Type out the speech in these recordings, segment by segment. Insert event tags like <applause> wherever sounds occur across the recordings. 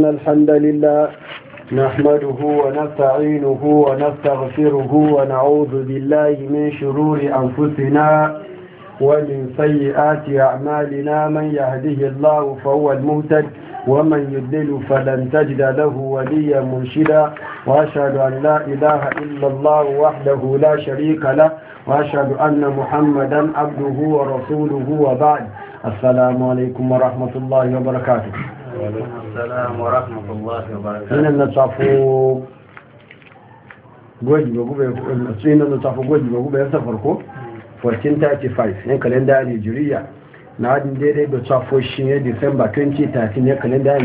إن الحمد لله نحمده ونستعينه ونستغفره ونعوذ بالله من شرور أنفسنا ومن سيئات أعمالنا من يهده الله فهو المهتد ومن يدل فلن تجد له وليا منشدا وأشهد أن لا إله إلا الله وحده لا شريك له وأشهد أن محمدا عبده ورسوله وبعد السلام عليكم ورحمة الله وبركاته السلام ورحمة الله وبركاته 1435 na hadin daidai da tafo shi disamba 2013 yan kalenda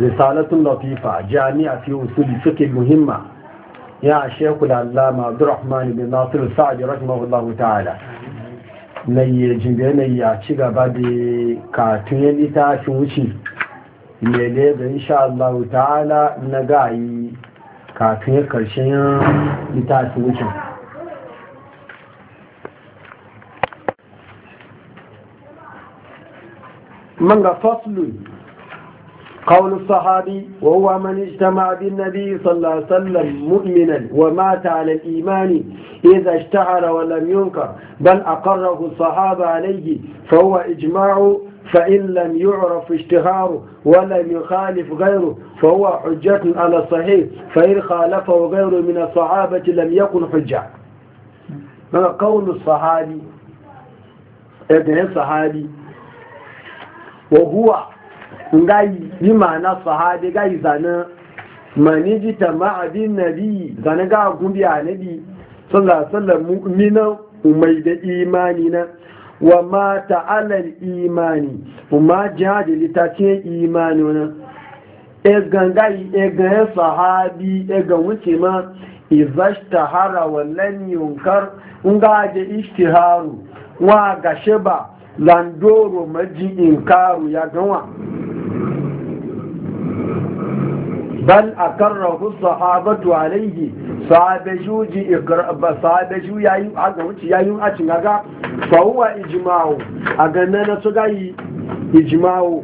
risalatun latifa jami'a fi usuli suke muhimma ya shekula allama abdurrahman bin nasiru sa'adi rahimahullahu ta'ala na yi jimbe na ci gaba da katun ya littafin wuce mai ne da insha Allah ta'ala na ga yi katun ya karshen littafin wuce manga قول الصحابي وهو من اجتمع بالنبي صلى الله عليه وسلم مؤمنا ومات على الإيمان إذا اشتعر ولم ينكر بل أقره الصحابة عليه فهو إجماع فإن لم يعرف اشتهاره ولم يخالف غيره فهو حجة على الصحيح فإن خالفه غيره من الصحابة لم يكن حجة قول الصحابي ابن الصحابي وهو nga yi ma'ana sahabi ga yi zane maniji ta ma'adin nabi zanen ga gumbi a nabi sallasallar mu'minan umai da imani na wa ma ta'alar imani kuma jihadi ta imani na egan gayi egan ya sahabi egan wuce ma izashta hara wallan yunkar nga je ishtiharu wa gashe ba landoro maji inkaru ya gawa bal a karrahu sahabatu alaihi sahabaju ji ikraba sahabaju yayi aga wuce yayin a cin aga fa huwa ijma'u a ganna na su gayi ijma'u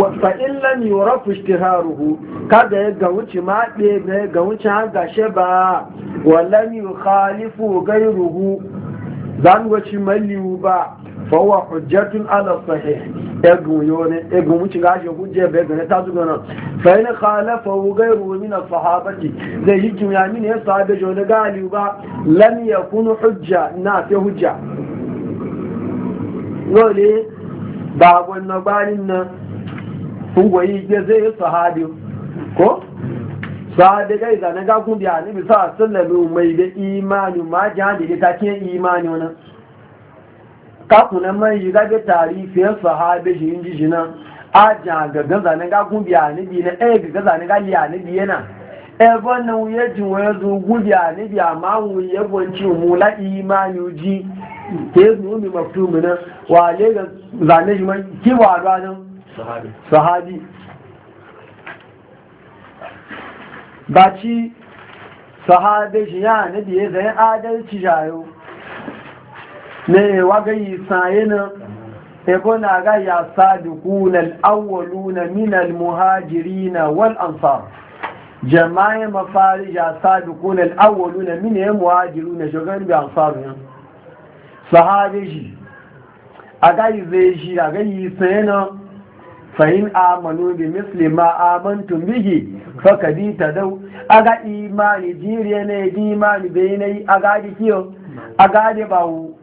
wa fa in lam yurafu ishtiharuhu kada ya ga wuce ma de ne ga wuce har ga sheba wa lam yukhalifu ghayruhu zan wuce malliu ba fọwọ́ hujjatun ala sahih egun yóò ní egun mú ṣìgá ṣe kú jẹ́ bẹ́ẹ̀ gẹ̀rẹ́ tásù gẹ̀rẹ́ fẹ́yìn kààlẹ́ fọwọ́ gẹ́rù nínú sahabati zai yi jùmí àmì ní ẹ̀sọ́ abẹ́jọ ní gáàlì bá lẹ́mìyà kúnú mai da imani ma imani kakuna man yi gaga tarifiyar sahabe shi yin jishi nan ajan gaggan zanen ga gubi a nibi na ɗaya gaggan zanen ga liya nibi yana ebe na wuye jin wani zo gubi a nibi a ma wuye gwanci mu la imani ji ke zo mi mafi muna wa le ga zane shi man kiwa ranar sahabi ba ci sahabe shi ya nibi ya zai adalci jayo ne wa wagayi sayina ekona ga ya sadiquna alawwaluna min al almuhajirin wal ansar jama'a mafari ya sadiquna alawwaluna min almuhajiruna shugan bi ansar sahabiji agayi zeji agayi sayina fahim amanu bi misli ma amantum bihi fakadi tadaw aga imani jiriya ne imani bayinai aga dikiyo aga de bawo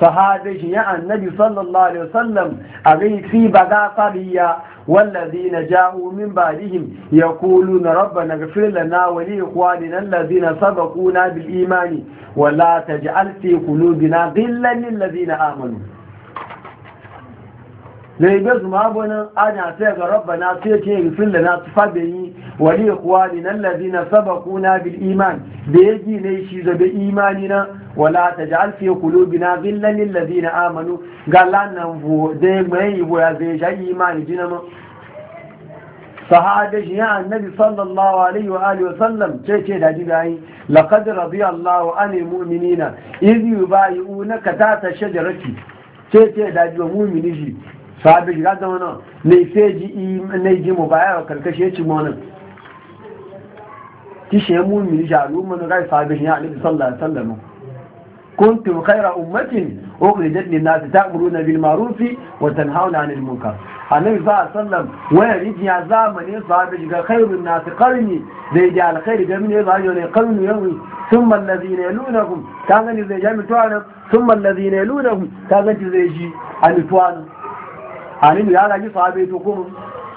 sahabe shi ya annabi sallallahu alaihi wasallam a gai fi baga fariya wallazina ja'u min ba'dihim yaquluna rabbana ighfir lana wa li ikhwanina allazina sabaquna bil imani wa la taj'al fi qulubina ghillan lil ladzina amanu zai ga su magunan ana sai ga Rabba rabbana sai ce rufin da na su da yi wani kuwa ne nan lazi na saba kuna bil iman da ya ji ne shi zabe imani na wala ta ji alfiye kulubi na zillanin lazi na amanu ga lannan da ya mai yi boya zai sha imani jina ma sahabe shi ya annabi sallallahu alaihi wa alihi wa sallam ce ce da ji gayi laqad radiyallahu anil mu'minina idh yubayi'unaka ta shajarati ce ce da ji mu'mini shi sahabi shiga da wani ne sai ji na yi mu baya wa karkashi ya ci wani kishi ya mu mini sharu mun ga sahabi shi ya alaihi sallallahu alaihi wasallam kuntum khayra ummatin ukhrijat lin nas ta'muruna bil ma'ruf wa tanhauna 'anil munkar annabi sallallahu alaihi wasallam waya rijiya zamani sahabi shiga khairun nas qarni zai ji alkhairi ga mine ba yo ne qarni yawi thumma alladhina yalunahum kaga ni zai jami tuwana thumma alladhina yalunahum kaga zai ji alituwana hannun ya ragi sahabe to kuma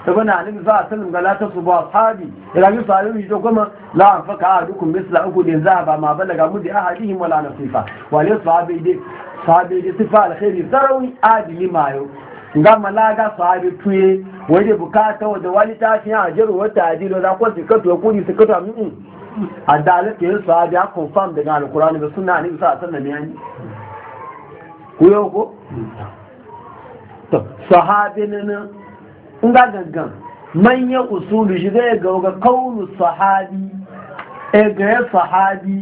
sabon hannun za a sanin galata su ba sahabi ya ragi sahabe to kuma la an faka a dukkan misla uku ne za a ba ma balaga mudi a hadihim wala nasifa wale sahabe dai sahabe dai sifa alkhairi sarawi adili mayo ga malaga sahabe tuye waje bukata wadda wani tashi a ajiru wata ajiru za ku sikato kuri sikato amin adalata yin sahabe ya confirm daga alkurani da suna ne bisa a sannan yanyi ku yau ko sahabi nan ga gangan manyan usulu shi zai ga ga kaunu sahabi e ga ya sahabi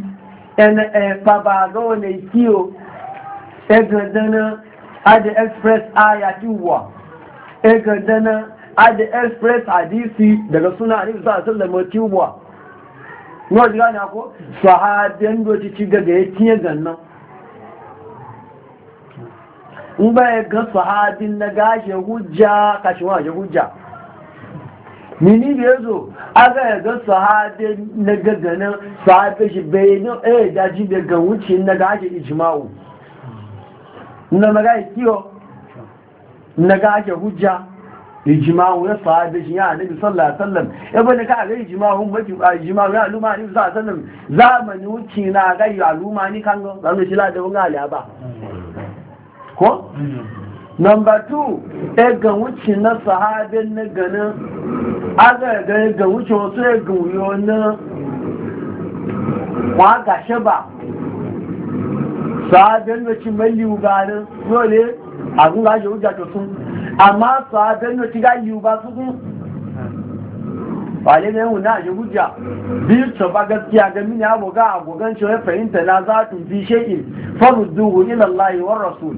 en e, e ne kiyo e dana adi express aya kiwa e dana adi express hadisi daga suna hadisi sa sallama kiwa Nwa jiga ne ako, sahabiyan doci ci gaga ya tiye gannan. in ba ya ga sahabin na gashe hujja kashi wa wajen hujja mini da ya zo aga ya ga sahabe na gaganin sahabe shi bai ne eh daji da ga wuce na gashe ijimawu na maga ya kiyo na gashe hujja ijimawu ya sahabe shi ya annabi sallallahu alaihi wasallam ya bane ka ga ijimawu mafi ijimawu ya aluma ni sallallahu alaihi wasallam zamani wuce na ga aluma ni kan ga zan shi la da wani ba ko? Number two, ya e ga wuce na sahabin na ganin, aga ga e ga wuce wasu ya e ga wuyo na kwa gashe ba. Sahabin da ci mai yiwu ganin, yau ne a zuwa shi hujja ta sun, amma sahabin da ci ga yiwu ba su sun ba ne wuna yawon na hujja biyu ta ba gaskiya ga mini abu ga agogan shi wai fahimta na za tu fi shekin faru duhu ilallahi wa rasul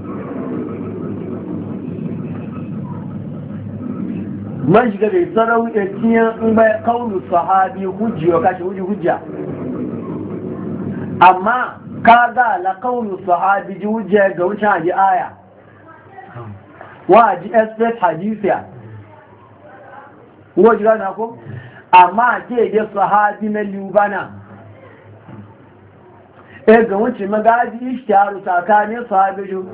man shiga da sarau ya tiyan in bai kaunu sahabi hujji wa kashi wuji hujja amma ka ga la kaunu sahabi ji hujja ga wuce haji aya wa ji expert hadisiya Uwa jira na ko? amma ke da sahabi na lubana e eh, ga wuce magaji ishtaru tsakanin sahabi ju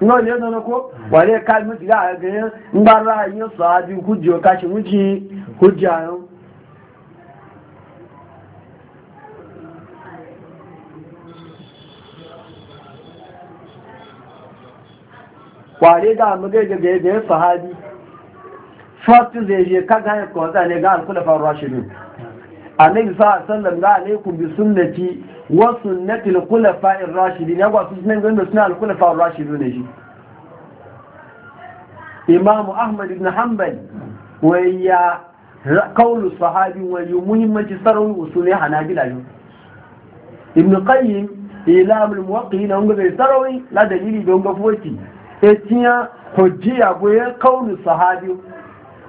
no ne zana ko wale ka mutu ga ga in ba ra'ayin sahabi hujji ka shi wuce hujja yau wale da mu ga ga ga sahabi fatu zai je ka gane ko zane ne ga al rashidun a rashidin annabi sa sallam ga alaikum bi sunnati wa sunnati al-khulafa ar-rashidin ya gwasu sunan gani da suna al-khulafa ne shi imam ahmad ibn hanbal waya qawlu sahabi wa muhimmanci sarwi usuli hanabila yau. ibn qayyim ilamul al na unga bai sarwi la dalili don ga foti etiya hujjiya boye qawlu sahabi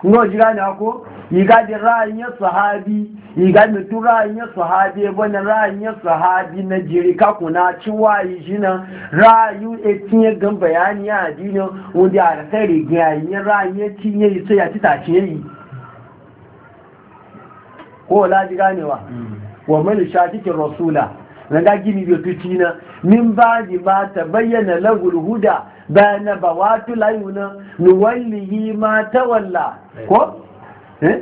kuma jira ne ko iga da ra'ayin ya sahabi yiga da tu ra'ayin ya sahabi wani ra'ayin ya sahabi na jiri ka kuna ciwa yi shi nan ra'ayu e tinye gan bayani ya adinin wanda a da kai rigiya yi ra'ayin ya tinye yi sai ya ci ce yi ko la jira ne wa mm. wa man shatikin rasula na gagi mi biyu na min ba di ba ta bayyana lagul huda bayana ba watu layuna nuwallihi ma tawalla ko eh?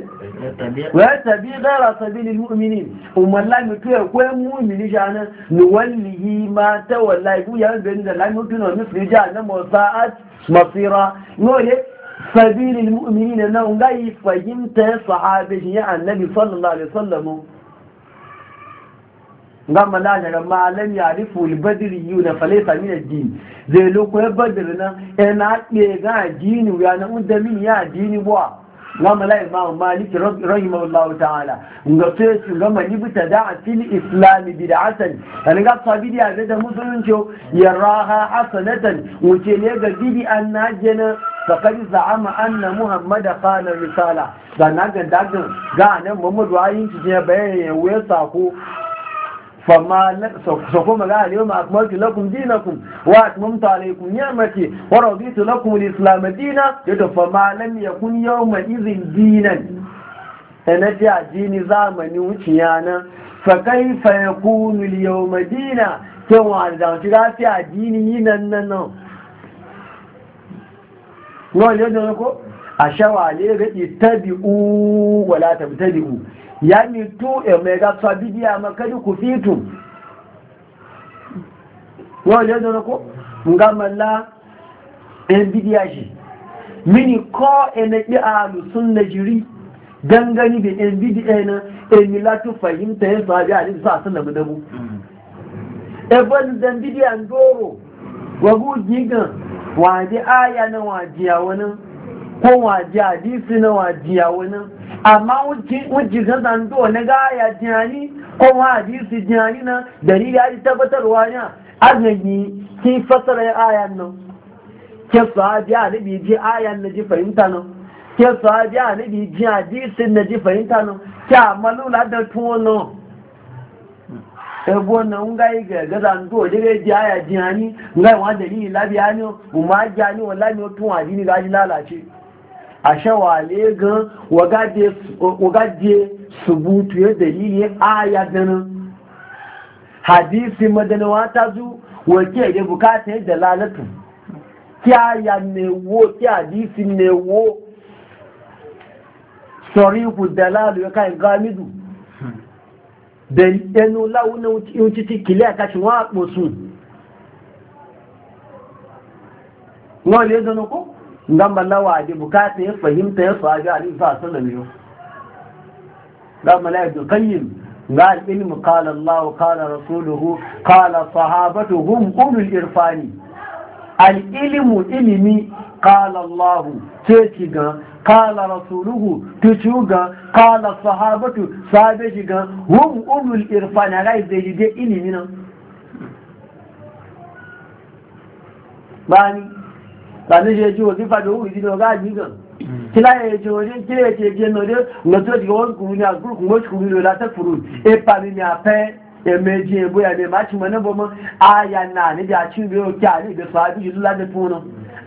ta bi gara sabilin mu'minin umalla mutu ya kwen mu'mini nu nuwallihi ma tawalla ibu ya gani da lamu tuno misri na musa'at masira nole sabilin mu'minin na ungayi fahimta sahabin ya annabi sallallahu alaihi wasallam gama lanarar malam ya rufu albadiri yiwu na falaisa mina jini zai lokacin badiri na Ina ɗe ga jini ya na unda min ya jini buwa gama e la imam maliki rahimahullahu ta'ala ga sai gama da a fili islami bid'atan an ga da zai da musulunci raha hasanatan wuce ne ga bid'an najena fakari za'ama anna muhammada kanar risala da na ganda ga nan muhammadu ayin ci cikin bayan ya sako فما سوف قال اليوم أكملت لكم دينكم وأتممت عليكم نعمتي ورضيت لكم الإسلام دينا فما لم يكن يوم يومئذ دينا أنا جاء دين زامن وشيانا فكيف يكون اليوم دينا كما عندما جاء دين نننا نقول يجب أن نقول أشوى عليه يتبعوا ولا تبتدئوا ya mitu ya mai gafsa bidiya makari ku fitu wọ́n lè dọ́nà ko nga malla ɗan bidiya shi mini ko ene a alu sun na jiri dangane da ɗan bidiya na emi tu fahimta yin sahabi a sa sun na gudabu ebon ɗan bidiya doro wa gigan A aya na wajiya wani ko waje hadisi na wajiya wani amma wujji zan do na gaya jiyani ko hadisi jiyani na dalili ya tabbatarwa ne azumi ki fasara ya ayan nan ke sahabi annabi ji ayan na ji fahimta nan ke sahabi annabi ji hadisi na ji fahimta nan ke amalu la da tuwo nan ebo na nga yi gaga zan do je ga ji aya jiyani nga wa dalili labiya ani? umma lami? wallahi to hadini ga ji lalace a shawale gan wagaje subutu ya dalilin aya ganin hadisi madanawa ta zu wake da bukata ya dalalatu kyaya newo kya hadisi newo soriku dalalu ya kayan gamidu da yanu launin wuce cikile a kashin wa ɓosu wani ya zọ́nà ko. gamba lawa da bukata ya fahimta ya sahabi Ali sa sallam yo gamba la ibn qayyim ga ilmu kala Allah kala rasuluhu kala sahabatu, sahabatuhum ulul irfani al ilimi kala Allah ce ci ga kala rasuluhu to ci ga qala sahabatu sahabe ki ga hum ulul irfani A ga zai da ilimi nan bani bàbá ṣe ju òsì fàbí owó ìdílé ọgá àjí gan kí láyé ṣe orí kí lè ṣe jẹ náà dé lọ́tọ́ ìdíkọ̀ wọ́n kùrù ní àgúrùkù wọ́n kùrù la, ọlá furu, ipa mi ni àpẹ́ ẹ̀mẹ́jì ẹ̀bọ́ ẹ̀mẹ́ máa ti mọ̀ náà bọ́ mọ́ àyà náà níbi àti ìwé òkè àní ìgbẹ̀fà àbí ìlú ládé fún un náà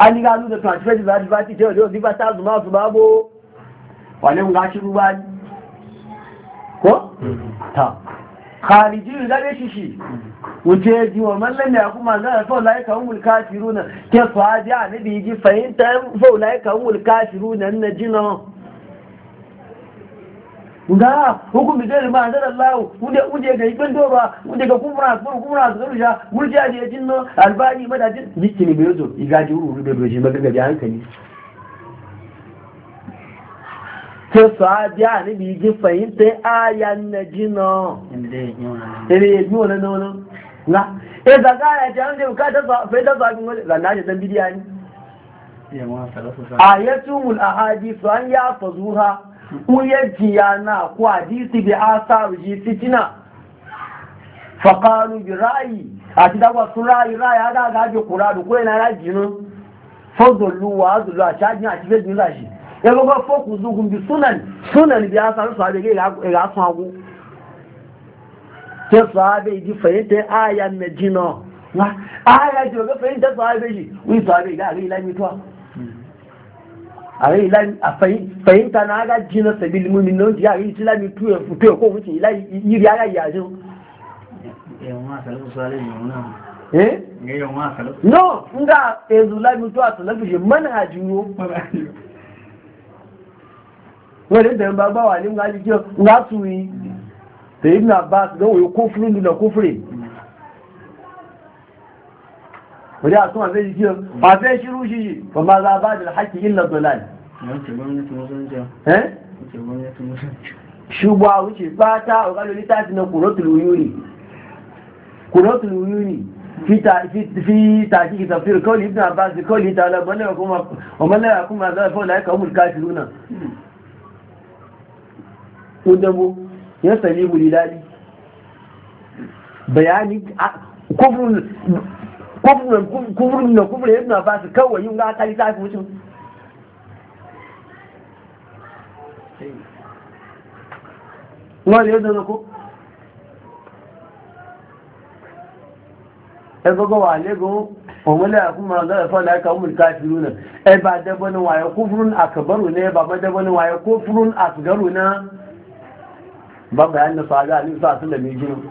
a ní ká lóde kan àti fẹ́ẹ́ dìbà dìbà ti tẹ́ òde òdìbà sáàzù máa zùmá bó wà ní nǹkan aṣíwájú Ko? Mm-hmm. tà kharijin zabe shi shi wuce ji wa mallan يقوم kuma za fa laika الكافرون كيف ke sahabi بيجي ji fahimta fa laika humul na jina ga zai ma zai Allah wuje wuje ga ibn doba wuje ga kumra kumra su garusha ya jinno albani madajin yiki ne bai zo igaji uru uru bai bai shi hankali sai sahabi a ni bi ji fahimta aya na ji na ere ya ji wani nono na e zaga ya ji an da ka ta fai da zaɓin wani zanna da zan bidiya ne ayatumul ahadisu an ya fazuha uyajiya na ko hadisi bi asaru ji fitina faƙaru bi ra'ayi a ti dagwa sun ra'ayi ra'ayi haka ga ji kura da ko yana ra'ayi jinin fazollu wa azullu a shajin a cikin jinin zashi ẹgbẹ́ bá fọ́kù zúgun bí súnan súnan bí a sáré sọ́abẹ́ ìrà sún agó tẹ́ sọ́abẹ́ ìdí fẹ̀yìntẹ́ àyà mẹ́jì náà wá àyà jù ọ̀gẹ́ fẹ̀yìntẹ́ sọ́abẹ́ yìí a sọ́abẹ́ ìdá àrí ìlànà ìtọ́ àrí ìlànà fẹ̀yìntà náà ága jìnà sẹ̀bí limu mi náà di àrí ìtìlànà ìtú ẹ̀fù tó ẹ̀kọ́ òfin yìí ara yà jù. No, nga ezulami to atulabi je manhajin yo. wọ́n lè tẹ̀yìn bá bá wà ní ńlá jíjẹ́ látù rí tèyí ní àbáṣ kó fúrú nílọ kó fúrè wọ́n yà tún àfẹ́ jíjẹ́ àfẹ́ ṣírú ṣíṣì bàbá bá bá hákì ilẹ̀ láì ko dabo ya sami mu dadi bayani kubrun na kubrun kubrun yana ba su kawai yin ga ta fi mutum wani yadda na ku ẹ gbogbo wa lego omule akun ma zara fọ laika umar kafiru na ẹ ba dabanin waye kufurun akabaru ne ba ba dabanin waye a asigaru na ba bayan na faru a nisa su da mai jinin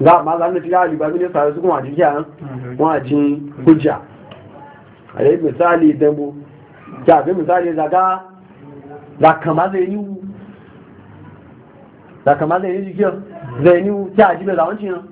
za a ma za a nufi yawon libabi ne faru su kuma a jiki a wajen hujja a yi misali dambo ya fi misali zaga za kama zai yi za kama zai yi jikiyar zai yi ta ajibe zawancin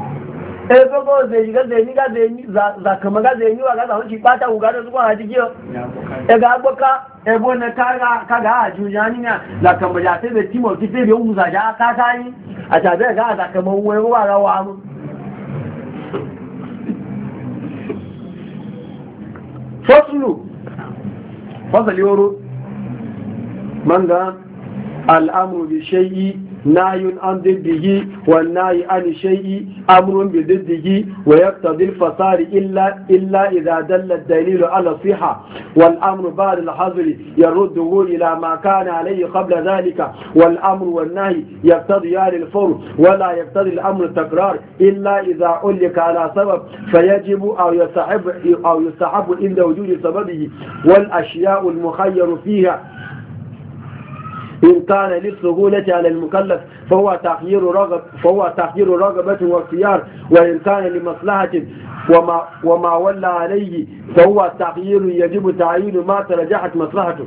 ẹgbẹ́ bọ́ zèyí gá zèyí gá zèyí zàkàmọ́ gá zèyí wà gázà wọ́n ti pátá wù gádọ́ tó kọ́ àti kí a ẹgbẹ́ agbọ́ká ẹgbẹ́ na kága àjò yá ní à zàkàmọ́ yà tẹ́lẹ̀ tí mọ̀ a tẹ́lẹ̀ ń wùzà yá káká yín kama gá zàkàmọ́ wọn ẹgbẹ́ wà ráwà bi ناي عن ضده والنهي عن الشيء أمر بضده ويقتضي الفصار إلا إلا إذا دل الدليل على الصحة والأمر بعد الحظر يرده إلى ما كان عليه قبل ذلك والأمر والنهي يقتضيان الفور ولا يقتضي الأمر التكرار إلا إذا علق على سبب فيجب أو يستحب أو يستحب عند وجود سببه والأشياء المخير فيها إن كان للسهولة على المكلف فهو تخيير رغب فهو تخيير رغبة واختيار وإن كان لمصلحة وما وما ولى عليه فهو تخيير يجب تعيين ما ترجحت مصلحته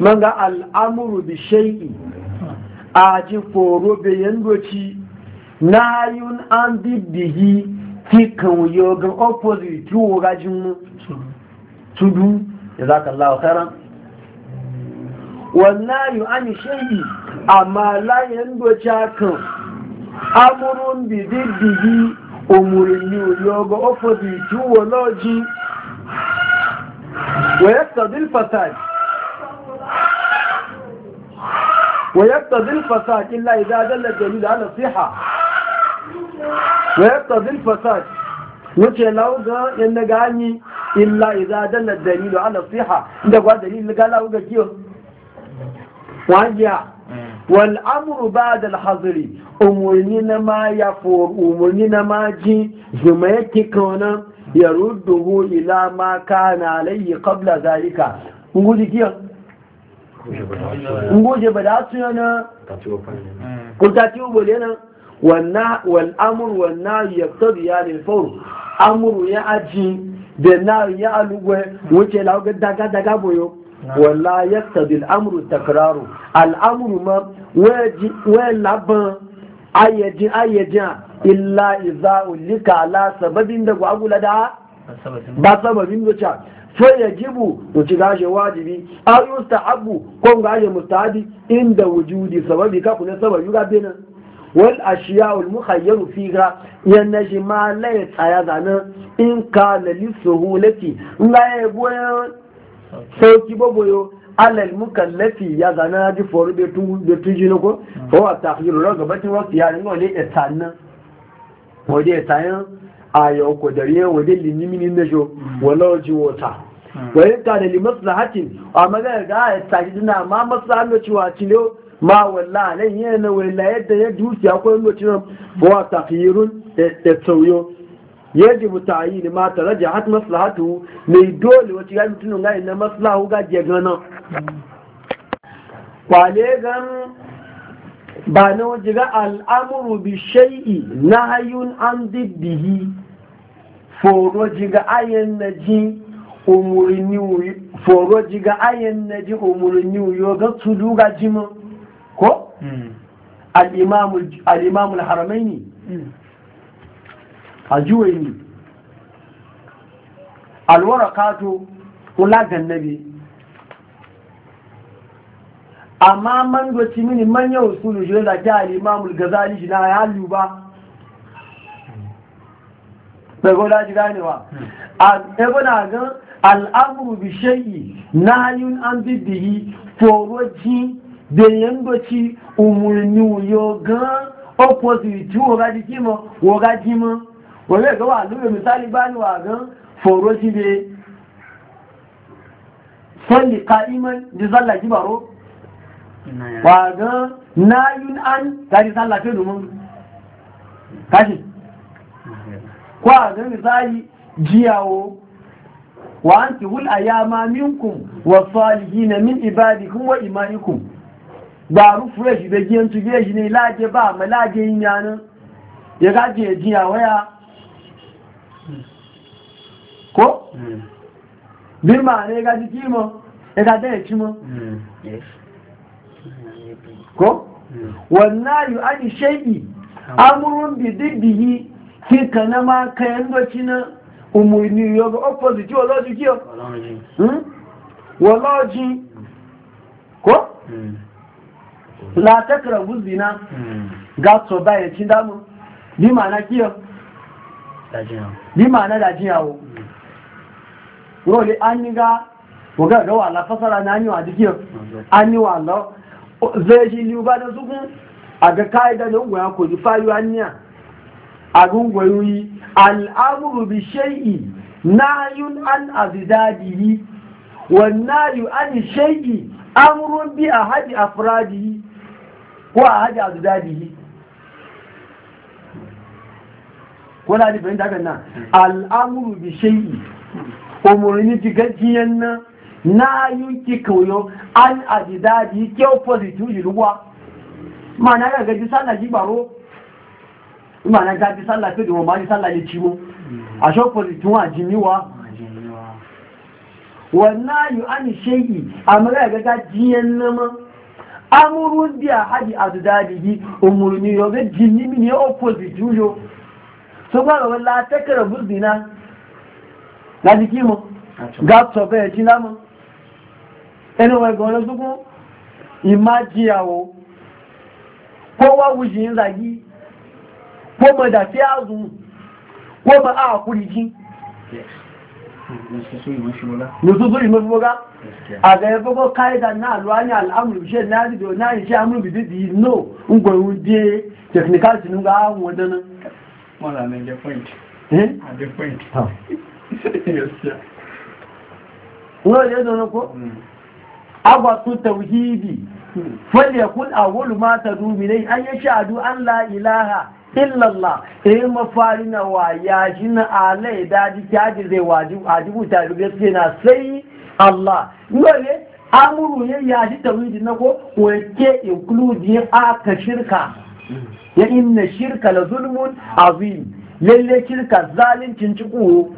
من الأمر بشيء aji foro bayan نايون na yun an bibbihi ti kan yogan opposite ti wogajin mu tudu jazakallahu khairan والنهي عن شيء أما لا يندوشاكم أمر بضده أمر يوغ أفضي جوولوجي ويقتضي الفساد ويقتضي الفساد إلا إذا دل الدليل على الصحة ويقتضي الفساد wuce lauga yadda gani illa da dalla dalilu ala siha inda kwa dalilu ga kiyo wajiya mm. wal amru ba'da al hazri umurni na ma ya for umurni na ma ji zuma yake kauna ya hu ila ma kana alayhi qabla zalika nguji kiya nguje ba da su yana mm. ko ta ubole na wannan wal amru wan nahy yaqtadi ya ne, fawr amru ya aji da na ya alugwe wuce lawo daga daga boyo wala yaqtadi al-amru takraru al-amru ma wa laban ayyaji ayyaji illa idza ulika ala sababin da gwagula da ba sababin da cha jibu yajibu ci gaje wajibi aw abu ko gaje mustahabi inda wujudi sababi ka ya sababi ga bena wal ashiya'u al shi ma yanajma tsaya yatayadana in ka kana lisuhulati la yabwa sauki baboyo alal mukallafi ya zana ji foru da tuji na ko fawa ta hiru raga batin wasu yari ne wale etanin wade etanin a yau ko dare wade limini na jo wala waje wata hmm. wani ka da limas na hatin a magana ga a etaki na ma masu hannu cewa cile ma walla nan yana wala yadda ya dukiya ci yin lokacin fawa ta hiru da e, sauyo e, yajibu ta'yin ma tarajahat maslahatu mai dole wace ga mutunun ga ina maslahu ga je gana kwale gan ba na waje ga al'amuru bi shay'i nahyun an dibbihi foro jiga ayen naji umurni foro jiga ayen naji umurni yo ga tudu ga jima ko al-imam al-imam al-haramaini ajuwaini kato ulagan nabi amma man doci mini manyan usulu shi da ta alimamul gazali shi na halu ba ganewa a ebuna gan al'amuru bishayi na yun an foroji da yan doci gan opposite wo gaji wo gaji wọ́n lè gọ́wà lórí misali bá ní wà gan fòrò sí lè sọ́lì ka iman di sálà jí bàró wà gan náyún an ta sálà fẹ́ dùn mọ́ káṣì kó à gan misali jíyàwó wa an ti hul ayama minkum wa salihina min ibadikum wa Ba gbaru fresh da giyan tu be ne laje ba ma laje yin yana ya gaje jiyawa waya. ko? birma ne ga jiki mo ya ga daya ci mo ko? wannan yi ani shaidi amurin bidibiyi ki kana ma kayan doci na umarni yoga opposite wa lọ́jì kí o wọ lọ́jì ko? látẹ́kẹ̀rẹ̀ gúzina gátọ̀ báyẹ̀ tí dámú bí ma na ki o bí ma na dájíyàwó rọ̀lẹ̀ aníga ọgọ́gọ́wà lafásara ní aníwà dìkíọ̀ aníwà lọ zai shi liu da sukun a ga ka'ida da ungwaya ko ji fayu aniya a gungwayoyi al'amuru bi shai'i nahyun an azidadihi an a ko a ko na da al'amuru umarni cikakkiyar nan na yunki koyo an ajidaji ke opposite yi ruwa ma na gaji sallah ji baro ma na gaji sallah ke domin ba ji sallah ya ciwo a shi opposite wa jiniwa wannan yi an shayi a mara ga gajiyar ma? amurun biya haji a zudadigi umarni yau ga jini mini opposite yuyo sun ba ga wani latakar buzina láti kí mọ́ gáàtọ̀ bẹ́ẹ̀ jí lámọ́ ẹni wọ ẹgbọ̀n lọ́sọ́gbọ́n ìmá jíyàwó kó wá wùjì ń ràyí kó mọ̀ dàtí ààzùn kó mọ̀ ààkúrì jí lọ́sọ́sọ́ ìmọ́sọ́gbọ́gá àgbẹ̀ẹ́fọ́gbọ́ káyídà náà lọ́wọ́ ní al'amùrùsẹ́ náà rí náà iṣẹ́ amúrùbìdìdì náà ń gbọ̀rún dé technicality nígbà àwọn ọdọ́nà <laughs> ne ko hmm. abatu tauhidi hmm. falyakun awwalu ma tadubi ne an yashhadu an la ilaha illallah eh mafari na wa ya shi na alai daji kyaji zai wajibu wajibu ta gaske na sai Allah dole amuru ya ya ji tauhidi na ko wake include aka shirka hmm. ya inna shirka la zulmun azim lalle shirka zalincin cikuru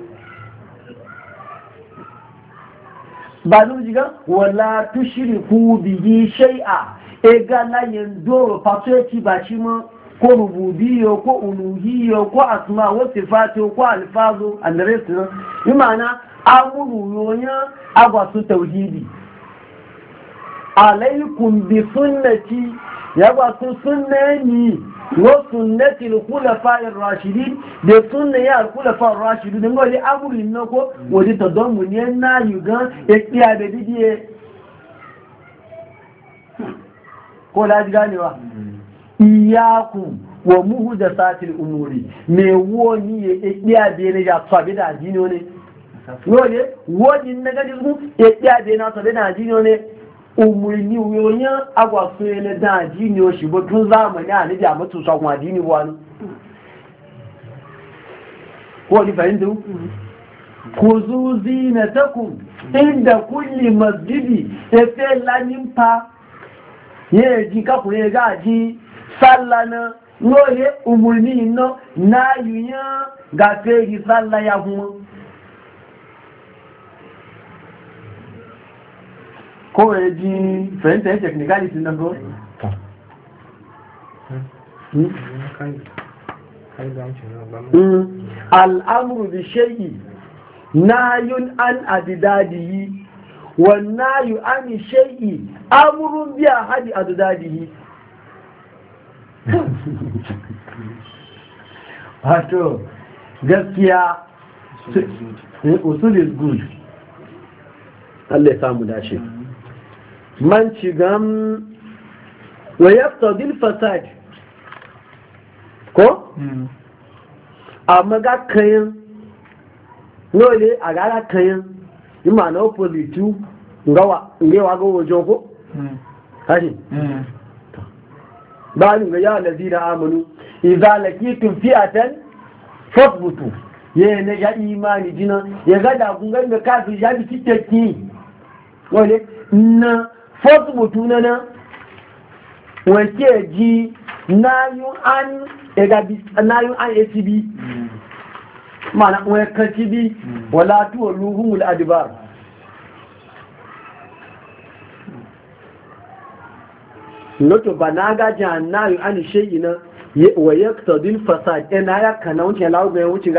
ba zan jiga wala ku bihi shay'a e ga yin yendo patoci e ba shi ma ko rububiyyo ko uluhiyyo ko asma wa sifati ko alfazu and the rest no imana amuru yonya agwa su tauhidi alaykum bi sunnati ya gwa su sunnani wa sunnati al-khulafa'i ar-rashidin da sunna ya al-khulafa ar-rashidin dan gole amurin na ko waje ta don mu ne na yuga ya kiya da didiye ko la ji ganewa iyakum wa muhdathatil umuri me woni ya kiya wani na umarni yoyin agwasu na da addini o shi tun zamani a ni da mutu sakon addini wani ko ni fahimta ku zu zinatakum inda kulli masjidi efe lanin fa ye ji ka ku ga ji sallana no ye na no na yuyan ga fe yi sallaya kuma Ko jí fẹ̀yìntẹ̀ tẹ̀kìnìkàlì ti lọ́gbọ́ al'amuru da shayi náyún an àdìdádi yìí wọ́n an shayi amurun biya hadi àdìdádi <laughs> wato gaskiya hmm? usul is good Allah ya samu dace. Hmm. man shigan wa yaftadil fasad ko hmm. a maga kayan nole a gara kayan imana opolitu ngawa ngewa ga wajen ko hmm. kashi hmm. ni ga yawon lazina amonu iza lakitun fi'atan fasbutu ya yi ya imani jina ya gada gungan da kafin ya bi cikakken wale na fọ́tùbùtù nana wọ́n tí ẹ̀ jí náyún án èsì bí mana wọ́n kan sí bí wọ́n látú olúhùn al'adìbà lọ́tọ̀ ba na gajin annayin an ṣe yi na wọ́n yẹ́ tọ̀dín fasad ẹ̀ na ya kanáwuncin láwọ́gbẹ̀ wuce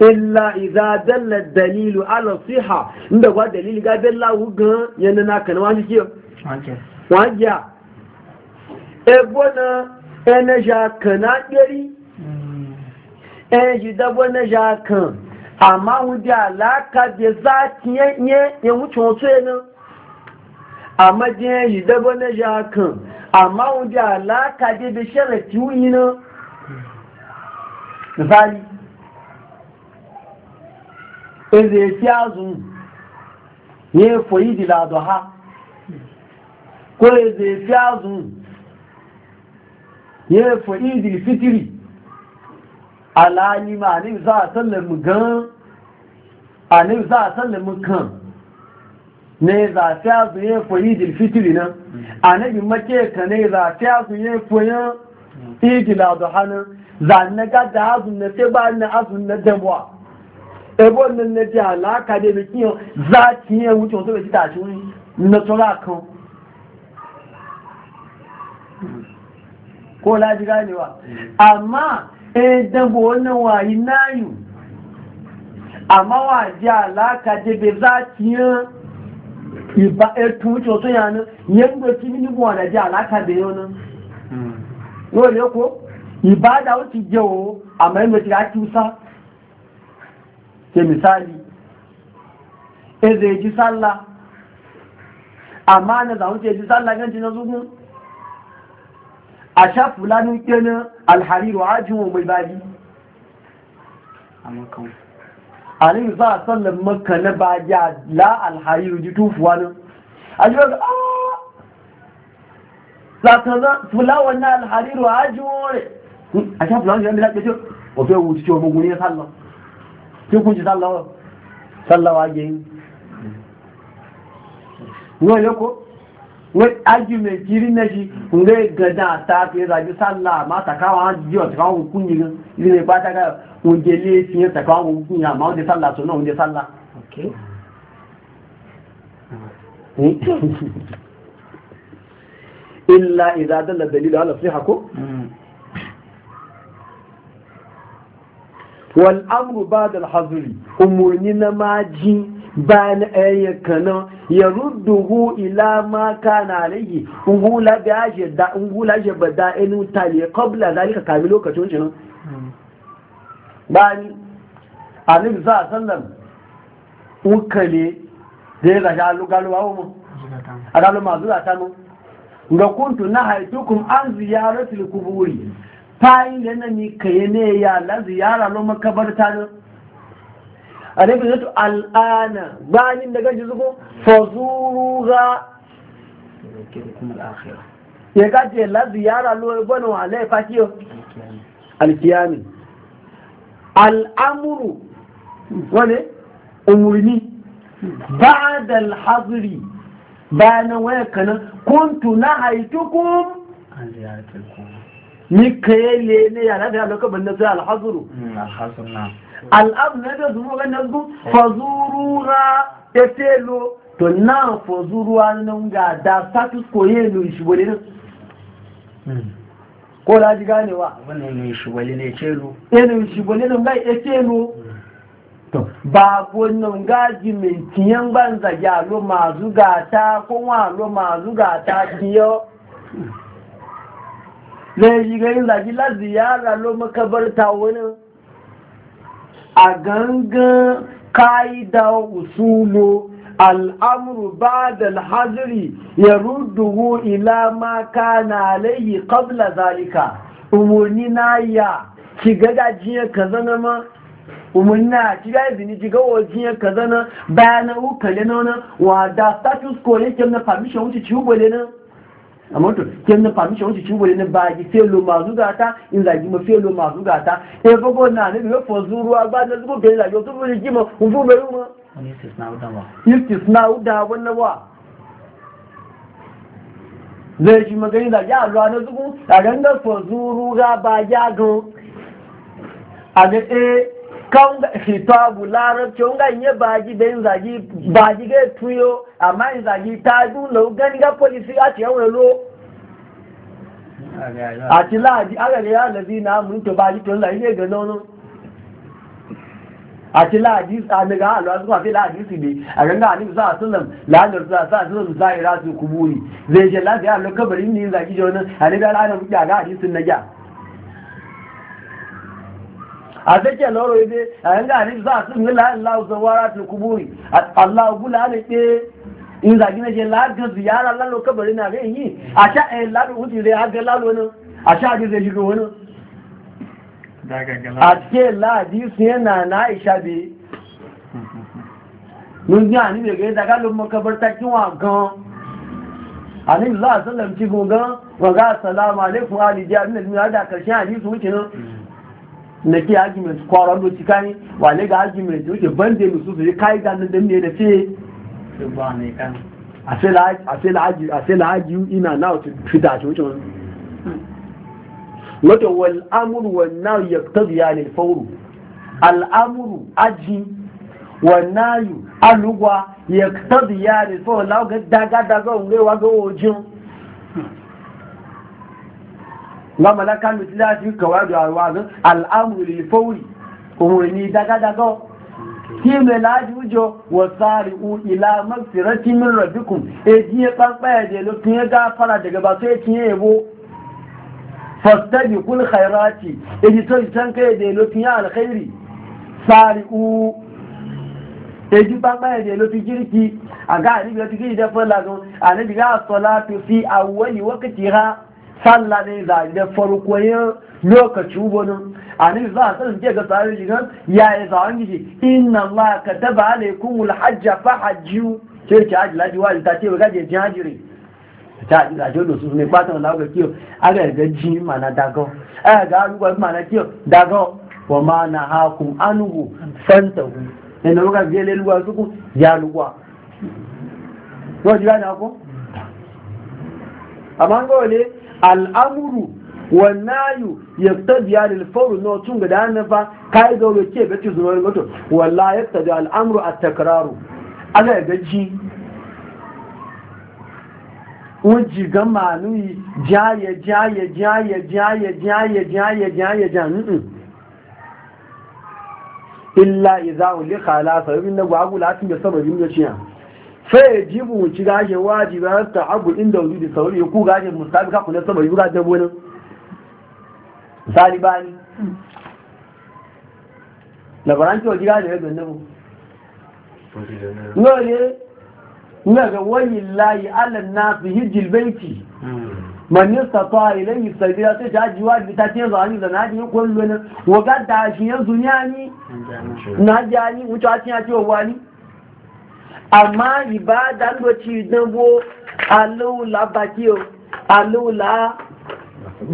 illa idza dalla dalilu ala siha inda kwa dalili ga bella wugan yana na kana wani kiyo wajja ebona ene ja kana deri ene hmm. ji da bona ja kan amma wudi alaka de zati nye nye wuce so ne amma je ji da bona ja kan amma wudi alaka de bi sharati na. misali hmm. eze fi azun ne foyi di lado ha ko eze fi azun ne foyi di fitiri alalima ne ma a sallar gan a a kan ne za a fi azun ne foyi fitiri na a ka za ha da azun na na azun na ẹgbọ́n ní ẹjẹ́ àlàákàdé mi kí yàn záàtì ní ẹwú tí wọ́n tó lè títà àti wọ́n nọ́tọ́lá kan kó láti ráì níwà àmá ẹ̀ẹ́dẹ́gbò oníwà ináyù àmá wà jẹ́ àlàákàdé bẹ záàtì yàn ìbá ẹ̀tù tí wọ́n tó yàn ní yẹn gbé tí nínú wọn àjẹ́ àlàákàdé yàn ní hmm. ìbáda ó ti jẹ́ òun àmọ́ ẹ̀mẹ́ ti rá ke misali eze ji sallah amma na zaun ce ji sallah ganci na zugun a sha fulani kenan alhariru ajin wa mai baji alayhi za a sallar maka na baji a la alhariru ji tufuwa nan a ji wata látọ̀lá fúláwọ̀ na alhariru ajin wa rẹ̀ a sha fulani kenan da ke ce wafe wuce ce wa mugun ya sallah tí kú ti sálọ́wọ́ ajé yìí wọ́n yọ́kọ́ wọ́n ájúmẹ̀tì rí mẹ́jì ǹgbẹ́ gẹ̀dá àtàkì ìrìnàjò sálà máa tàkàwọn jí ọ̀tàkàwọn òkú yìí rí ní ipá tàkà oúnjẹ lé fi ń tàkàwọn òkú yìí àmà oúnjẹ sálà tó náà oúnjẹ sálà illa ìdádọ́lẹ̀ bẹ̀lú alàfíhàkó wal amru ba'da al hazri umurni na maji ba na kana ya rudduhu ila ma kana alayhi ungula bi aje da ungula je bada inu tali qabla zalika kamin lokacin jinin ba ni sallallahu za wasallam ukale dai ga ya lugalu wa mu adalu mazura mu ga kuntu haitukum an ziyaratul kuburi fayin da na mi kaye ne ya la ziyara lo ta ne a daga zato al'ana bayan da gaji zuko ga ya gaji la ziyara lo ibanu ala wa fashi yau alkiyami al'amuru wane umurni ba da alhazuri bayanan waya kanan kuntu na haitukun an ziyaratul ni kaye le ne ya lafiya lokacin da sai alhazuru mm, Al'adu na da zuwa ga nazu fazurura ya to na fazuruwa nan ga da status mm. ko yi ne shi wani nan ko la ji ganewa wannan ne shi wani ne telo ne shi wani nan ga ya ba gaji mai tiyan banza ya lo mazu gata ko wa lo mazu gata biyo. Mm. zai yi gani zaki la ziyara lo makabarta wani a gangan ka'ida usulo al'amuru ba da alhaziri ya ruduhu ila ma na alayhi kabla zalika umarni na ya shiga gajiyar ka zana ma umarni na shiga izini shiga wajiyar ka zana bayanan ukale na wani wada status quo yake na permission wuce ci hubale na àmọ́ tó kí ní pàmíṣọ́ oúnjẹ ṣúgbò ní báyìí fẹ́lò màzúgàtá ìlàjímọ̀ fẹ́lò màzúgàtá ẹgbogbo náà níbi yóò fọ́ zúrú agbádẹ́sùgbò bẹ̀rẹ̀ ìlàjọ tó fún ìjímọ̀ fún mẹ́rún mọ́ zai shi magani da ya alwa na zugun a rangar fọ́ zúrú ga ba ya a ga eh, kan hitabu larabci nga nye baji ben zagi baji ge tuyo amma in zagi ta du lo gani ga polisi a ya wani lo a ti laji aga ga ya lazi na mun to baji to zagi ne ga nono a ti laji a ne ga alwa zuwa fi laji su ne a ganga a nisa a sunan lalar sa sa sunan zai rasu kuburi zai je lafiya lo kabarin ne zagi jonan a ne ga alwa ga hadisin na gya a take loro yabe a yanga ni za su ni la Allah zawaratul kuburi Allah gula ne ke in zagi na je la ga ziyara la lo kabari na yi a sha eh la do wuti re ga la lo no a sha ga zai shigo wani a ce la di yana na Aisha be mun ga ni ga daga lo makabarta kin wa gan Alayhi sallallahu alaihi wasallam ci wa ga assalamu alaikum ali jami'in al da karshen hadisi wuce nan na ke argument kwaron doci kani wale ga argument wuce bande musu su yi kayi ganin da ne da ce a sai lahaji ina na wata fita ce wuce wani wata wal amuru wal nayu ya tabi ya ne fauru al aji wana yi alugwa ya tabi ya ne fauru lawa ga daga daga ungewa ga ojin wa malaka mutu da shi kawai da alwazin al'amuru lilfauri umarni daga-daga kí mẹ láàájú jọ wọ̀sáàrí u ìlà mọ́sílẹ̀ tí mi E bíkùn èjì yẹn pápá ẹ̀dẹ̀ ló fi yẹn dá fara dẹ̀gẹ̀bà tó yẹ kí yẹn èwo E kúlù kàìráàtì èjì tó ìtẹ́ǹkẹ́ ẹ̀dẹ̀ ló fi yẹn àlẹ́kẹ́rì E u èjì pápá ẹ̀dẹ̀ ló fi jírí kí àgá àníbi ló fi jírí dẹ́fọ́ lagun àníbi gá àsọlá tó fi àwọ̀ ìwọ́kìtì ha sallah ne da ne farko yin lokaci ubonin ani za san je ga tsari jigan ya yi zawon gidi inna allah kataba alaikumul hajja fa hajju ce ce haji laji wa ta ce ga je jin hajire ta ji da jodo su ne patan la ga kiyo aga ga ji mana dago aga ga ruwa mana kiyo dago wa ma na hakun hakum anhu fantahu ne na ga biye le luwa suku ya luwa yo ji na ko amanga ole al'amuru wannayu ya tabiya da alfawar na tun ga dana fa ka yi roke ke ci zuwa mutu Wala ya tabi al'amuru a takraru ana ga ji wuji ga manuyi jaye jaye jaye jaye jaye jaye jaye jaye mm, mm. illa iza ulika la sababin da gwagula tun da sababin da sai ya ji mu ci gashe waji ba ta abu inda wuri da sauri ku gashe musabi ka kula sama yura da bonin misali bani na baranci wa gashe ya ganna mu nole ina ga wani layi alan nasu hijjil baiti man yastata ilayhi sabila sai ta ji wajibi ta ce zani da naji ne kullun wa gadda shi yanzu ni ne ani na jani wuta ta ce wani amma ibada lokaci dambo alula bakiyo alula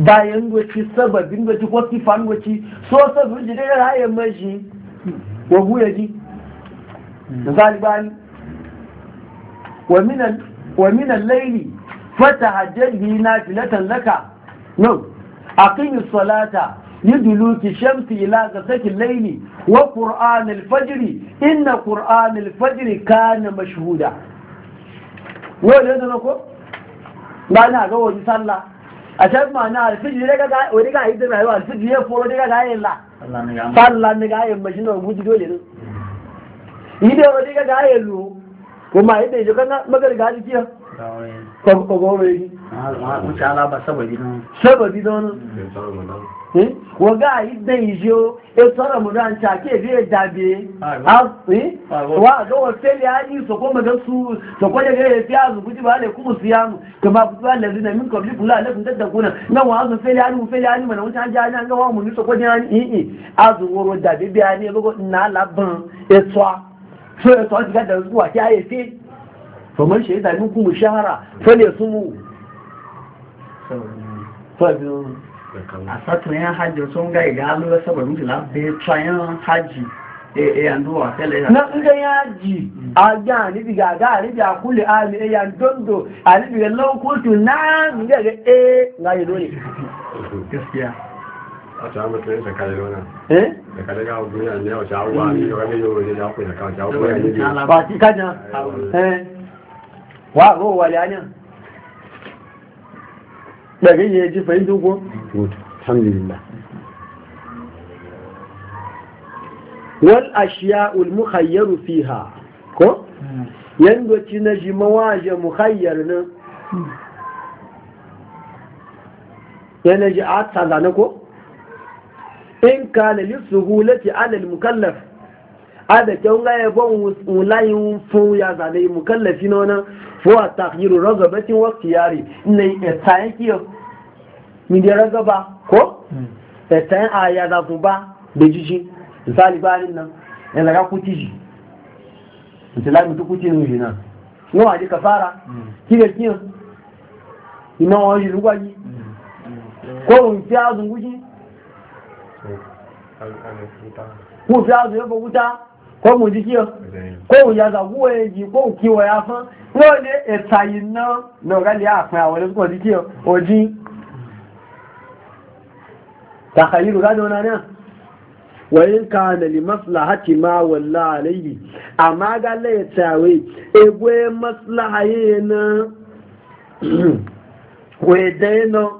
bayan goci sababin goci ko sifan goci so sababin jide da haye mashi wa buya ji misali bani wa minan laili fata hajjar bi na filatan laka no aqimi salata لدلوك الشمس إلى غسق الليل وقرآن الفجر إن قرآن الفجر كان مشهودا wani yanzu na ko ba na ga wani sallah a can ma na alfiji ne ga wani ga hidin rayuwa alfiji ne foro ne ga gayen la sallah ne gayen mashi na guji dole kuma kọ̀kọ̀gọ́rẹ̀ sábàbí dánú wọ̀gá ìdẹ̀ ìṣẹ́ o ètò ọ̀rọ̀ mọ̀dá ń ṣàkí èdè ìdàbí wà àgọ́wọ̀ tẹ́lẹ̀ ayé ìsọ̀kọ́mọ̀dá súúrù sọ̀kọ́jẹ́gẹ́ èfí àzùkú tí wà lè kúrù sí àmù kẹfà púpá lẹ́sìn ẹ̀mí kọ̀bí faman shaida minkum shahara fale sumu ya ni kule ni a ni wa ko da daga ya ji fahimta ko alhamdulillah wal ashiya'ul mukhayyaru fiha ko yando ci na ji mawaje mukhayyar nan yana ji a tsada na ko in ka na lissu hulati alal mukallaf a da kyau ga yabon wulayin fun ya zane mukallafi na wa takhiru ragabatin wa ikhtiyari yi tsayin kiyo min da ragaba ko hmm. tsayin aya da zuba da jiji misali barin nan ya zaga kuti ji misali mutu kuti ne jina yau a jika fara hmm. kiga kiyo ina wani yi? Hmm. ko un azun zunguji ko fiya azun ko fiya zunguji ko mu ji ko mu ya za wo ko ki wo ya fan ne e tayi na no ga ya fa wa le ko ji kiyo o ji takhayyul ga na na wa in kana li maslahati ma walla alayhi amma ga le tawe e gwe maslaha yana <clears throat> we dai no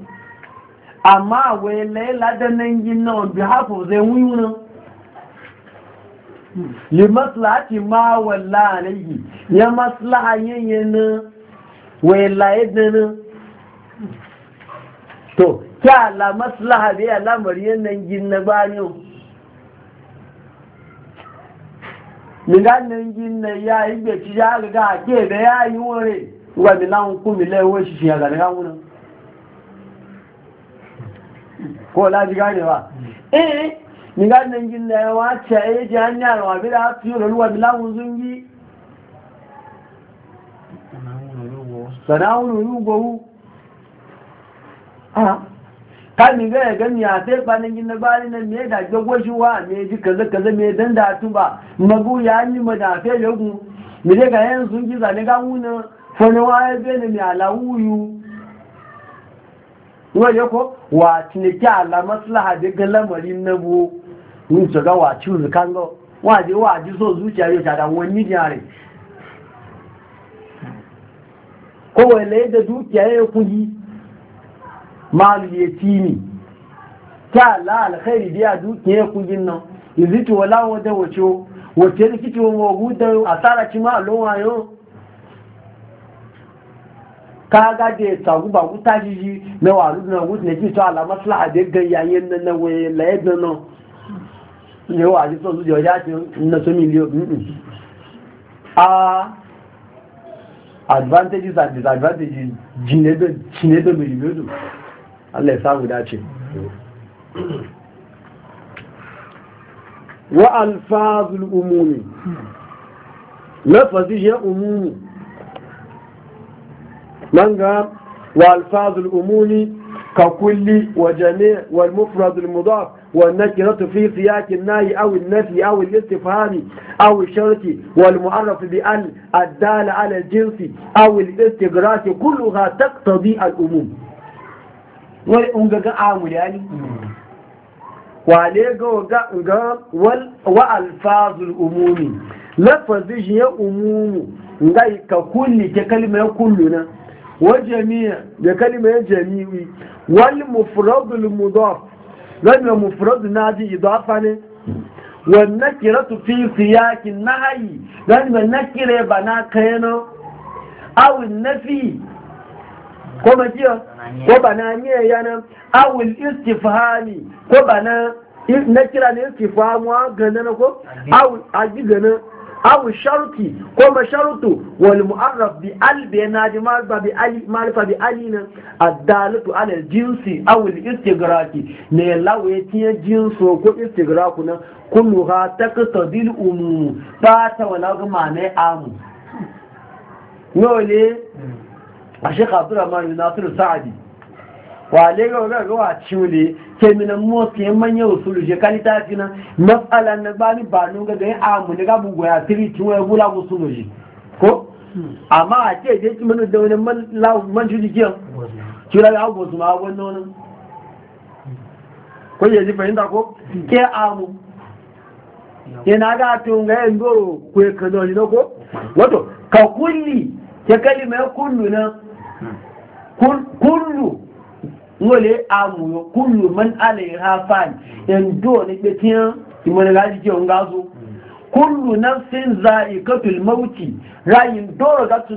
amma wai laila da nan yin na on behalf of the women li maslahati ma walla alayhi ya maslaha yayin wai laida nan to kya la maslaha bi al'amarin nan yin na bani milan nan yin na ya igbe ci ya ga ke da ya yi wore wa milan ku mile wo shi ya ga ga ko laji ba? eh ni ga nan gin da yawa ce eh ji an ya rawa bi da su da ruwa bila zungi sana'un rugo ah kami ga ya gami a sai kwanan gina bari nan me da jago shi wa me ji kaza kaza me dan da ba magu ya ni ma da fe yagu me ga yan sun ji zane ga wuna fa ne wa ya be ne mi ala wọ́n yẹ kọ́ wà tìlẹ̀kí àlàmọ́síláhà dé gan lẹ́mọ̀rí náwó ní ìṣọ̀gá wà tí òrùn ká Wani wọ́n àti wà àti sóòzú ìṣẹ́ ayé ìṣàdá wọn nídìí rẹ̀ kó wọ́n ilẹ̀ èdè dúkìá ẹkùn yìí máa lù yẹ tí nì kí àlà àlẹ́kẹ́rì bí a dúkìá ẹkùn yìí náà ìzítù wọ́n láwọn dẹ̀wọ̀ṣọ́ wọ́n tẹ́lẹ̀ kí tí wọ́n wọ́n kaga da ya sagu ba wuta jiji na waru na wuta na kisa ala maslaha da ga yayin nan na waye laye nan na. ne wa ji sun zuwa ya ce na so miliyon a advantages and disadvantages jine da mai yiwu Allah ya samu dace wa alfazul umumi lafazin ya umumi manga والفاظ الأمومي ككل وجميع والمفرد المضاف والنكرة في سياق النهي أو النفي أو الاستفهام أو الشرط والمعرف بأل الدالة على الجنس أو الاستغراق كلها تقتضي الأموم والفاظ ga wa'alfazul هي lafazin ya umumu كلنا وجميع بكلمة جميعي والمفرد المضاف لأن المفرد نادي إضافة والنكرة في سياق النهي لأن النكرة بنا كينا أو النفي كما جيا وبنا نيانا أو الاستفهام وبنا نكرة الاستفهام وغنانا أو أجي غنانا awu sharti ko sharutu wal mu'arraf bi albi yana bi ali nan addalatu ala jinsi aw al istigraki ne lawaye tiye jinso ko istigraku nan kullu ha taqtadil umum ba ta wala ga mane amu yole a shekha abdurrahman bin nasir sa'adi wale ga ga ga ciule ke mina motsi yan manyan usulu je kalita fina matsala na bani ba nun ga ga amu ne ga bugo ya tiri tun ya bula usulu je ko amma a ce je ki mana da wani man lawo man juji kiyan kira ga abu su ma wannan nan ko je ji fahimta ko ke amu ina ga tun ga yan doro ko ka do ni ko wato ka kulli ke kalima kullu na kullu wole amuyo kullu man alaiha fan in do ne be tiyan imon ga ji on ga zo kullu nafsin za'iqatul mauti rayin doro ga ko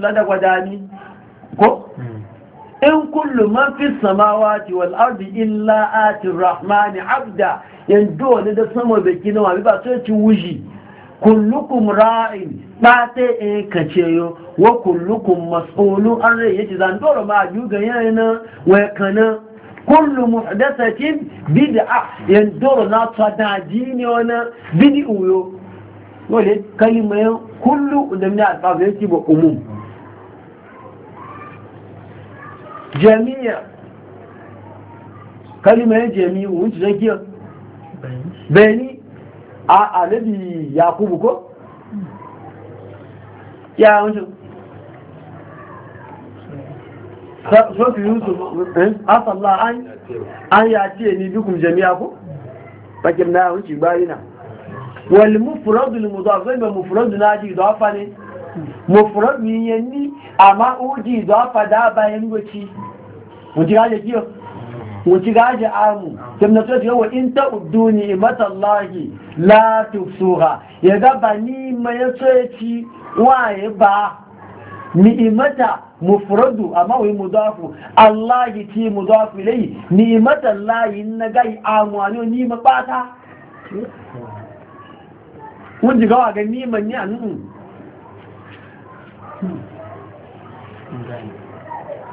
in hmm. kullu man fi samawati wal ardi illa ati rahmani abda in do da sama be kina ma ba so ci wuji kullukum ra'in ba ta in kace yo wa kullukum mas'ulun an rai yace zan doro ma yuga yana wa kana kullu muhdasatin bid'a yandoro na tsada dini ona bid'u yo wale kalima kullu da mina alfafa yake ba umum jami'a kalima ya jami'u wuce zaki bani a alabi yakubu ko ya wuce sofi yusuf eh? asalla an ya ce ni dukkan jami'a ko bakin na wuce bayina wal mufradu lil mudaf zai ba mufradu na ji idafa ne mufradu ni yanni amma uji idafa da bayan goci mun ji gaje kiyo mun ji gaje amu kin na so yawa in ta ni, matallahi la tufsuha ya gaba ni, mai so ci waye ba ni'imata mufradu amma wai mudafu allahi ti mudafu ilayhi ni'matan lahi na gai amwani ni ma mun ji gawa ga niman ni anu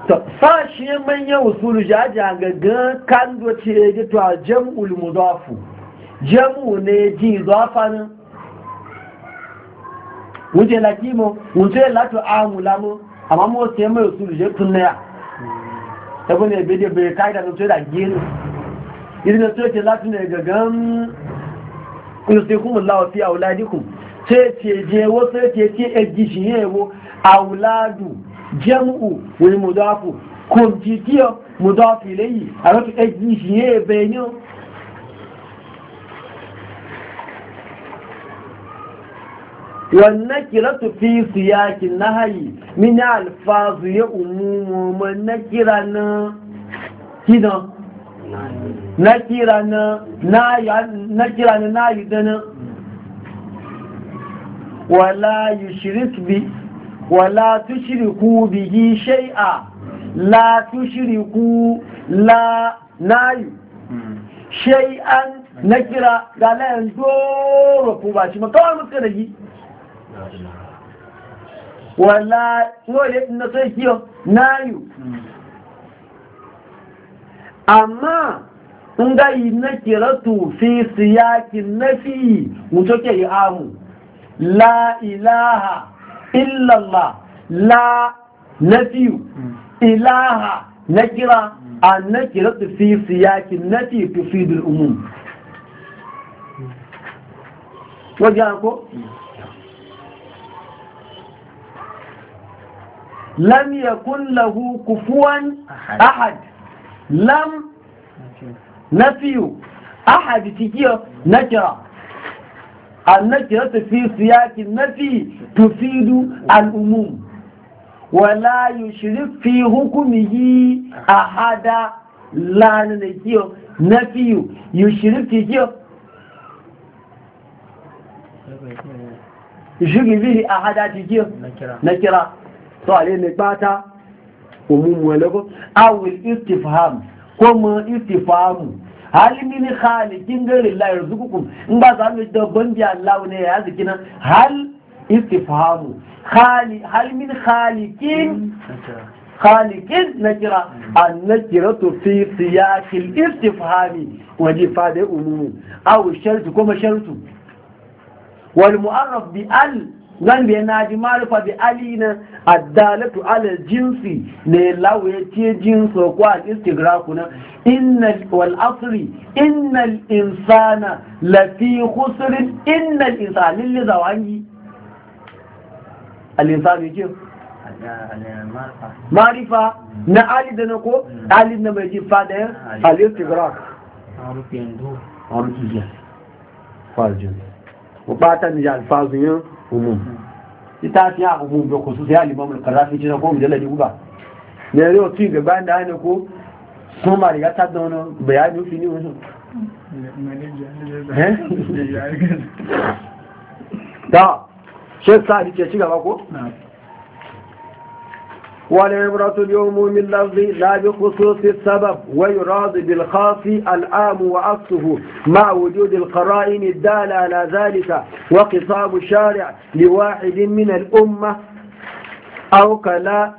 to fashi manya usulu jaja ga gan kando ce ga to jam'ul mudafu jam'u ne ji zafan wuje lakimo wuje latu amulamu amma mu wasu yamma su da jefin na ya ta bane bai da bai kai da mutu da gini irin su ce lati ne gagan kulsai kuma lawa fi auladikum ce ce je wasu ce ce e gishi yewo auladu jam'u wal mudafu kun ji kiyo mudafu ilayhi a wata e gishi yebe ne wannan su fi su na hayi min alfazu ya umumu man nakira na na nakira na Na kira na na nayi dana wala yushrik bi wala tushriku bihi shay'a la tu tushriku la na yi? nayi na kira ga la yanzu ba shi ma kawai muka da yi wala wale na sai kiyo nayu amma in ga yi na tu fi siyakin fi mutu ke yi amu la ilaha illallah la na nafiyu ilaha na kira an na tu fi siyakin fi dul umum wajen ko لم يكن له كفوا أحد لم نفي أحد تجي نجرة النجرة في سياق النفي تفيد الأموم ولا يشرك في حكمه أحدا لا نجي نفي يشرك تجي يشرك به أحدا تكير نجرة so ale ne bata umum walako aw al istifham ko mu istifhamu hal min khaliqin ghayri la yarzuqukum in ba za mu da bambi Allah ne ya zikina hal istifhamu khali hal min khaliqin khaliqin nakira an nakiratu fi siyaq al istifhami waje fa'ida umum aw shart kuma shartu wal mu'arraf bi al zan biya na ji marufa bi ali na addalatu ala jinsi ne lawo ya ce jinsi ko a istigraku na inna wal asri al insana lafi inna al insana lilli zawangi al insanu yake marifa na ali da na ko ali na mai ji fada ya al istigraku arufi ndo arufi ya fajin ko ta ni alfazin umum ita ce a umum da kusu sai alimamul karafi ce na ko mujalla ne guba ne yau ci gaba da hannu ko kuma ma riga ta zaune bayani fi ne wasu eh? <laughs> da shi sa ce ci gaba ko والعبرة اليوم من لفظ لا بخصوص السبب ويراد بالخاص العام وأصله مع وجود القرائن الدالة على ذلك وقصاب الشارع لواحد من الأمة أو كلا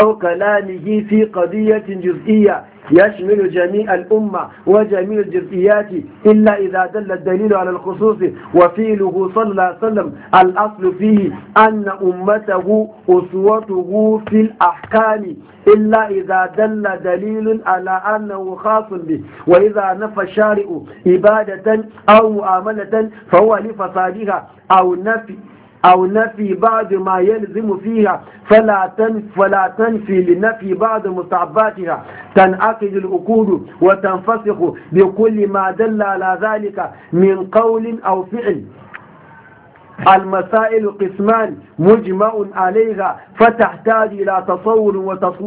أو كلامه في قضية جزئية يشمل جميع الأمة وجميع الجزئيات إلا إذا دل الدليل على الخصوص وفيله صلى الله عليه وسلم الأصل فيه أن أمته أسوته في الأحكام إلا إذا دل دليل على أنه خاص به وإذا نفى الشارع إبادة أو معاملة فهو لفصالها أو نفي أو نفي بعض ما يلزم فيها فلا تنفي, فلا تنفي لنفي بعض مستعباتها تنعقد الأقود وتنفسخ بكل ما دل على ذلك من قول أو فعل المسائل قسمان مجمع عليها فتحتاج إلى تصور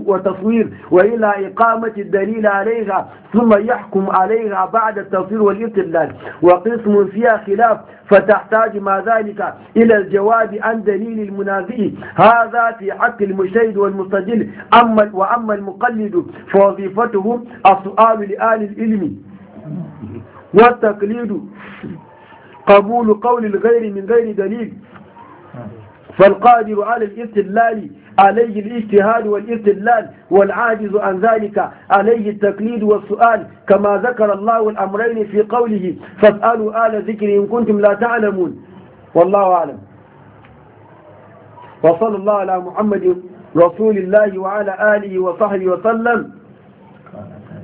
وتصوير وإلى إقامة الدليل عليها ثم يحكم عليها بعد التصوير والاستدلال وقسم فيها خلاف فتحتاج مع ذلك إلى الجواب عن دليل المنافي هذا في حق المشهد والمستدل أما وأما المقلد فوظيفته السؤال لآل العلم والتقليد قبول قول الغير من غير دليل فالقادر على الاستدلال عليه الاجتهاد والاستدلال والعاجز عن ذلك عليه التقليد والسؤال كما ذكر الله الأمرين في قوله فاسألوا آل ذكر إن كنتم لا تعلمون والله أعلم وصلى الله على محمد رسول الله وعلى آله وصحبه وسلم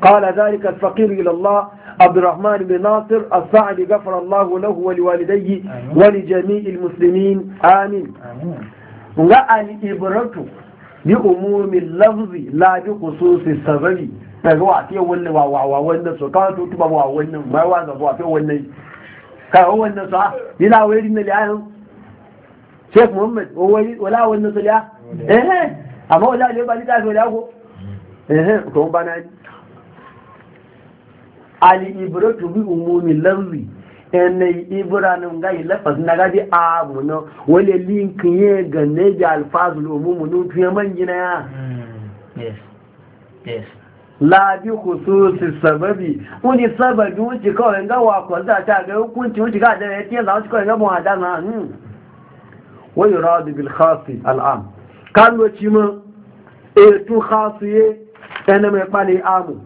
قال ذلك الفقير إلى الله عبد الرحمن بن ناصر السعدي غفر الله له ولوالديه ولجميع المسلمين آمين ga al'ibratu bi umumin lafzi la bi khususi sababi daga wa fiye wannan wa wa wa wannan so kawai to tuba wa wannan bai wa zaba fiye wannan kawai wannan so ah, ila wai dinna liyan Sheikh Muhammad wai wala wannan so liya eh amma wala liya ba ni ta liya ko al'ibratu bi umumi lafzi yanayi ibranin gai lafas na gadi abu na wale linkin ya ga neji alfazu lomumu nutu ya manji na ya labi khususi sababi wani sababi wuce kawai ga wakwa za ta ga hukunci wuce ga da ya tiye za wuce kawai ga mu hada na hmm wani radu bil khasi al'am kan wuce ma e tu khasi ya yana mai fali amu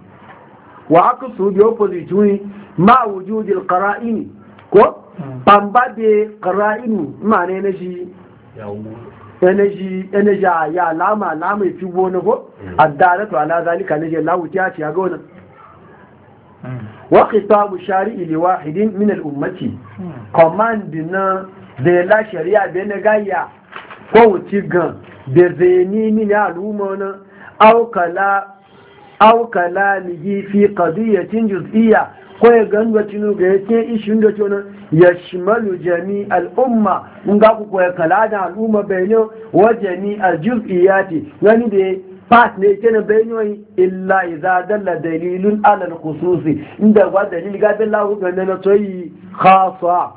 wa aka su bi opposite juyi ma wujudil qara'in ko bamba hmm. de qara'in ma ne ne shi energy energy ya lama alama e fi hmm. gona ko addalatu ala zalika ne ya lawu ta ci ga wannan wa khitabu shari'i li wahidin min al ummati hmm. command na de la shari'a da na gaya ko wuci gan de zeni ni ni al'umma na au kala aw kalamihi fi qadiyatin juz'iyya ko ya ganga tinu ga yake ishin da ya yashmalu jami al-umma mun ga ku koya kalada al'umma bayno wa jami al-juz'iyati yani da part ne kenan bayno illa idza dalla dalilun ala al khususi inda ga dalil ga billahu ga na toyi khassa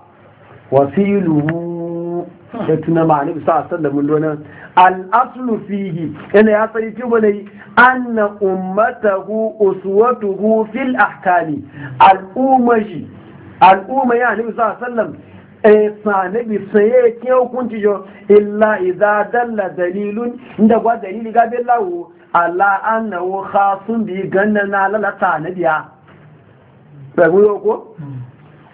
wasiluhu da tuna ma'ani sa sallamun donan al'aslu fihi yana ya tsari fi wani anna ummatahu uswatuhu fil ahkami al'umaji al'umma ya nabi Sallam. alaihi Sani, sanabi saye ke hukunci jo illa idza dalla dalilun inda gwa dalili ga billahu ala annahu khasun bi ganna la sanabiya yau ko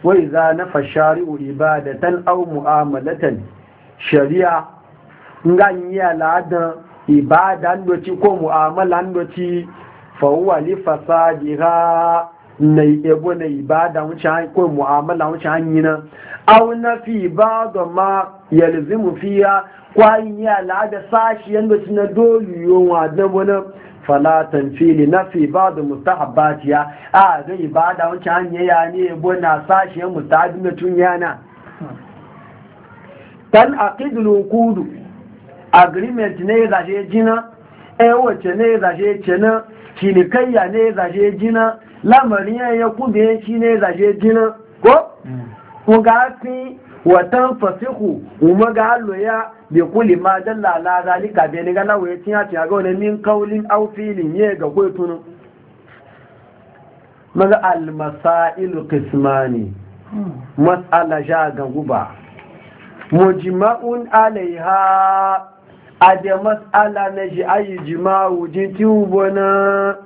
Wai za wa idza nafa shari'u ibadatan au mu'amalatan shari'a nga yi al'adan ibada ndoci ko mu'amala fa huwa li fasadi nai na ebo na ibada wuce ko mu'amala wuce hanyi na au na fi ibada ma yalzimu fiya kwayin yi al'ada sashi yadda ci na dole doliyon wadan na falatan fili na fi ba mustahabatiya a ga ibada wuce hanyi ya ne ebo na sashi yan mustahabbi na tun yana tan aqidul wukudu agreement ne ya zashe jina ewace ne ya zashe cina cinikayya ne ya zashe jina lamarin ya kuma shi ne ya zashe jina ko? ko hmm. ga fi watan fasiku kuma ga aloya bai kuli ma dalla la zalika bai ni gana waya tinya tinya ga wani min kaulin au filin ya ga kwai tunu maza almasailu qismani hmm. mas'ala ja ga guba mujma'un alaiha a da na shi ayi jima'u jin tubo na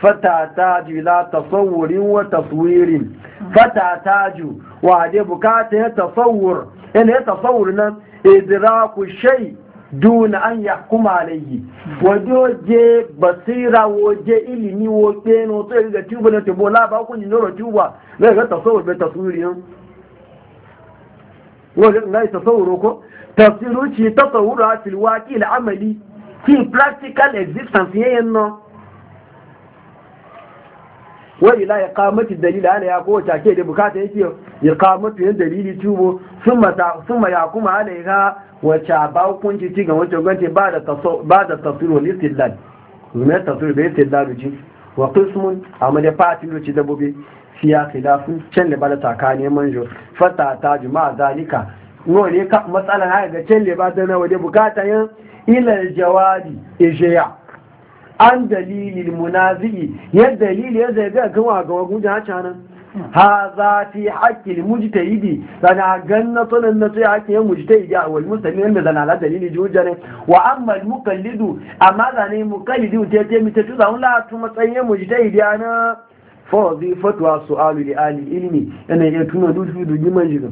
fatataju la tasawurin wa fatata fatataju wa da bukata ya tasawur yana ya tasawur nan idraku shai duna an ya kuma alayhi je basira waje ilimi waje no to ga tubo na tubo la ba ku ni no tubo ga tasawur be taswirin waje ngai tasawuro ko tafsiru ci ta tsawuru a filwaki amali fi practical existence yayin nan wani la iqamati dalil ana ya ko take da bukata yake iqamatu yan dalili tubo summa ta summa ya kuma alaiha wa cha ba hukunci ci ga wato gwante ba da taso ba da tafsir wal istidlal kuma tafsir da istidlal ji wa qismun amma da fatilu ci dabobi fiya khilafun can da bala takane manjo fata ta juma'a zalika no ne ka na ga can ba ta na waje bukata yin ilal jawabi ishiya an dalilin munazi'i ya dalili ya zai ga gama ga wagun jihar canan ha za fi haƙƙin mujtahidi sana ganna sunan na sai haƙƙin mujtahidi a wal musulmi wanda zana la dalili juja wa amma al muqallidu amma zane ta ta te mi te tuza la tu matsayin mujtahidi ana fa wazifatu su'alu li ali ilmi yana ya tuno dudu dudu man jigan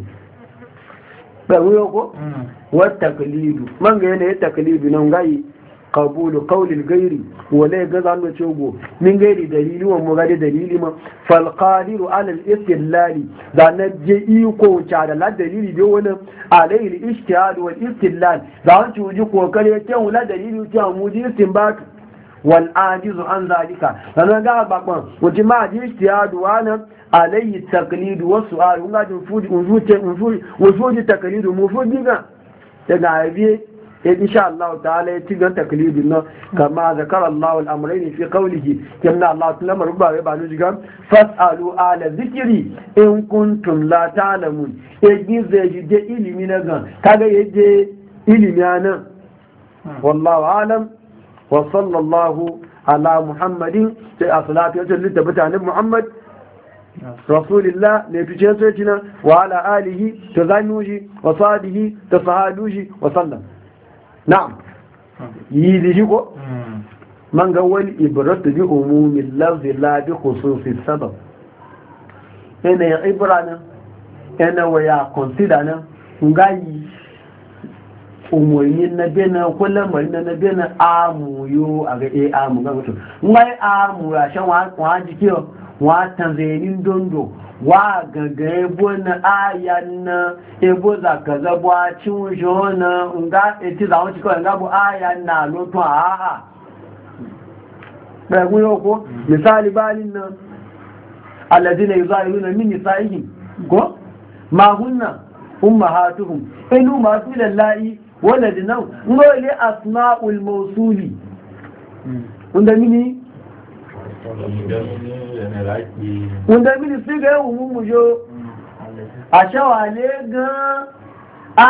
yau ko mm. wata kalibu man ga yanayin takalibu nan gayi kabulu kaulil gairi wale ga gaza an min gairi dalili wa mu gari dalili ma fal qadiru ala al istillali da na je iko ta da la dalili da wani alai al ijtihad wal istillal da an ci kokare ta wala dalili ta mu ji wal ajizu an zalika sannan ga bakon wuce ma ji istiyadu wani alayhi taklidu wasu aru ga jin fuji unfuji taklidu mu fuji ga daga abi insha Allah ta'ala ya ci gan taklidin nan kama zakar Allah al-amrayn fi qawlihi kamna Allah ta lamar ba ba nu jigan fasalu ala zikri in kuntum la ta'lamun e gize je ilimi na gan kaga yaje ilimi nan hmm. wallahu alam wa sallallahu ala muhammadin sai a salatu ya tsalli da mutanen muhammad rasulillah ne fice ce sai nan wa ala alihi ta zanuji wa sadihi ta sahaduji wa sallam na'am yi da shi ko hmm. man ga wani ibrat bi umumin lafi la bi khususi sabab ina ya ibra nan ina wa ya consider nan umarnin na bena kula lamarin na bena amu yo a ga e amu ga mutum ngai amu ya shan wa wa jikiyo wa tanzanin dondo wa gaga ebo na aya na ebo za kaza bo a cin jo na nga eti za wuce kawai nga bu aya na lo to ha a begun yo ko misali balin na alladina yuzahiruna min nisaihim ko ma hunna ummahatuhum inu masu lallai wọ́lẹ̀ dì náà ń lọ ilé àtúná olùmọ̀súlì ọ̀dẹ́mìnì sígẹ̀ ìwọ̀n mú yóò àṣẹ́wà lé gan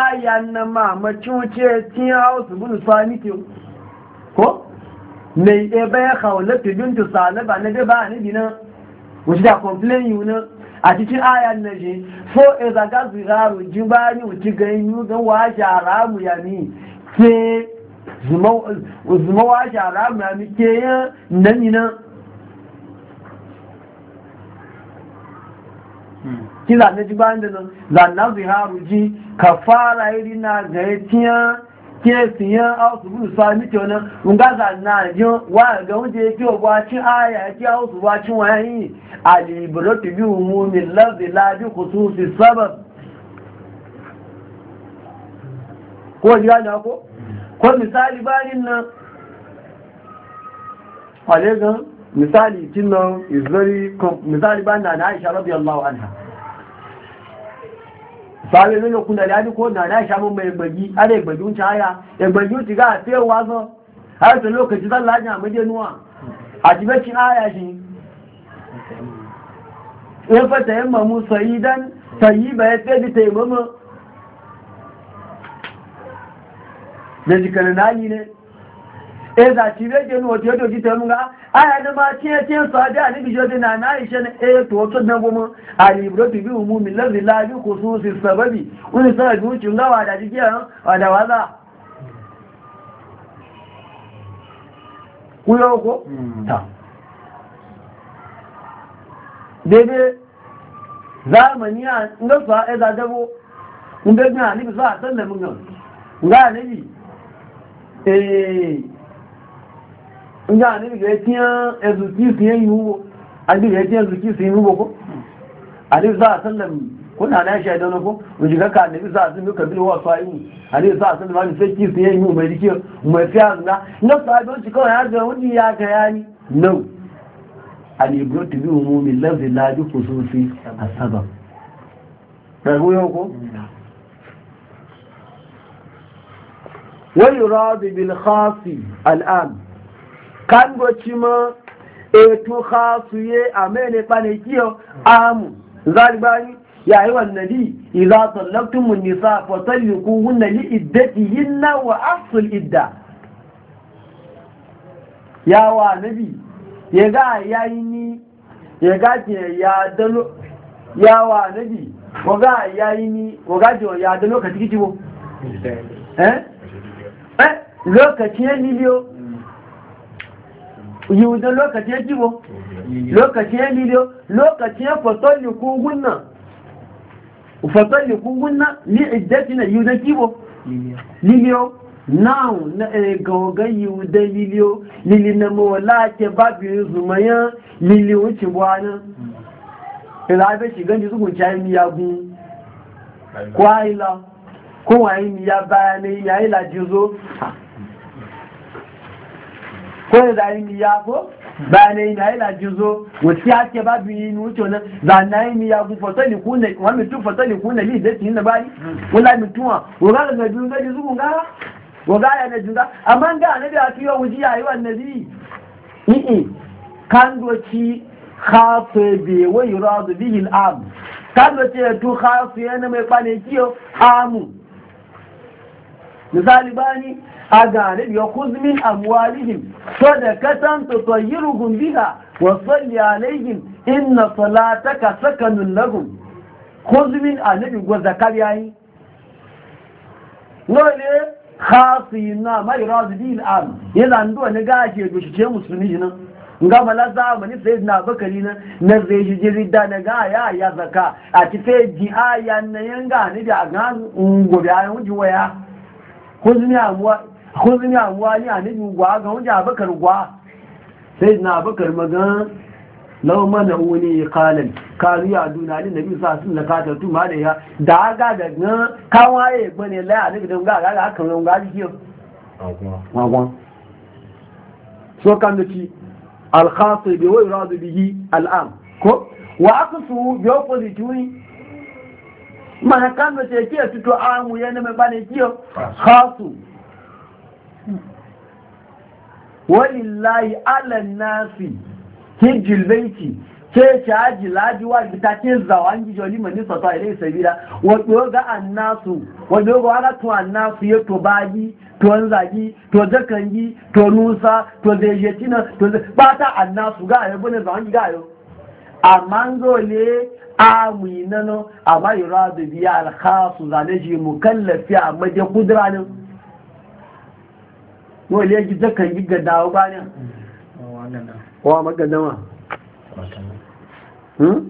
áyà na máa mọ̀ tí wọ́n tí ẹ tí á ó sì búrú sọ ní tí ó kó ní ẹbẹ́ ẹ̀kà ọ̀lẹ́tẹ̀ẹ́dún tó sàálẹ́bà ní bẹ́bà níbi náà a cikin ayan na shi so iza ga ziraru ji ba ni uci ga yi ga ya ni ke zuma wa shara ya ni ke yan nan ni nan ki zanne ji ba ni nan zanna ziraru ji ka fara iri ga ya tiyan kí ẹ sì yán áùsùgbùrù sọ àmìtì ọ̀nà ǹgáza náà yán wà ẹ̀gẹ̀ oúnjẹ tí ó wá tí ààyà tí áùsùgbùrù wá tí misali na misali is very misali fàárí lónà kúnlẹ̀ ládíkò nàdá ìṣàmọ́mọ̀ ẹgbẹ̀gí ara ẹgbẹ̀gí ń ṣáyà ẹgbẹ̀gí ó ti gá àti ẹwà sọ àìsàn lókè títà láàájá àmọ́dé níwà àti mẹ́kí ara ṣe wọ́n fẹ́ta ẹ mọ̀mú sọ yí dán tàyí bẹ̀ẹ́ tẹ́bi tẹ ìmọ́mọ́ lẹ́jìkẹ̀rẹ̀ náà ne. e za ci rege ni wato yato kita nuna aya na ma tiye tiye su abi ani bijo de na ishe eh, ne e to to na gomo ali ibro ti bi umu min lazi la bi khususi sababi wani sa bi uci ngawa da jike a da waza kuyo ko hmm. ta dede zamani a nga su a eza dabo nga ni bi su a sallan mun yau nga ne bi eh, ní àní ìgbẹ̀ tí ẹzù kí sí ẹ̀yìn wúwo agbẹ̀rẹ̀ tí ẹzù kí sí ẹ̀yìn kó àdífà sálẹ̀m kó nà náà ṣe kó òjìká ká àdífà sí ló kàbí wọ́n kango kangoci etu khafu ye amene pane kiyo amu zali bani ya yi wannabi idza tallaqtum an-nisa fa talliquhunna li iddatihinna wa afsul idda ya wa nabi ya ga yayi ni ya ga je ya dalo ya wa nabi wa ga yayi ni wa ga je ya dalo ka tiki tibo <laughs> eh eh lokaci ne liyo yiwudan lokaci ya kibo lokaci ya lilo lokaci ya fasolli kugunna fasolli kugunna ni iddati na yiwudan kibo lilo now na gangan yiwudan lilo lili na mawala ke babu zumaya lili wuce buwanan ilabe shigan ji zugun cayin miyagun kwa ila kowa yi miya bayanai yayi lajizo ko da yi ya ko ba ne ina zo wasu ya ake ba bi ni wuce wani za na yi ya ku fasali kuna, ne wa mutu fasali kuna ne da na bari wala mutuwa wa ga ga jun ga jizo ga wa ga ya na jun gara amma ga annabi a tiyo wuji yayi na bi I'i, kan doci hafe be wa yuradu bihi al amu, kan doci tu hafe yana mai kwane kiyo amu misali bani a ganin ya kuzmin amwalihim sadakatan tutayyiruhum biha wa salli alaihim inna salataka sakanun lahum kuzmin annabi go zakar yayi wale khasina mai razidin am yana ndo ne gaje go shi musulmi ne nga mala zamani sai na bakari na na zai ji jiri da na ga ya ya zaka a ci sai ji ayan na yanga ne da ga gobe ayan waya kuzmi amwa kun zini abuwa ni a nabi gwa ga wanda abakar gwa sai na abakar magan lau mana wani kalan kanu ya duna ni nabi sa sun da katar tu ma da ya da ga da gan kawaye bane lai a nabi don ga ga ga kan ga ji kiyo magwan so kan da ci alkhasi bi wa yuradu bihi al'am ko wa aqsu bi opposite mana kan da ce ke tuto amu yana mai bane kiyo khasu walillahi alan nasi hijil baiti ke ce haji lajiwa gita ce zawan gijo lima ni sata ilai sabila wato ga annasu wato ga wala to annasu ya to baji to zagi to zakangi to nusa to zejetina to bata annasu ga ayo bane zawan ga ayo amma zole amui nano amma yuradu biya alkhasu zalaji mukallafi amma je kudranin wani yanki zakan yi gadawa bayan wa magadama hmm?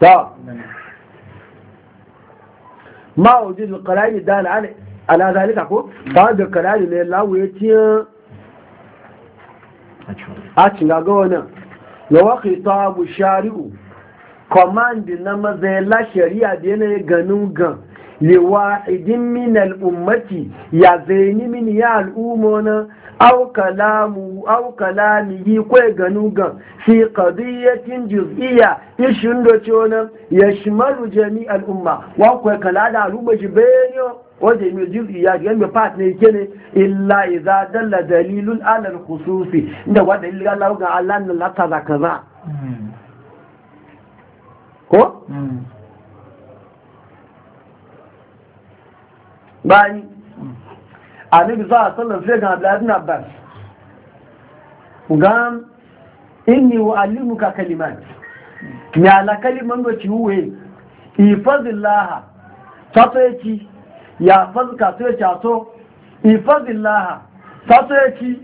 ta ma wajen da karari da ala ko ba da karari ne lawo ya ciye a cingaga wani ya waka ta abu shari'u kwamandi na mazayala shari'a da yanayi ganin gan liwa'idin min al'ummati ya zaini min ya al'umma na au kalami yi kwai ganu gan fi qadiyatin juz'iyya ishin da ce ya jami al'umma wa kwai kala da al'umma shi bayan wanda mai juz'iyya ga mai part ne ke ne illa iza dalla dalilun ala khususi inda wa dalil Allah ga Allah na lata kaza ko bani annabi za a sallar sai ga abdullahi abbas ga inni wa ka kalimat ya la kaliman da ci huwe ifazillah ta so yaki ya ka so yaci so ifazillah ta so yaci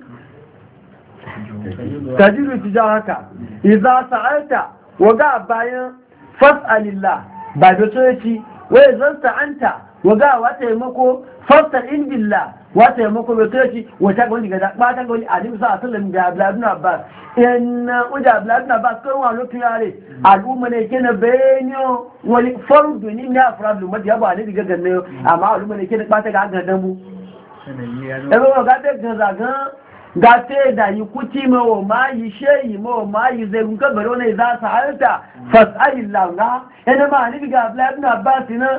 tajiru tijahaka idza sa'alta wa ga bayan fas'alillah ba da so yaci wa zanta anta waga wa taimako fastar in billah wa taimako bai kai shi wata ga wani gada ɓata ga wani alim sa asalin da abladun abbas in uda abladun abbas kan wa lokacin yare al'umma ne ke na bayaniyo wani farudu ni na farudu mata yabo alibi ga ganna amma al'umma ne ke na ɓata ga aga damu ebe wa gata ga zagan gata da yi kuti ma wa ma yi sheyi ma wa ma yi zai kunka baro ne za su harta fas'alillah na yana ma alibi ga abladun abbas na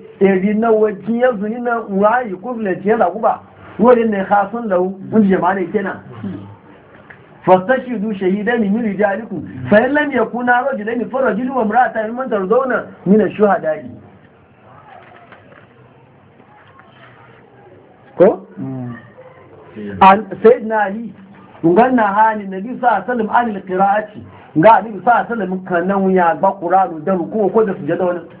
eri na wajen ya zuni na wayi kuflet ya zaku ba wurin ne hasun da wani jama'a ne kenan fastashidu shahidani min rijalikum fa in lam yakuna rajulan fa rajulun wa imra'atan mimman tardawna min ash-shuhada'i ko hmm. sayyidina ali nganna hali nabi sallallahu alaihi wasallam an al-qira'ati ga nabi sa alaihi kanan ya ba qur'anu da ruku ko da sujada wannan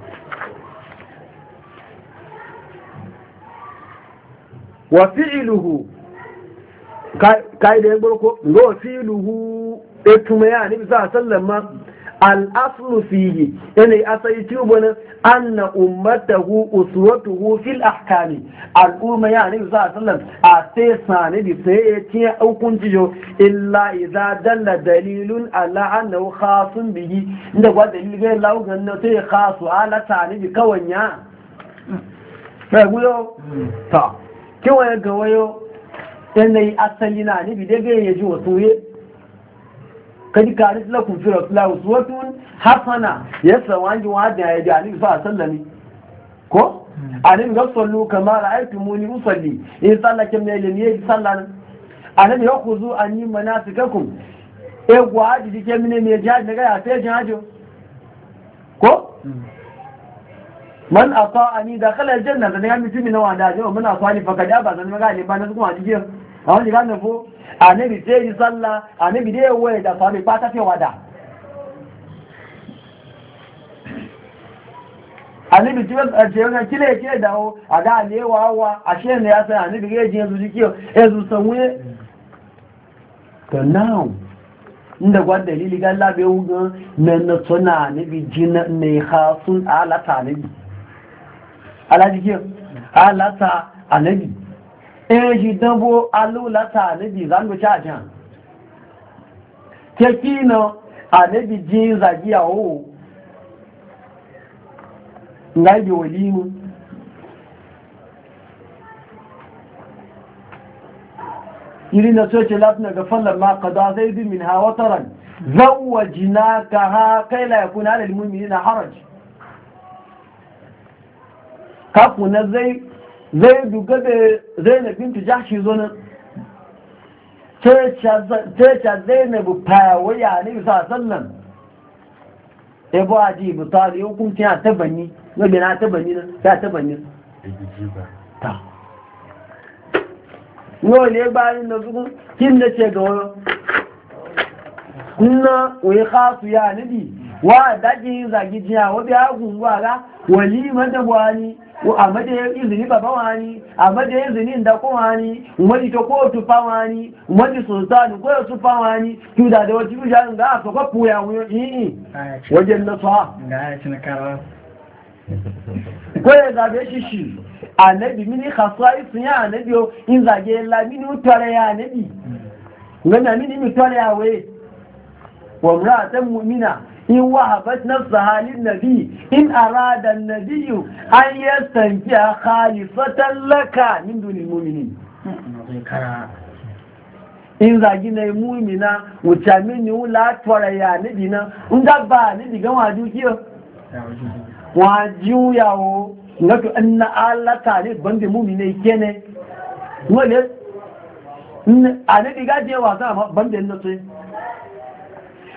wa fi'iluhu kai da yan gurko ga wa fi'iluhu e ya ni bisa sallama al aslu fihi yana asali tubuna anna ummatahu uswatuhu fil ahkami al umma ya ni bisa sallam a te sane bi te ya ce hukunci jo illa idza dalla dalilun ala annahu khasun bihi inda kwa dalil ga lawo gan na te khasu ala tani bi kawanya sai hmm. guyo hmm. ta kewa ya ga wayo yanayi asali na nabi da ga yaji wasu ye kadi ka risla kun fi Su wasu wasu hasana ya sawan ji wani da ya ji anabi fa sallami ko anabi ga sallu kama aiki muni usalli in sallake ne e ne ne sallan anabi ya a mana su anni kun? e gwa ji dike mine me jaji daga ya sai jajo ko hmm. man ani asa'ani dakhala aljanna dan ya mutumi na wanda je mun ni fa kada ba zan magali ba na kuma cikin a wani ganin fo anabi sai yi sallah anabi dai waye da sami ba ta ce wada anabi ji a ce wannan kile ke dawo a ga alewa wa a she ne ya san anabi ga je yanzu jikiyo yanzu sanwe to now inda gwa dalili ga labe wugan nan na tuna anabi ji na ne khasun ala talibi alájíkí aláta ànẹ́bì ẹ̀rẹ́ eh, ṣe dánbó alóòláta ànẹ́bì ìzánú chájá kí iná ànẹ́bì jí ń zàgí àwọ́ ìgbàgbé wèlí mú irin da soce latin daga fallar ma kada zai bi min hawa taron zawajina ka ha kai la yakuna lil na haraj kaku na zai zai duga da zainab bintu jahshi zo nan teca zainab fayawaya ne bisa ya bu aji butali yau kuma ta tabanni wanda na tabanni na ta tabanni ta yau ne bayan na zukun kin da ce ga wani Kuna wai kasu ya nabi wa daji zagi jiya wabi agun ga Walima mata buwani a madayin izini baba wani a madayin izini da ko wani wani to ko tu fa wani wani sultani ko su fa wani tu da da wani ja nga so ko puya wuyo yi wajen na fa nga ci na kara ko ya da be shishi annabi mini khasai sun ya annabi in zage la mini utare ya annabi mm. ngana mini mi tare ya we wa mu'mina in wahabat nafsaha lin nabi in arada an yi an yastankiha khalifatan laka min dunil mu'minin in zagi na yi mumina wuce ni wula tuwara ya nidi na in gaba nidi gan waju kiyo waju yawo nga to an na ala tare bande mumina ikene wale a nidi gaje wasa bande na sai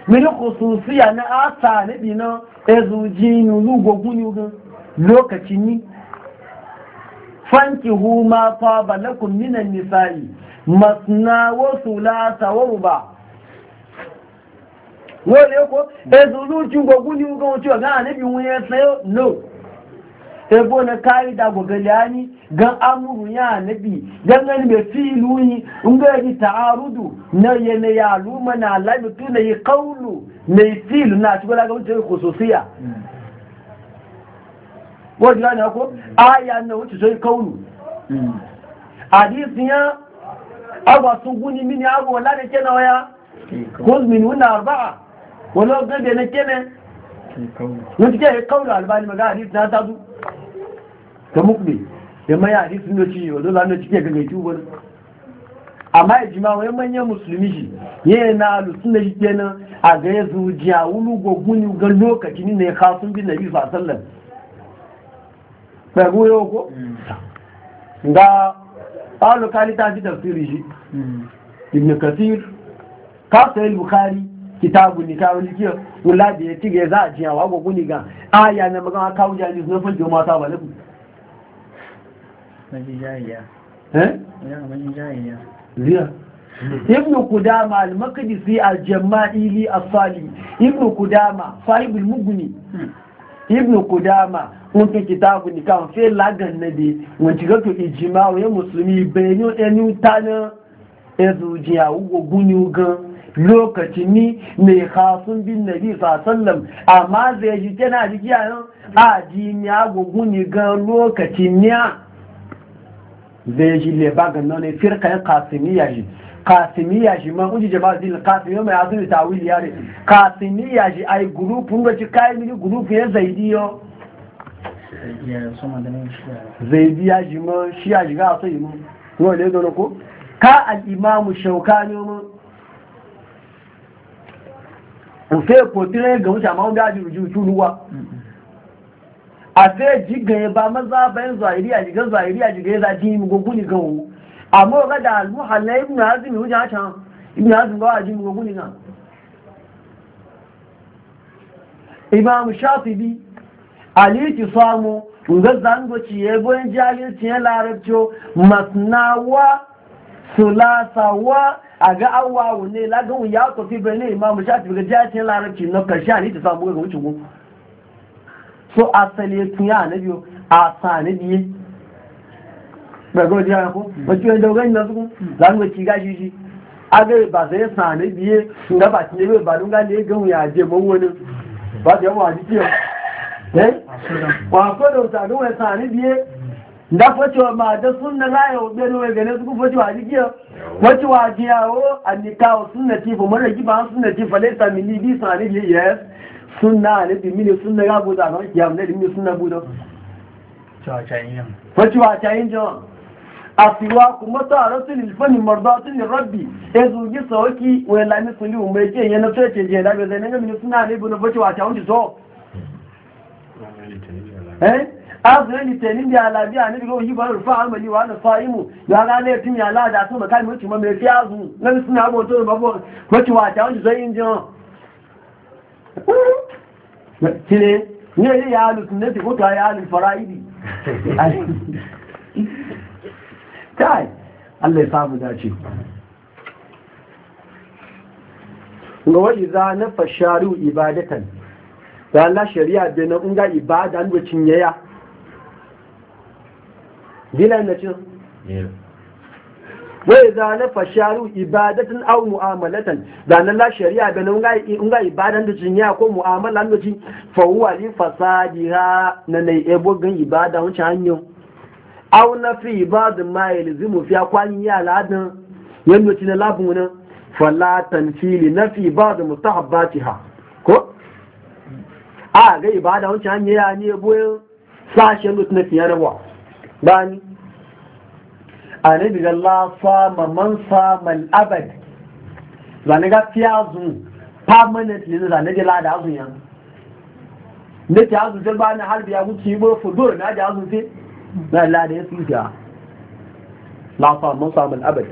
mini khususiya na asa na bina ezuji yulu gogun yugun ni fanki huma fa balakum minan nisa'i masna wa sulata wa ruba wọ́n lè kó ẹ̀sùn olóòtú gbogbo ní ọgbọ́n tí ọ̀gá àníbi wọn yẹn sẹ́yọ́ no ebo na kayi da ni gan amuru ya nabi gan gani mai filu yi in ga ta'arudu na yana ya luma na lamitu na yi kaulu na yi filu na cikin ga wuce ko sosiya wajen gani ko aya na wuce sai kaulu hadisi ya aba sun guni mini abu wala da kena waya ko min wuna arba'a wala gabe na kene wuce ke kaulu albani maga hadisi na tazu ta mukmi da maya a cikin ci yi dole lanar cike ga gai tubar amma ya jima wai manyan musulmi shi yi na alusunna shi kenan a ga ya zuciya wulu gogun ga lokaci ne ya kasu bin nabi sallallahu sallan wasallam ya yóò ga ta fi tafsiri shi mm. ibn kasir yi bukari kitabu ni kawo jikiya wula da ya tiga ya za a jiyawa gwagwuni ga aya na magana kawo jami'in na fajiyar mata ba lafi ziya eh? ibn kudama al-maqdisi al-jama'ili as ibnu ibn kudama sahib al-mughni hmm. ibn kudama wọ́n fi kìtàbù nìkan fẹ́ lágàn nàdé wọ́n ti gọ́tò ìjìmá òye mùsùlùmí ìbẹ̀ẹ́nú ẹni tánà ẹzùjì àwúgbogbo ní ogan lókàtí ní mẹ́kàásún bí nàbí sàásánlẹ̀m àmáàzẹ̀ ẹ̀jì tẹ́nà àdíkíyà náà àdí ní agbogbo ní gan lókàtí ní à zai ji le ba ganin ne firkan kasimiya ji kasimiya ji man uji jama'a zil kasimiya mai azumi tawil yare kasimiya ji ai gurupun da ci kai mini gurupun ya zaidiyo zaidiya ji man shiya ji ga so yi mun ko le dono ko ka al'imamu imamu shaukani mun o fe ko tire ga wuce amma ga ji ruju tuluwa mm. a zai jiga ba maza bayan zahiriya jiga zahiriya jiga ya zaji mu gugu ni gawo amma ga da muhalla ibn azim wuja ta ibn azim ba ajin gugu ni na imam shafi'i ali ki samu ga zango ci ye boyen jalil ci ya larabcio masnawa sulasawa a ga awawu ne lagun ya kofi bane imam shafi'i ga jalil ci larabci na karshe ali ta samu ga wucin gugu so asali tun ya biyu a sani biye gbogbo jiya hmm. na ku wasu yadda wani na suku hmm. za mu ci gashi shi aga ba sai ya sani biye nga ba ci ne ba don ga ne gan ya je mun wani ba da yawa ji ciyo eh wa ko da ta don ya sani biye nda foci wa ma da sunna la ya obe no ga ne suku foci wa ji ciyo foci wa ji yawo annika sunnati fa mara ji ba sunnati fa laysa bi sani biye yes suna ne bi mini suna ga buda ga ya ne mini suna buda wace wa ta yin jawan a kuma ta rasul ilfani mardatin rabbi ya e zugi sauki wa lami suli mu mai kiyan yana na, ce je da ga zai mini suna ne bu na wace wa ta wuce so eh azra ni tenin da alabi a ni ga yi ba rufa amali wa na saimu ya ga ne tin ya la da so makai mu ci ma mai fiyazu nan suna boto ba bo wace wa ta yin jawan kine ne ne ya alu sunnati ko ta ya alu fara'idi kai Allah ya samu dace ga wani za na fasharu ibadatan da Allah shari'a da na unga ibada an da cinyaya dilan na cin wai za na fasharu ibadatin au mu'amalatan da na la shari'a ga nan ga ibadan da jinya ko mu'amala da jin fa huwa li fasadiha na nai ebo gan ibada wancan hanyo au na fi ibad ma yalzimu fi akwani ya ladan yanno labu labun nan fala tanfili na fi ibad mutahabbatiha ko a ga ibada wancan hanyo ya ne ebo sashen lutna fi yarwa bani annabi da la sama man sama al-abad zane ga fiyazu permanently ne zane da la da azun yan ne ti azu da ba na harbi ya wuce yi bo fudur na da azun sai na la ya su ja la sama man sama al-abad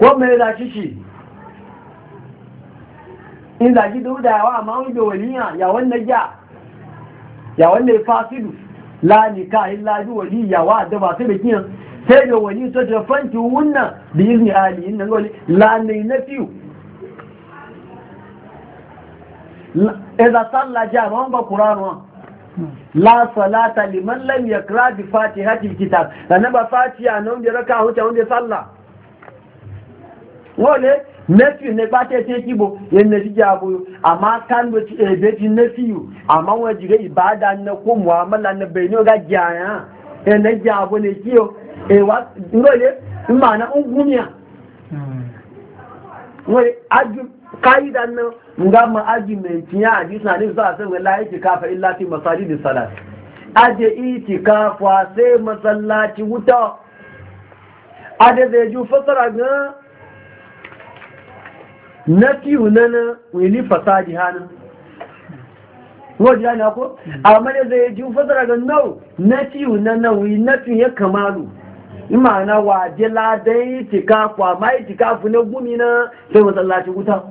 ko me da shi shi in da gidu da yawa amma wani waliya ya wannan ya ya wannan fasidu láàríká ìlàjú wòlí ìyàwó àdọ́bà tó bèkí ba? sai da wani to da fanti wunna bi izni ali inna wali La lanai na idza salla sallaji ba qur'an wa la salata liman lam yakra bi fatihati kitab sannan ba fatiha nan wanda raka huta wanda sallah wọ́n nefi eh, ne ba ta ce kibo yan na jiya bu amma kan da ebe be ji amma wani jire ibada na ko mu'amala na bai ne ga jaya yan na jiya ne kiyo e eh, wa ngole hmm. kaida na nga ma aji mai na ne za san la yake kafa illa fi masajid salat aje wuta ade ju fasara ga na fiye na na wani fasadi hannun wajen ya ko a mana zai ji fasara ga nau na fiye na na wani na ya kamaru imana waje ladai kwa amma yi fi na gumi na sai matsalaci wuta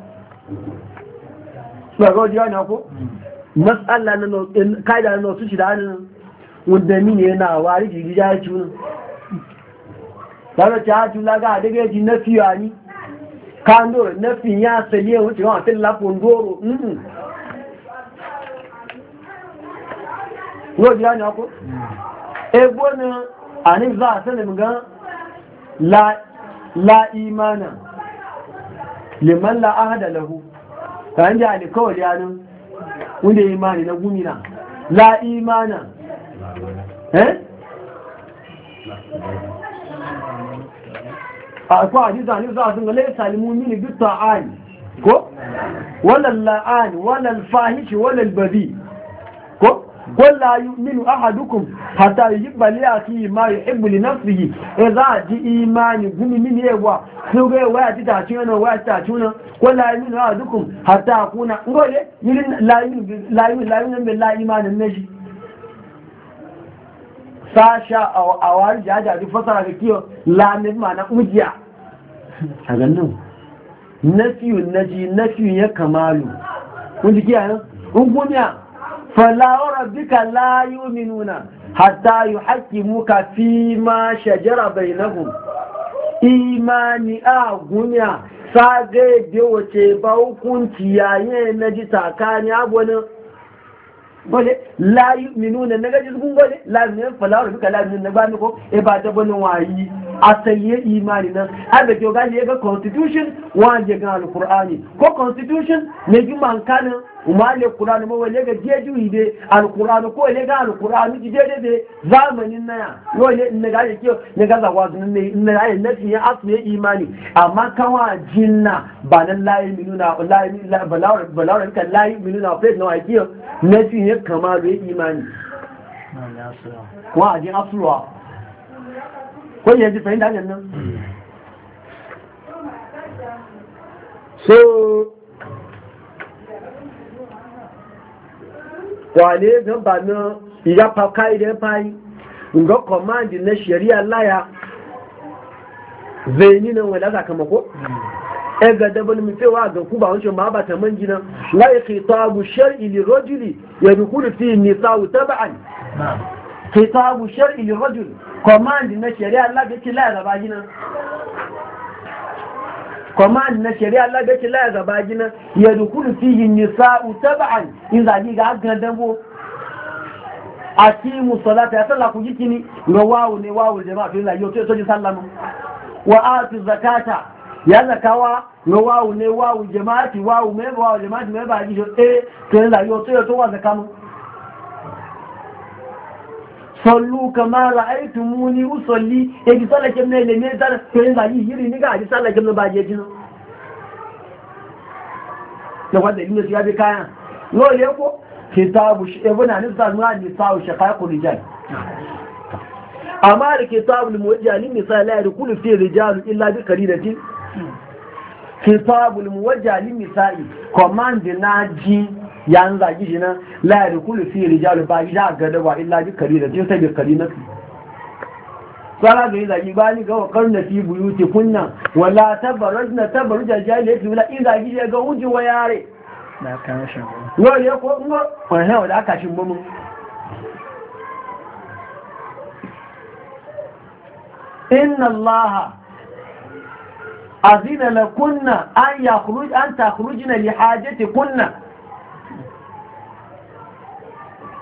ba ga wajen ya ko matsala na eh, kaida na nosu shida hannun Wanda mini yana wari jirgin ya ci wunan da ti á jù lágá àdégé jí náà kando fi ya saye wuce wa fil lafun doro mmm wodi ni ako? Egbo ni a ní za a la la imana liman ahada lahu, ta ń jẹ́ alikawar yanin wunda imani na gumina la'imana. Eh? akwai Hadiza ne za a sun galai salimu ne duk ko wannan la'an, wannan fahishi wannan babi ko kwallo yi minu aha dukun hatta yi baliya yi ma yi ibuli na su yi ji imani gumi mini yawa su ga yi waya ta tuna na waya minu aha dukun kuna ngole layi minu layi minu layi minu layi minu sasha a wari jaja duk fasara da kiyo lamin ma na ujiya a na ji na fiye ya kamalu kun ji kiyaye kun kunya falawar rabbika layu minuna hatta muka fi ma shajara nahu. imani a gunya sa zai wace ba hukunci yayin ji takani abonin gole la yu'minu na naga jizgun gole la min falawar duka la min nagba gbani ko e ba da yi a sanye imani nan abe gani ya ga constitution wa je ga ko constitution ne ju man umarle kuranu mawa lega jeju ide alkuranu ko lega alkuranu ji dede de zamanin naya yo ne ne ga yake ne ga zawa ne ne ga ne ci ya asu ne imani amma kawa jinna ba nan layi minuna layi balawar balawar kan layi minuna fa na yake ne ci ne kamalu imani ko a ji asruwa ko ya ji fahimta nan hmm. so wale gan ba iya fa kai da fayi ga command na shari'a laya zai ni nan wala sakamako hmm. e ga dabal mi ga ku wancan ma ba ta manjina la khitabu shar'i li rajuli yadkhulu fi nisa'u tab'an khitabu shar'i li rajul na shari'a Allah da ke la gina command na shari'a Allah da ke laya gaba gina ya dukulu fihi nisa'u tab'an in zagi ga ga dango akimu salata ya sallah ku gikini ga wawu ne wawu jama'a fi Allah yau to soji sallama wa atu zakata ya zakawa ga wawu ne wawu jama'a jama'ati wawu me wawu jama'ati me ba gijo eh to Allah yau to yau to wa zakamu sallu kama ra'aitu muni usalli ya ji sallah kim ne ne zar to yin zaji yiri ni ga ji sallah kim ne ba je jin da wanda inda su ya bi kayan no le ko kitabu ibn anis sa nuna ni sa'u shaqaiqu rijal amma da kitabu al-muwajjali misali la yadkhulu fi rijal illa bi qalilatin kitabu mu muwajjali misali command na ji ya an zagi shi nan la ya kulu fi rijalu ba ya ga da ba illa bi karina tin sai bi su sala ga yi zagi ba ni ga wa karna fi ce kunna wala da ya fi wula in zagi ya ga wujin wa yare na kan shi yo ya ko ngo wannan aka shin mu inna allaha azina kunna an yakhruj an takhrujna li hajati kunna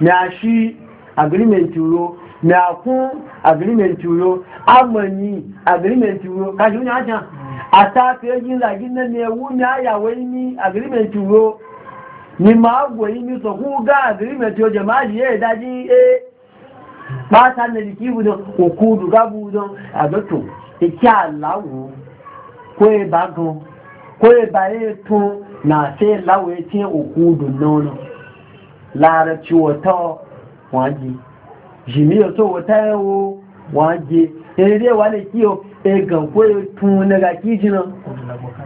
na shi agreement yo na ku agreement yo amani agreement yo ka ji wani hajjan a ta fiye yin zagin nan a wu na yawai ni agreement yo ni ma goyi ni so ku ga agreement yo jama'a ya daji eh ba ta na jiki budon hukudu ga budon a gato iki alawo ko e ba gan ko e ba e tun na se lawo e tin hukudu nono larabci wata waje jimiyar so wata yawo waje yanzu dai wani kiyo e ganko tun daga kijinan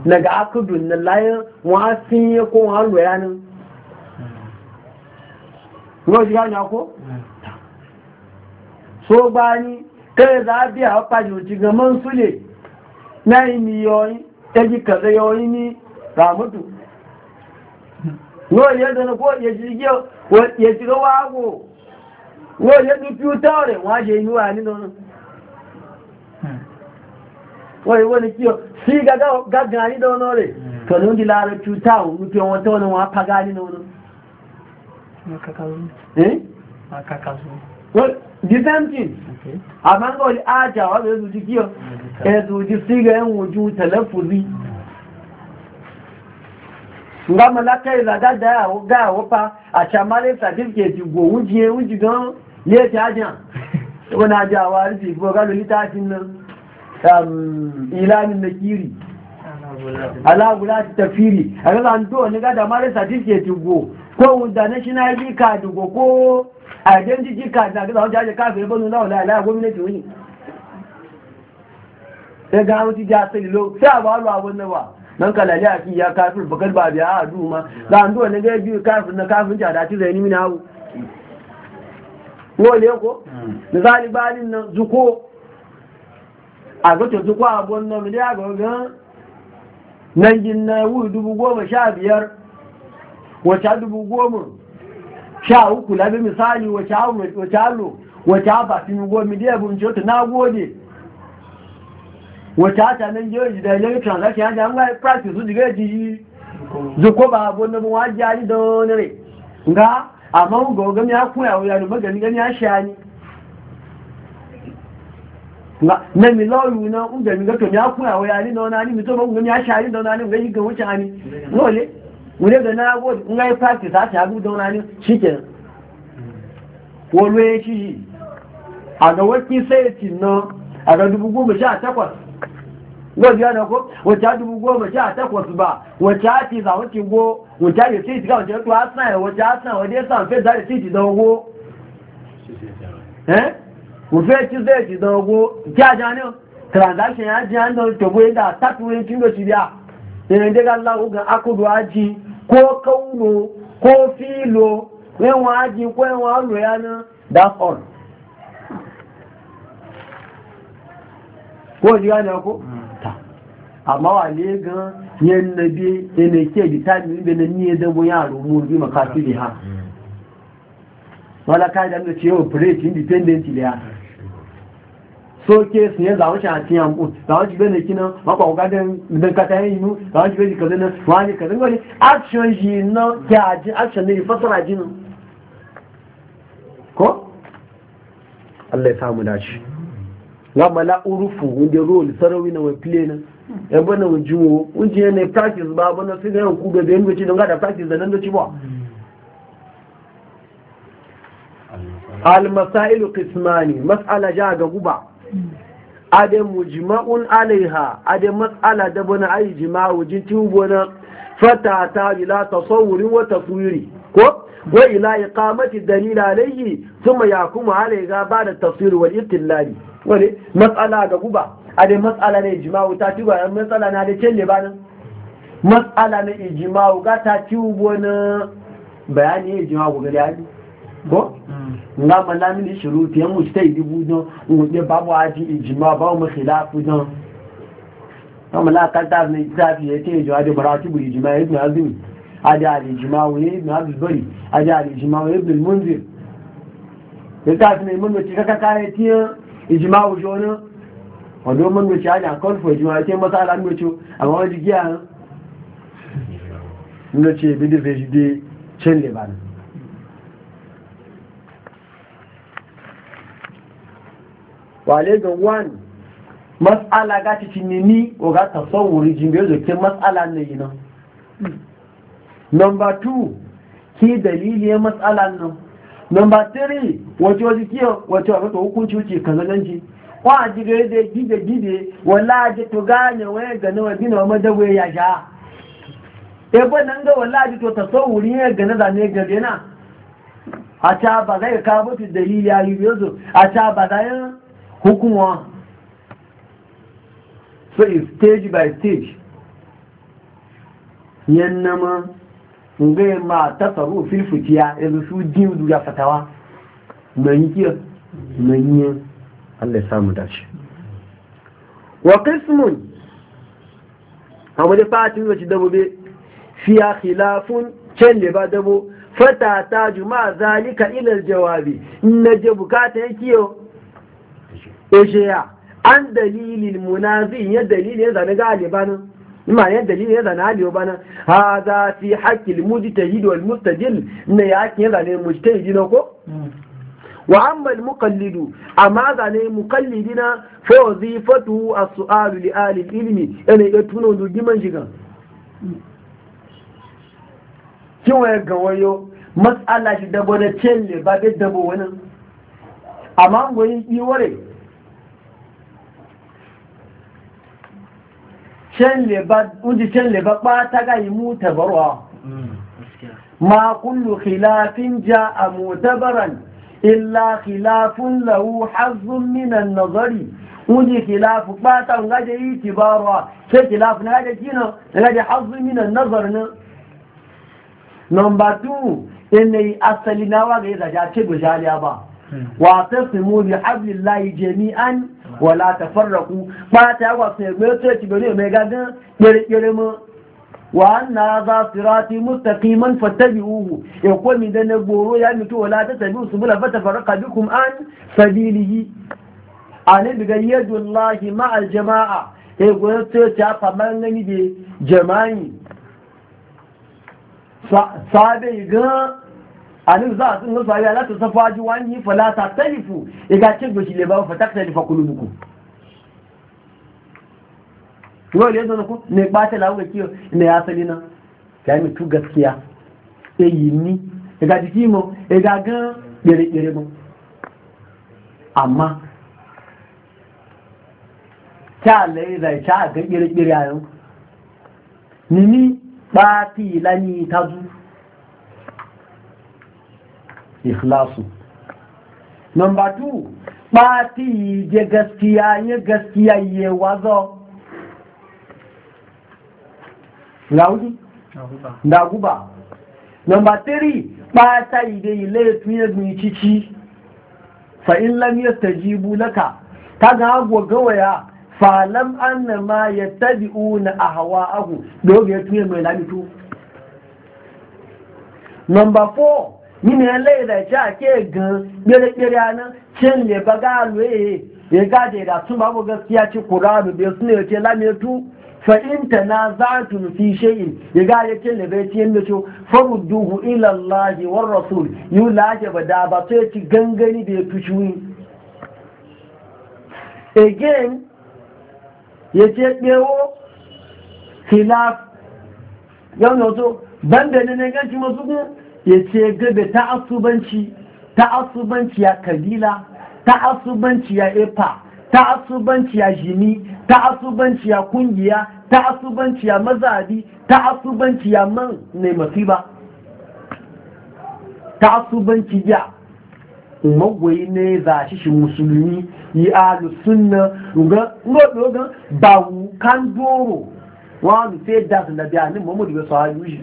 daga akudun na layan wasin ya ko wa lura nan yau shiga ne ko? so bani kai za a biya hapa juci gaman su ne na yi miyoyi ta e ji kaza yoyi ni wọ́n yẹ́ dẹnu kó yẹ ṣìgọ́ wá wò wọ́n yẹ́ tó fi tọ́ rẹ̀ wọ́n á ṣe inú wa nínú wọ́n yẹ́ wọ́n ni kí ọ sí gágan nínú ọ̀nà rẹ̀ tọ̀lú ń di láàrẹ tí tà òun tí wọ́n tọ́ wọ́n á nga malaka ilaga e da yawo ga yawo fa a shamale certificate go wujiye wuji don na wa ga tin um nakiri ala gula tafiri a ga an to ne ga da certificate go ko wanda national id card go ko identity card da ga ja ka fe bonu la la wani sai e ga wuti ja lo lo nan kalali a ya kafin bakar ba biya a duhu ma za an duwa na ga biyu kafin na kafin ta dace zai nimi na hau ne ko hmm. misali balin nan zuko a zato zuko a gwan nan miliya ga wajen nan gin na wuri dubu goma sha biyar wacce dubu goma sha uku labi misali wacce alo wacce abafin goma miliya bunci wata na gode wata hata nan jiyo ji da ilai transaction ya ga practice su jiga ji zuko ba abu na buwa jari da wani rai ga amma ga gami ya kuya wuya ne magani gani ya sha ni na mi lọ́rù na ń gẹ̀mí gẹ́tọ̀ ní ya àwọn ya nínú ọ̀nà ní ya bọ́ gẹ̀mí aṣáárí lọ́nà ní gẹ́gẹ́ gẹ̀wọ́ ṣe ní lọ́lẹ̀ wùlé gẹ̀ náà wọ́n ń gáyé practice àti lọ́dí ọ̀nà kó wọ̀tí àdúgbò wọ̀tí àtẹ́kọ̀ọ́sùgbà wọ̀tí àti ìzàwọ̀tí wo wọ̀tí àyè sí ìtìká wọ̀tí ẹ̀kọ́ asán ẹ̀ wọ̀tí asán ọdí sàn fẹ́ dáyè sí ìtìdán owó ẹ́ òfẹ́ tí fẹ́ ìtìdán owó tí a jẹ́ àníọ́ transaction yà jẹ́ àníọ́ tòbó yìí dà tákùnrin tí ó ti bí a ìrìn dé ká láwọ́ gan akódo ko kó amma wa ne ga yan nabi da ne ke bi ta da na niye da mun bi mu bi makasiri ha wala kai da mu ce operate independently ha so ke su ne zawo shi a cikin yanku zawo shi bane kinan makwa kuka da idan ka ta yi mu zawo shi bane kaza nan wani kaza wani action shi na a action ne fasara jinin ko Allah ya samu dace ga mala urufu wanda role sarawi na wai play ya bane wujuwo wujiye ne practice ba bane sai ga yau ku bebe yin wuce don gada practice da nan da ci ba almasailu qismani mas'ala ja ga guba ade mujma'un alaiha ade mas'ala da bana ayi jima'u jin tubo na fata ta ila tasawurin wa taswiri ko wa ila iqamati dalil alayhi thumma yakuma alayha ba da tafsir wal istilali wale mas'ala ga guba Ade matsala na ijimawu ta ci gwayan matsala na da celle ba matsala na ijimawu ga ta ci ubo na bayani ya ijimawu gari dadi ko mm. nga malamin shiru ti yan mujta idibu don ngode babu aji ijima ba mu khilafu don to mala ka ta ne tafi yake jo ade maratibu ijima ibn azim ade al ijima wa ibn abdul bari ade al ijima wa ibn munzir ta ta ne mun ci ka ka ya ti ijima wa jona wanda mun mace hanya kawai fojin wa ke masa ala mace amma wani giya na ce bidi zai shi dai can lebanon wale ga wani matsala ga ta cinye ni o ga ta son wuri jimbe zo ke matsala na yi na. Nomba two ki dalili ya matsala nan number three wace wace kiyo wace wace hukunci wuce kazananci kwa jiga da gide gide wala ji to gane waya gane wa dina wa madawai ya sha ebo nan ga wala ji to tasawuri ya gane da ne gabe na a ca ba zai ka mutu da yi ya yi yozo a ca ba zai hukuma so it's stage by stage yan nama ngai ma tasaru fil futiya yanzu e su jin ya fatawa mai yi mai yi Allah ya samu dace wa qismun amma fatin wace dabobe fiya khilafun can ne ba dabo fata ta juma zalika ilal jawabi na je bukata ya kiyo e ya an dalilin munazin ya dalilin ya zane ga alibanin ima ne dalilin ya zane aliyo bana ha za fi haƙƙil mujtahid wal mustajil na ya haƙƙin ya zane mujtahid na ko hmm. wa amma al-muqallidu amma za ne muqallidina fa wazifatu as-su'alu li ahli al-ilmi ene ga tuno do giman jiga kin waya ga wayo mas'ala shi dabo da celle ba da dabo wannan amma goyi yi wore celle ba uji celle ba ba ta ga yi mu tabarwa mm, ma kullu khilafin ja'a mutabaran إلا خلاف له حظ من النظر ودي خلاف باتا نجا اعتبارا شي خلاف نجا جينا نجا حظ من النظر نمبر 2 اني اصلي نوا غير جا تشبو جاليا با واتسمو بحبل الله جميعا ولا تفرقوا باتا واسمو تشبو ميغا غير يرمو Wa anna za su rati mustaqii man fatabi uku. Ya goro ya mutu a latas da biyu su bula bata faraƙa bikin an sabilihi. Ani daga Yaɗullahi ma'an jama'a ya gudanar da ta yi fahimtar mangani da yamma, saɓen iga anan za su yi nasu aiki. Za su wani filata, ta haifu iga cik baki ɗaya ba faɗaka ta rufe kullum ku. yau da yanzu ku ne ɓata lawuka kiyo ne ya sali nan ya mi tu gaskiya ya e yi ni ya e ga jiki mu ya e ga gan ɗere-ɗere mu amma ta lai zai ta ga ɗere-ɗere a yau ni ni ɓati lani ta zu ikhlasu number two ɓati je gaskiya ya gaskiya ya wazo láwùjí dàgúbà nọmbà tírì pàtà ìdè ilé tún ẹgbìn títí fa'in lam yastajibu laka ta ga gawaya falam anna ma yattabi'una ahwa'ahu dogo ya tuye mai lamitu number 4 mini lai da ja ke gan gere gere anan cin le baga loye ya gade da sun babu gaskiya ci qur'anu bai sune ce lamitu fa'in na za tu fi shayin ya ga ya ce da bai ciyar da ce faru duhu ilallahi war rasul yi lafiya ba da ba sai ci gangani da ya fi shuyi again ya ce ɓewo filaf yau na so ban da na ganci masu kun ya ce gabe ta asubanci ta asubanci ya kabila ta asubanci ya epa ta'assubanci ya jini ta'assubanci ya kungiya ta'assubanci ya mazhabi ta'assubanci ya man ne masiba ta'assubanci ya magwai ne za shi shi musulmi yi alu sunna ga ngodo ba bawu kan doro wa lu sai da sun da bayani Muhammad bai sahabi shi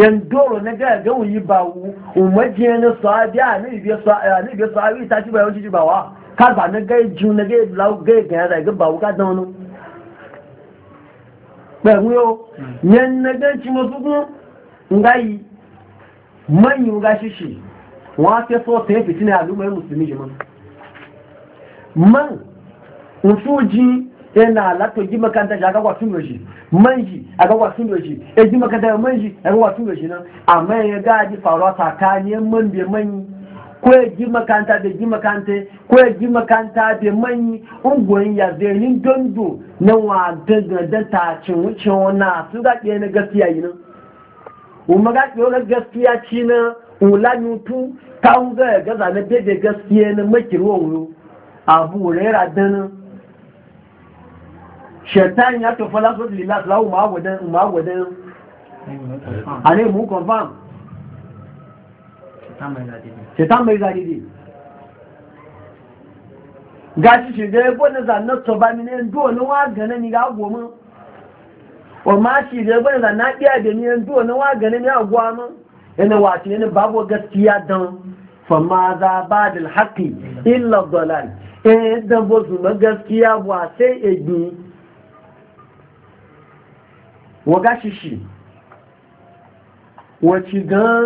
yan doro na ga ga yi bawu umaje na sahabi ne bai sahabi ta ci bayan ci wa kaza na gai ju na gai lau nye ga ya zai ba wuka da wani pẹ̀lú yóò yẹn na gai ci masu kun nga yi manyi ga shishi wọn e a fẹ́ sọ tẹ́ fitina alumar musulmi jima man nsoji yana alato ji e makanta shi agagwa tun yoshi man shi agagwa tun yoshi e ji makanta man shi agagwa tun ji na. amma ya gaji faruwa tsakaniyar man bai manyi ko ya ji makanta da ji makanta ko ya ji makanta da manyi ungoyin ya zai dondo na wa daga da ta cin wuce wana su ga ɗaya na gaskiya yi nan umma ga ɗaya na gaskiya ci na ula nutu ta hunga ya gaza na bebe gaskiya na makirwa wuro abu rera dana shaitan ya tofa lasu lilas lawu ma'agwadan ma'agwadan a ne mu confirm ṣetán mẹ́rin àdìdì ga ṣiṣẹ́ jẹ́ gbọ́nàzà náà tọba mi ní ẹ̀ndú ọ̀nà wá gẹ̀ẹ́nẹ́ ni àgbò mọ́ o máa ṣe gaskiya dan illa dalal eh, dan gaskiya sai e ga ṣiṣẹ́ ci gan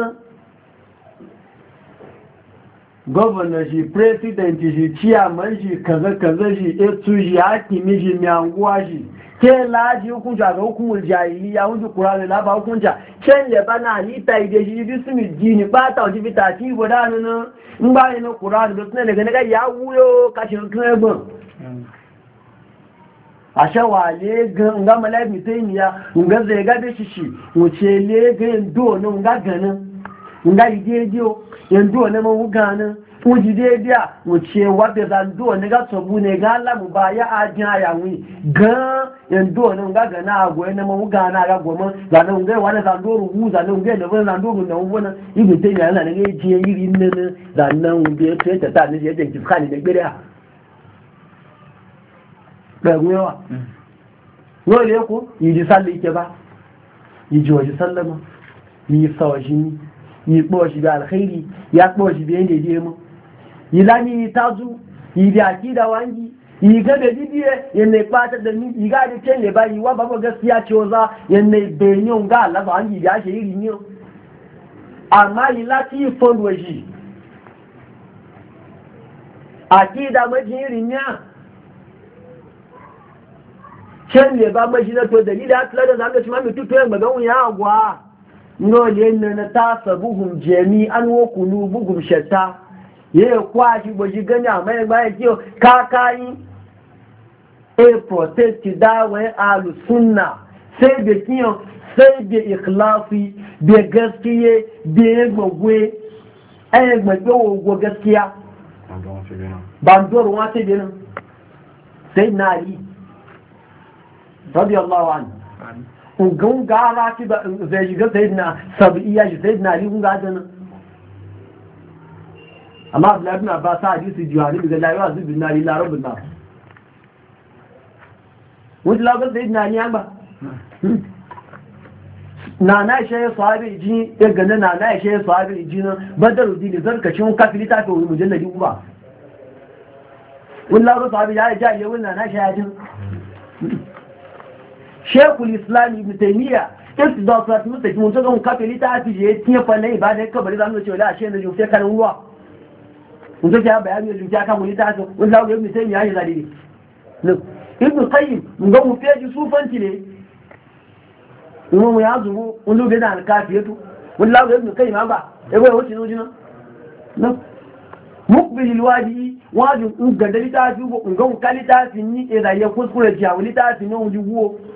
gwamna shi president shi ciyaman shi kaza-kaza shi etu shi hakimi shi miyanguwa shi ke laji hukunca ga hukumar jahiliya hunji kurani laba hukunca can yaba na halitta ide shi bi su jini ba ta wajen fita ti guda nuna in ba yi na kurani da suna daga naga ya wuyo kashin tunebun a shawale ga malayi mutaniya ga zai gabe shi shi wuce le ga yin do na ga ganin nga yi daidai o yanzu wani gana uji daidai a wuce wadda zandu wani ga tobu ne ga alamu ba ya ajin aya wi ga wani nga gana a goyi na gana ga goma zanen ga wani zandu rubu zanen ga yadda wani zandu rubu na wubu na ibi ta yi yana ga jiye yiri nana zanen wubu ya tuye ta ta ne ya janki fuka ne gbere a ɗaru yawa yau ne ko yi ji ba yi ji sallama yi sawa shi yi kpo shi ya alkhairi ya kpo shi bi yanda yi mu yi tazu yi bi akida wangi yi ga da bidiye yanne kpata da yi ga da cin da bayi wa babu gaskiya ce za yanne benyon ga Allah ba wangi ya shi iri ne amma yi lati fond waji akida majin iri ne cin da ba mashi na to dalili ya tsara da zanga shi ma mutu to yan gbagan wuya agwa ngole ne na ta sabuhum jami an wa qulubuhum shatta ye kwa shi boji ganya mai mai kiyo kakai e protect da alu suna sai be kiyo sai be ikhlasi be gaskiye be gbogwe ai gbogwe gaskiya bandor wa sai be nan na ali radiyallahu anhu Gunga gara ki ba zai shiga sayyidina sab'iyya shi sayyidina ali gunga gaja nan amma abdullahi ibn abbas hadisi juhani daga la su bin nari la rabbun nar wuce labar sayyidina ali an ba hmm. na na ishe ya sahabi ji ya gane na na ishe ya sahabi ji nan badar rudi da zarkacin kafin littafin mujalladi uba wani labar sahabi ya yi jayi wani na na ishe ya jin shekul islam ibn taymiya in da su rasu musta ki mutu ga mun kafeli ta afi je ba falle ibada ka bari zamu ce wala ashe da jufe kan ruwa mun ce ya bayani da jufe kan mun ta so mun lawo ibn taymiya ya zalili no ibn qayyim mun ga mu fiye sufanci ne mun mu ya zubu mun lube da alkafiyatu mun lawo ibn qayyim ba e bai wuce nujina no mukbil alwadi wajin in ga dalita ju ko in ga mun kalita ni e da ya kuskure ji awli ta fin no ju wo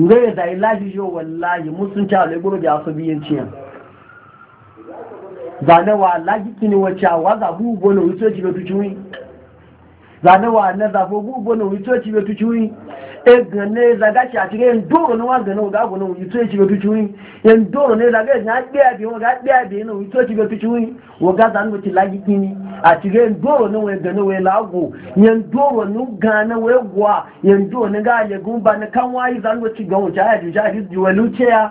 ngai da ilahi yo wallahi musun ta le guru da su biyan ciya zane wa laji kini wace wa za bu bono wuce ci be tuciwi zane wa na za bu bono wuce ci be tuciwi egane zaga shi a na wagana ga gona wuyi to shi betu chuyi yan doro ne zaga shi a biya bi waga biya bi na wuyi to shi betu chuyi waga zan wuti kini a cikin doro na wai gana ya lagu yan doro nu gana wai gwa ya ga le gumba na kan wayi zan wuti ga wuta ya juja shi waluce ya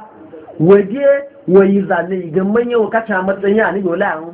waje wayi zane ga manya wakata matsayin a ni yola ahụ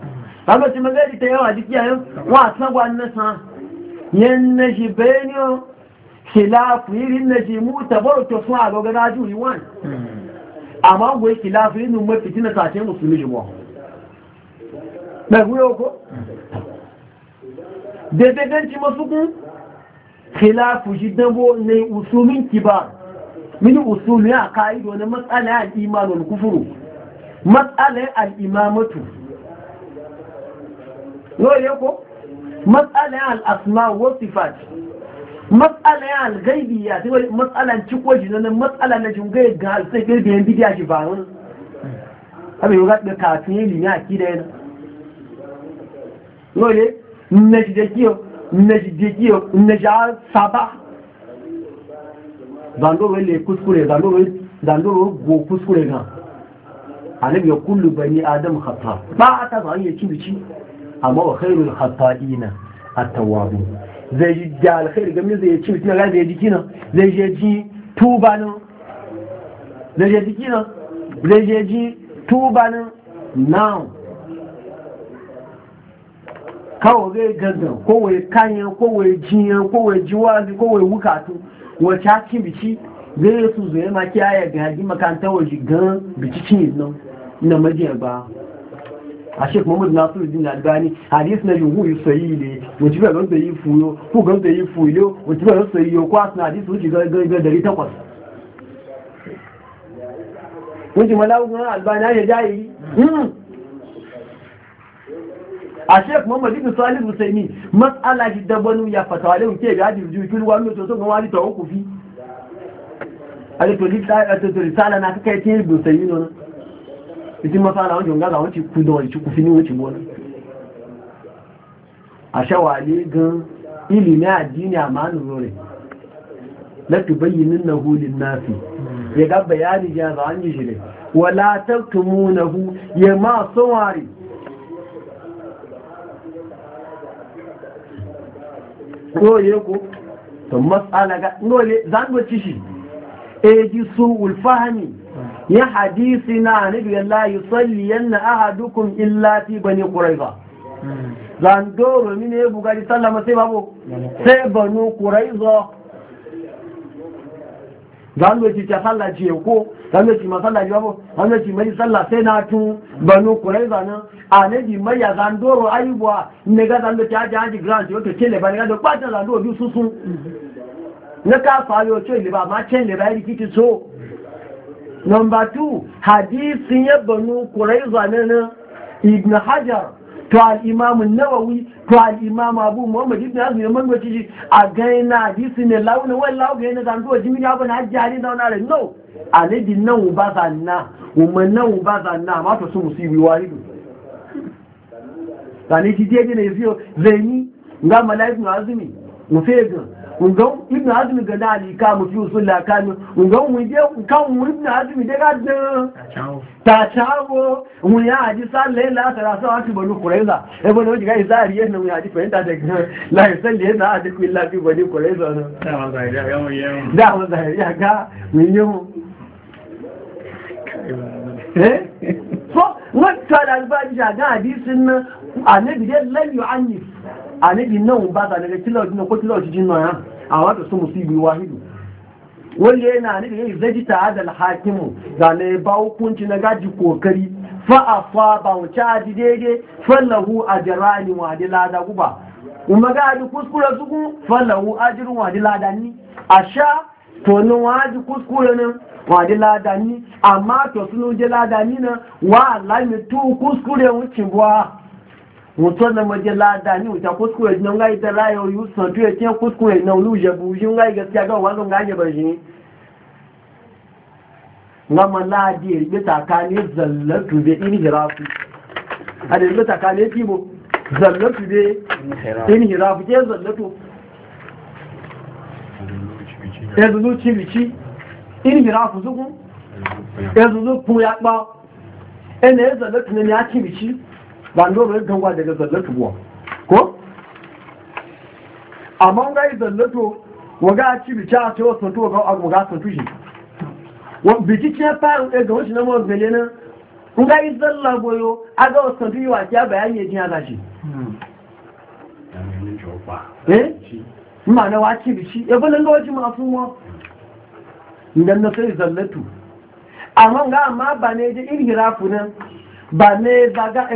kaga shi magana ta yawa duk yayin wa sagwa na san yan na shi benyo khilafu irin na shi mu tabaru to sun a ga na juri wan amma goyi khilafu irin mu fitina ta ce musulmi shi ba da guyo ko da kun ne min a matsalar al al-imamatu yau ya ko matsalayen al'asma wasu fati matsalayen algaibi ya sai wani matsalan ciko shi nan matsalan na shingai ga halittar girbiyan bidiya shi ba wani abin yau ga kafin yi limiya ki da yana yau na shi da kiyo na shi da kiyo na shi a saba zandoro le kuskure zandoro go kuskure gan annabi ya kullu bani adam khata ba ta ba ya ci bici amma wa khairul khata'ina at tawwab zai yi da alkhairi ga zai ci mutum ga zai ji kina zai je ji tuba zai je jiki nan zai je ji tuba now kawo zai gangan ko kanyan kowai jiyan kowai jiwazi wai wukatu wacce hakin bici zai su zai maki ya ga haji makanta waje gan bici cin na majiyar ba a shek mahmud nasiru din albani hadis na yuhu yi sayi ne wuce ba ganta yi fuyo ko ganta yi fuyo wuce ba ganta yi yo kwa suna hadis wuce ga dari takwas wuce malawun albani ya jayi hmm. a shek muhammad ibn salih musaimi matsala shi dabanu ya fatawa da wuce ga hadis juyi kiri wani to so ga wani tawakufi a da to risala na kakai ce ibn saimi nona ìtí mọ́sára àwọn jọ̀ǹgá àwọn ti kú dán ìtí ní òtí mọ́nà àṣẹwà lé gan ìlú ní àdínì àmánù Na lẹ́tù báyìí nínú hulì náà ya ga bayani ya za an yi shi ne wala taktumunahu ya ma koye to matsala ga zan shi eji su ulfahami ya hadisi na nabi Allah yi tsalli yanna ahadukum illafi bane kurai ba zandoro mini ya bugari sallama sai babu sai banu zo zando ci ta sallah ci ko zando ci ma salla ji babu zando ci mai salla sai na tun banu quraiza nan anabi mai ya zandoro ayubuwa ne ga zando ci aji aji grand yo ke tele bani ga do kwata zando bi susun na ka fa ce liba ma ce liba ya rikici so Nọmba 2, hadisin ya banu Quraiza na Ibn Hajar to al-Imam nawawi to al-Imam Abu Muhammad Ibn Hazm yaman wace shi a gaina hadisi ne launin wai launa gaina zan abu jimi ya bana hajjari da wani no alidi nan ba zanna umar nan ba zanna ma to su musibi ne. tani ki je ne zai yi ni malayi malaikun azumi mu fe ngan ibn azmi ga dali ka mu fi usul la kan ngan mu je kan mu ibn azmi daga da ta chawo mu ya ji salle la sara sa ti banu quraiza e banu ji ga izari yen mu ya ji fahimta da la salle na adi ku illa bi banu quraiza no da wa da ya ga mu yi eh so wata da albaji ga hadisin nan annabi dai lan yu'annif annabi nan ba da kilo tilawa ko kilo jin nan a wata su musibi wahidu wanda yana nufin yayi zaji ta adal hakimu na ya ba hukunci na gaji kokari fa ba asaba a ji daidai. fallahu ajrani wa lada guba kuma ji kuskure su fallahu jirin wa lada ni sha, to ni waji kuskure nan wa lada ni amma to sunu lada ni na wa lami tu kuskure wucin buwa mutum na maje lada ni wuta kuskure na ngai da layo e, yu san tu yake kuskure na lu ya bu yu ngai gaskiya ga wannan ngai ya bashi ngama ladi ribe takani zallatu be in hirafu ada ribe takani tibo zallatu be in hirafu je zallatu ezulu chibichi in hirafu zugun ezulu pu yakpa ene zallatu ne bi chibichi zando mai gangwa daga zallatu buwa ko amma ga yi zallato waga ci bi cha ce wasu to ga abu ga sun tushi wa bi ci ce fa ga wani na mun gele na kun ga yi zalla boyo aga wasu tuyi wa ya bayani ya jiya gashi eh ma na wa ci bi ci ya bana lokaci ma fun wa ndan na sai zallatu amma ga amma ba ne da irhirafu nan ba ne zaga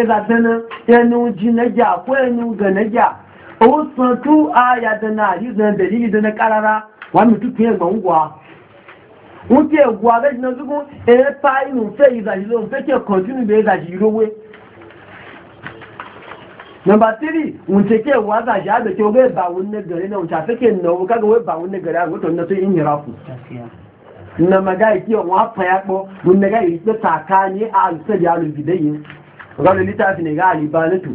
ezadana yanu gya, ko yanu gya? o san tu aya dana yi dana dalili dana karara wa mi tu kiyan ga ngwa wọ́n tí ẹ̀gbọ́ abẹ́jìnà zúgún ẹ̀rẹ́ páyì ń fẹ́ ìzàjìlò ń fẹ́ kí ẹ̀kọ́ sínú ìbẹ̀ ìzàjìlò wé nọmba tírì ń ṣe kí ẹ̀wọ́ àzàjì àgbẹ̀kẹ́ ọgbẹ́ ìbàwọn nẹgẹ̀rẹ́ náà ń ṣàfẹ́kẹ́ ìnáwó kágbẹ̀wé ìbàwọn nẹgẹ̀rẹ́ àgbẹ̀tọ̀ náà tó yìnyẹ̀rà fún na magai kiyo wa faya ko mun daga yi ta takani a alsa jalu bidayi qala litafi ne ga alibanatu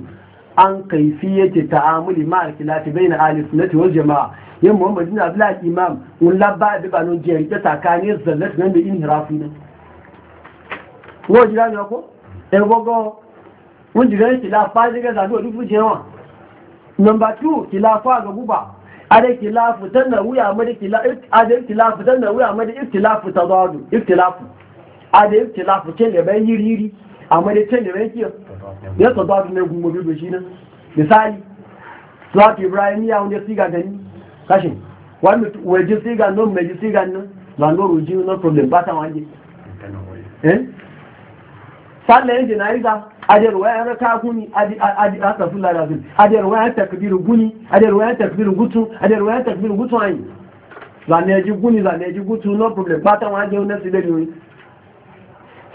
an kaifiyyace ta'amuli ma alkilati bayna ahli sunnati wal jamaa yin muhammad bin abdullah imam un labba da banon je ta takani zallat nan da inhirafi ne wo jira ne ko e gogo mun jira ki la fa jira da do du fujewa number 2 ki la fa ga guba ada kilafu tanawi amma da kilafu ada kilafu tanawi amma da ikhtilafu tadadu ikhtilafu ada ikhtilafu ce da bayan yiri yiri amma da ce da bayan kiyo ya tadadu ne gumo bi shi nan misali Surat Ibrahim ya wanda siga gani kashin wani waje siga nan mai siga nan ba no ruji no problem ba ta wanje eh sallah yin jana'iza a da ruwayan raka guni a safin lalazin a da ruwayan takbiru guni a da ruwayan takbiru gutu a da ruwayan takbiru gutu an yi zane ji guni zane ji gutu no problem ba ta wani yau na su da ne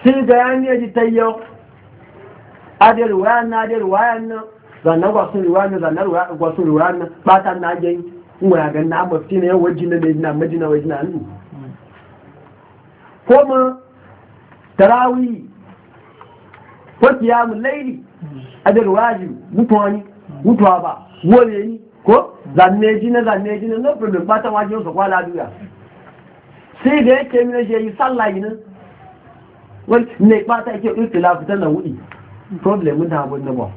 sai ga ya ne ji tayyau a da ruwayan na da ruwayan na zane gwasun ruwayan na zane gwasun ruwayan na ba na jan nwa ya ganin amma fi ne yau wajina na jina majina wajina ko ma tarawih ko kiyamun laili adal wajib mutuwani mutuwa ba wole ni ko zanne ji na zanne ji na no problem ba ta wajin so kwala duya sai da yake mina je yi sallah yi nan wani ne ba ta yake ikhtilafu ta na wudi problem da abun da ba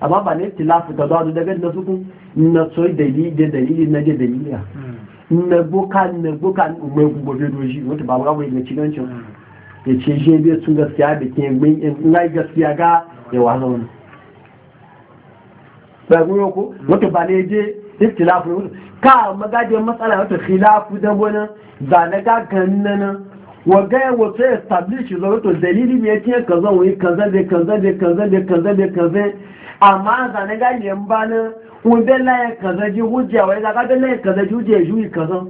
amma ba ne ikhtilafu ta da daga na su na so dalili da dalili na da dalili hmm. na boka na boka umma gobe doji wata babu abu da cigancin hmm. ya ce shi bai sun gaskiya da ke ngai gaskiya ga ya wahala wani ba ku gwiwa ko wata ba ne je iftilafu ne ka magajiyar matsala wata khilafu da wani ba na gagan nan wa gaya wata establish zo wato dalili mai tiyan kaza wani kaza da kaza da kaza da kaza da kaza amma za na ga gajiyar ba na wunde layan kaza ji hujja wani zaga da layan kaza ji hujja ya juyi kaza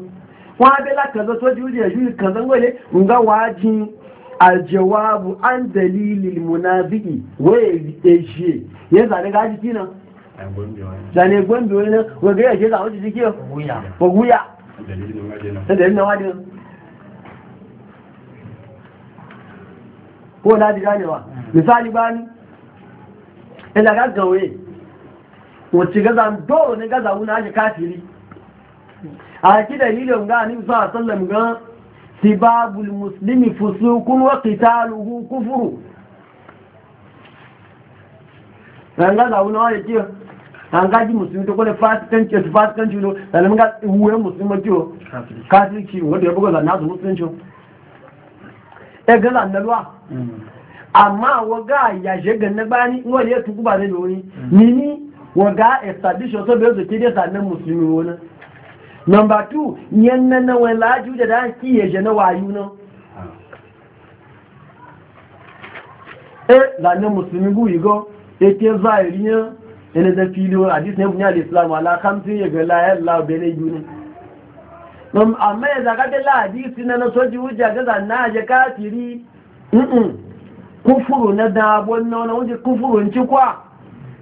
wani abela kaza so ji hujja ya juyi kaza wani nga wajin aljawabu an dalilin munafi'i waye shi ya zane gaji jiki zane gwambe wani nan wanda ya ke zama jiki ba guya ta dalilin wajen ko na ji ganewa misali bani ina ga gawe wacce gaza dole ne gaza wuna ake kafiri a ki dalilin gani ni sallam gan سباب المسلم فسوق وقتاله كفر ranga da wani wani kiyo an gaji musulmi da musulmi kiyo ya amma waga ya na bani wani ya tuku ba zai da wani nini waga establish musulmi wani Number two, yan nan nan wani laju da da ki ya jana wayu nan. Eh, zanen musulmi gu yi go, eke zahiri e ne yana da fili wani hadis ne bunya da Islam ala kamsin ya ga layar e labere yi ne. Amma ya zaga da hadisi na na soji hujja ga zanna ya kafiri, kufuru na dabon na wani wajen kufurun ci kwa.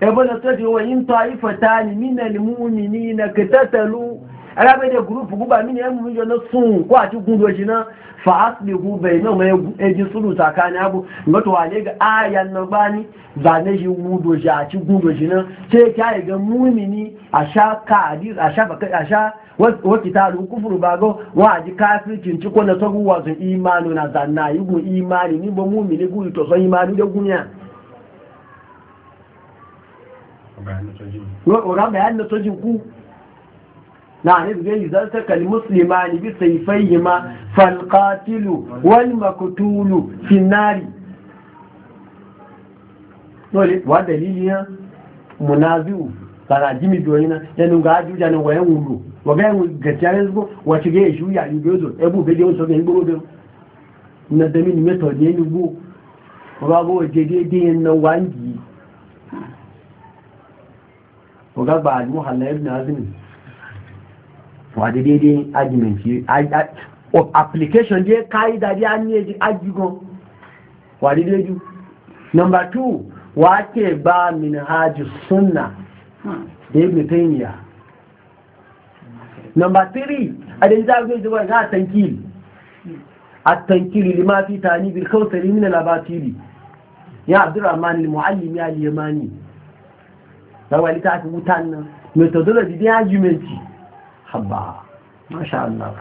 Ebe da soji wa yin ta'ifa ta ni minal mumini na kitatalu alábẹ́dẹ̀ gúrùpù gúgbà mí ni ẹmù mi yọ̀nà sùn kó àti gún lójì náà fàásìlẹ̀kù bẹ̀rẹ̀ náà mọ̀ ẹjì sùnù sàkà ní agbó lọ́tọ̀ wà lẹ́gà áyà ni ní zànẹ́jì wú lójì àti gún lójì náà tí ẹ ká ẹ̀gẹ́ a ní àṣà wọ́kìtà alùkúfùrù bàgọ́ wọ́n àti káfíríkì tí kò lọ sọ́gun wà sùn ìmánu nà zànà ìmánu níbo ní gúrù tọ̀sọ́ ìmánu yà. bẹ̀rẹ̀ ní kú na ne zai المسلمان بسيفيهما فالقاتل والمكتول bi النار ma falqatilu wal maktulu fi nari dole wa dalili ya munaziu kana jimi doyina yanu ga ajuja ne wayan wulu ga ya yi bezo ebu be de so ga be ne ni bu je de na wangi wàdí dédé argument yìí application jẹ́ káyí dàdí á ní ẹjú ajígan wàdí number two wà kẹ́ bá hajj sunna david tanya number three adẹ́já gbé ìjọba ìgbà àtànkìlì àtànkìlì lè máa fi tàní bí kọ́sẹ̀rí nínú labatiri ya abdurrahman al-mu'allimi al-yamani lawalita ati wutan methodology dey argument yìí habba masha Allah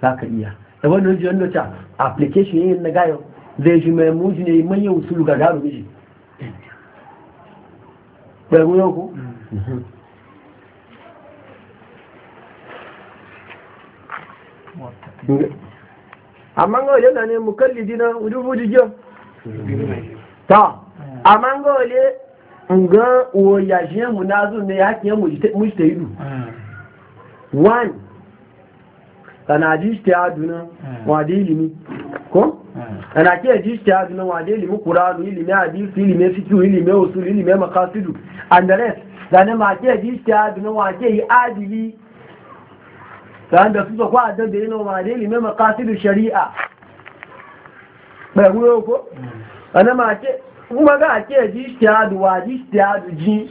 za ka iya da wani wajen da ta application yin na gayo zai shi mai muji ne manyan usulu ga garo miji ɓaru yau ku mhm. amma ga wajen da ne kalli dina dubu jijiyo ta amma ga wajen ga oyajen mu na zuwa ne hakin mu ji ta idu hmm. one tana ji aduna eh. wade ilimi ko eh. tana ke ji aduna wade ilimi qur'anu ilimi hadisi ilimi fiqh ilimi usul ilimi maqasid and the rest tana ma ke ji istihaduna wade yi adili tana su so kwa da dai no wade ilimi maqasid shari'a ba ruwa ko tana hmm. ma ke kuma ga ke ji istihadu wade istihadu ji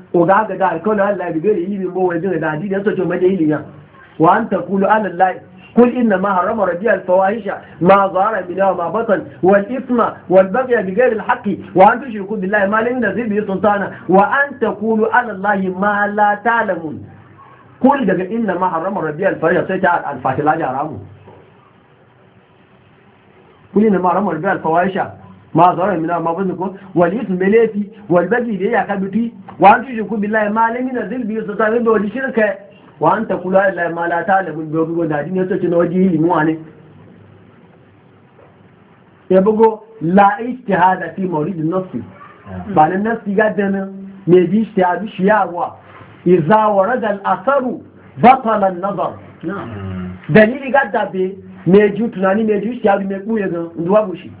oga da alkawalin Allah bi gari yi bin bowai jin da adini yanzu ce maje ilimi wa an ta kulu alallahi قل إنما حرم ربي الفواحش ما ظهر منها وما بطن والإثم والبغي بغير الحق وأن تشركوا بالله ما لم ينزل به سلطانا وأن تقولوا على الله ما لا تعلمون قل إنما حرم ربي الفواحش سيتعال الفاتلاج حرامه قل إنما حرم ربي الفواحش ma zaura mina ma bin ko wal ism bilati wal badi da ya kabiti wa an tuji ku billahi ma lamin azil bi sa tare da wani shirka wa an ta kula illa ma la talabul bi go da din yato cin waje ilimi wane ya bugo la ijtihada fi mawrid an-nafs ba nan nafsi ga dana me bi ijtihadu shiyawa idza warada al-atharu batala an-nazar dalili gadda be me ju tunani me ju ijtihadu me kuye ga nduwa bushi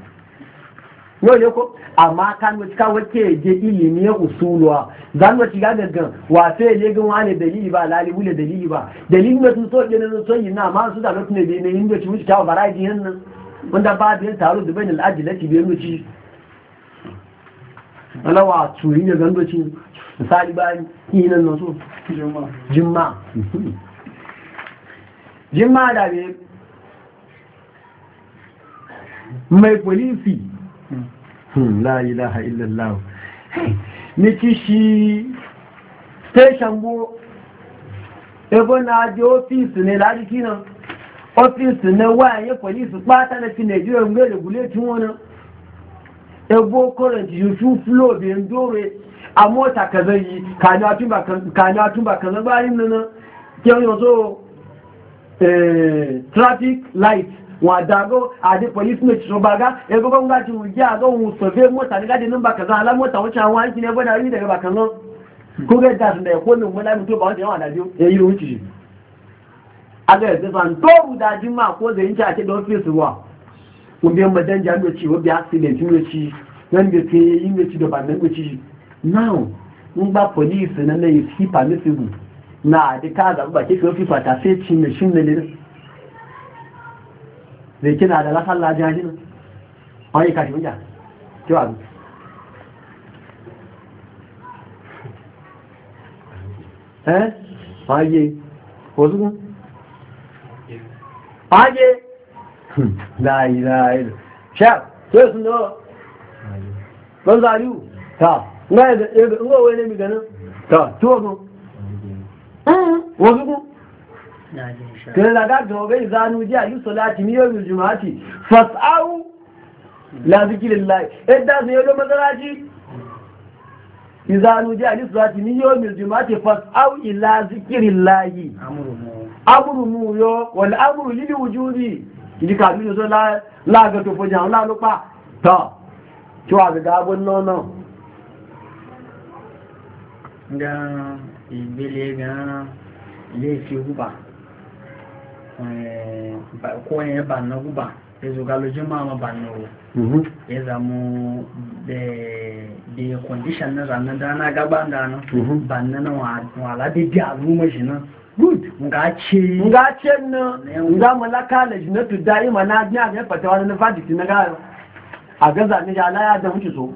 yau ne ko amma kan wuce ka wace je ilimi ya usuluwa zan wuce ga gaggan wa sai ne gan wani dalili ba lali wule dalili ba dalili da sun so na sun yi na amma su da lati da bai ne inda ci wuce ta bara ji nan wanda ba da taro da bainal lati biyan wuce alawa turi ne zan ci misali ba yi nan na so jimma jimma da bai mai polisi laayi hmm, laaha ila lau hei niki shi steshon bu ebe na di ofisi ne laarikina ofisi na wayanye foli su pata na si nigeria gbele guletin wani ebe okorinti yi sun flo biyun dore a mota kaza zai yi ka anya atun bakazan ba anyi nuna ki oyo zo eh, traffic light wa dago a di police mai cikin baga ya ga gwamna ci wuji a gan sofe mota ni gadi nan ba kaza ala mota wacce an wanki ne ba e, da yi daga bakan nan ko ga da ya kone mu la mutu ba wanda da biyu ya yi wuce a ga yadda san to da jin ma ko zai yanci a ce da ofis ruwa kun biyan madan jami'a ci wa biya accident ne ci nan da ke yi ne ci da ba nan ci now Na ba police nan ne is permissible na da ka zaɓi ba ke ofis ta sai ci ne shi ne lè kí náà dàlá sálà jẹ́ ajínú wọ́n yí kàṣí mújà tí wà lùtù ẹ́ fàáyé òsùnkún fàáyé láìláì ṣẹ́ tí ó sùn náà lọ́n sáré wù tà ńgbà ẹ̀gbẹ̀ ńgbà owó ẹlẹ́mì gẹ̀ẹ́nà tà tí wọ́n Wasu òsùnkún kan laga dogai zanu ji a yi salati miyoyin jumati fas'au la zikirillahi yadda su yi masaraci a yi salati miyoyin jumati fas'au ila zikirillahi amuru mu yo wal amuru lili wujudi ili ka bi so la ga to fo jan la lo pa to a ga bo no no ga ibele ga le fi uba Eh, ko ya ba na guba ya zo galojin ma ba na ro ya zamu da eh, condition na zanen na gaba da nan ba na mhm. na wala da bi al'umma shi nan good ngace ce na za mu la college na tudai mana na ga fatawa na fadi na ga a gaza ni ya la ya da muke so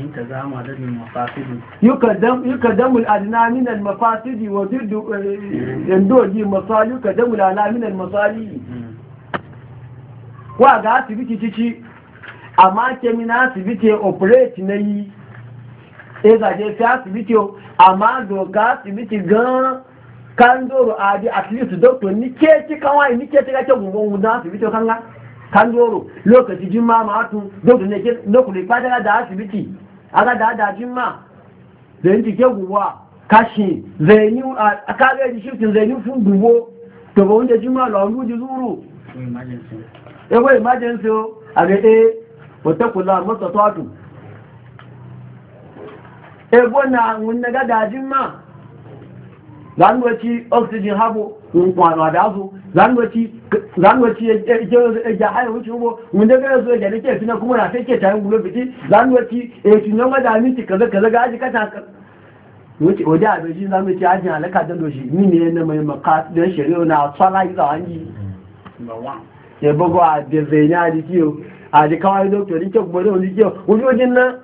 يقدم الأدنى من المفاسد وضد يندور دي مصالي يقدم الأعلى من المصالي وقع asibiti cici amma ke asibiti operate na yi e zaje fi asibiti amma doka asibiti gan kan doro adi at least doctor ni ke ci kawai ni ke ci ga asibiti kan ga kan lokaci jin ma ma tun doctor ne ke da asibiti agadadajin ma zai jike guwa kashi zai a kagari shiftin zai yi fún guwo to ba wunde jima ji zuru ewe emergency o a ga e otakula masa tatu ebo na wunne gadajin ma zanuwaci oxygen habo nkwanwa da zanwaci ya haya wuce ubo zuwa ke kuma na sai tayin gulo zanwaci tunan kaza kaza ga aji kata wuce zanwaci halaka doshi ni ne na mai shari'a na tsara yi yi ya a da zaina a jikiyo a kawai ke kuma da wani wani wajen nan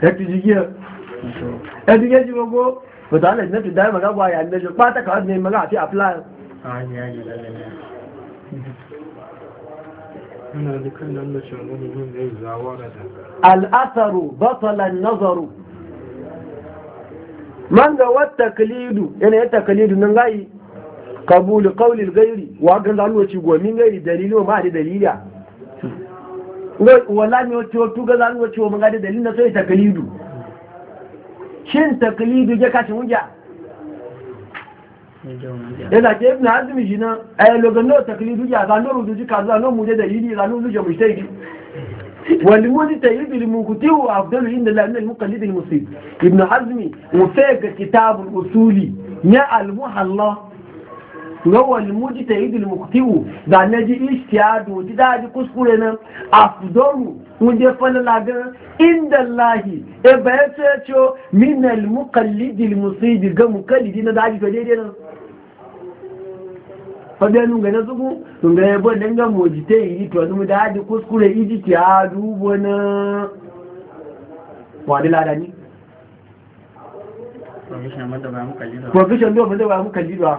wani ya ya wata hannun na tudai maza ba ya ne ba ta kawai ne maga a fi apply al'asaru basalan nazaru man ga wata kalidu yana yata kalidu nan gayi kabulu kaulil gairi wa gan zalu ci gomin gairi dalilu ma da dalila hmm. wala mi wato tu ga zalu ci wa maga da dalilin sai ta kalidu shin taklidi je kashin wuja yana ke ibn azumi shi nan a yi logan nau taklidu ya zanen ruduji ka zanen muje da yiri zanen luje mu shi yi wani muji ta yi bil mukutiwu a afdalu inda laminar mukallidin musu ibn azumi mu fe ga kitabul usuli ya almuhalla rawar muji ta yi dilmuktiwu da na ji ishtiyadu ji daji kuskure nan a je wunde falalagar inda lahi e bayan ceco minal mukallidil musibi ga mukallidi na daji to daidai nan fadiyar nunga na zugu nunga ya bon dangan moji ta yi to mu daji kuskure iji tiyadu wani wani ladani Provision da ba mu kalli da. Provision da ba mu kalli da.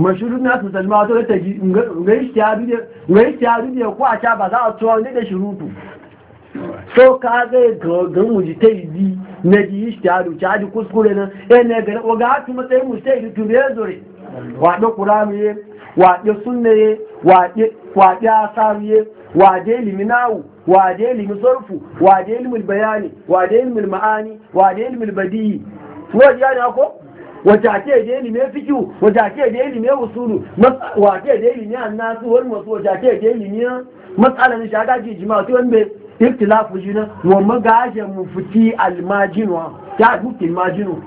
mashirun nasu salma to ta ji ngai shiyari ne ko a sha ba za a tuwa ne da shirutu so ka zai ga mu ji yi bi na ji yi shiyari ta ji kuskure na eh ne ga ga hatu matsayin mu sai tu ne zore wa da qur'ani ye wa da sunna ye wa da wa da asari ye wa liminawu waɗe da limin sarfu wa da limin bayani wa da limin ma'ani wa da limin badi'i ko ji ne ko wajaje da ilimi fikihu wajaje da ilimi usulu wajaje da ilimi annasu wani wasu wajaje da ilimi matsalan jima, jima'a sai wanda iftilafu na, wa magaje mu fiti almajinwa ya duki almajinu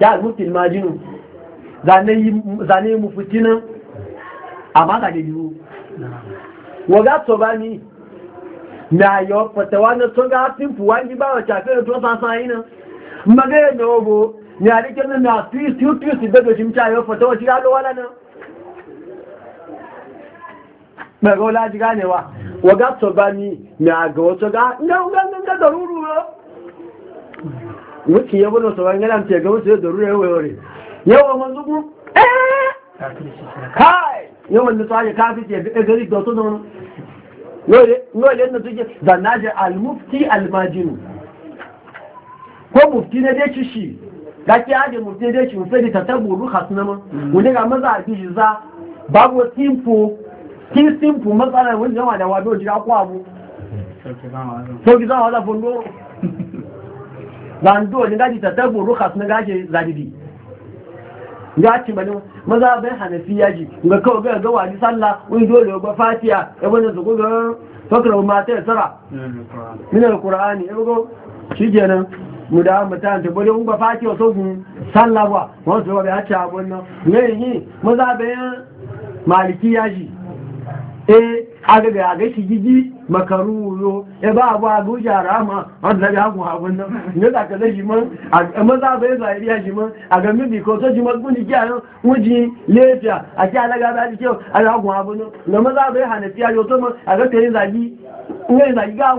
ya duki hmm? almajinu zane mu fitina amma ga da yiwu wa ga ni. na yọ fatawa na tun ga simfu wani ba wa shafe da tun sasa yi nan magana na obo ni a rikin nan na tuyi tuyi tuyi su gado shi mutane fata wa shi gado wala nan ɓaga wala ji ganewa waga to ba ni na ga wato ga nga nga nga nga da ruru ro wuce yabo no to ban ga ce ga wuce da ruru yawo yore yawo man zugu eh kai yawan da sai ka fice da gari da to don yau yadda suke zanaje al-mufti al-majinu ko mufti na dai ci shi ga ki aje mufti dai ci mufti ta tabu ruha ma. wani ga maza a kishi za babu simpo kin simpo matsala wani yawa da wado jira ko abu sauki zama wala fondo <laughs> zando ne gaji ta tabu ruha sunama gaje zadidi ya ci bane maza bai hanafi ya ji ga kawai ga ga wani sallah wani dole ga fatiya ya bane su ga fakra ma ta tsara min alqur'ani ya go shikenan mu da mu ta ta bane ba fatiya so gun sallah ba wato ba ya ci abun nan ne yi maza bai maliki ya ji Ee, eh, agaga aga shi gigi maka ruo eh, ya abụọ abu abu jara ma wanda da hagu abun nan ne da ka ma man amma za bai zai riya shi man a ga mi ko so shi man kun ji ayo wuji lefiya a ki alaga da ji na a hagu abun na ma za bai hana a ga kai ne ga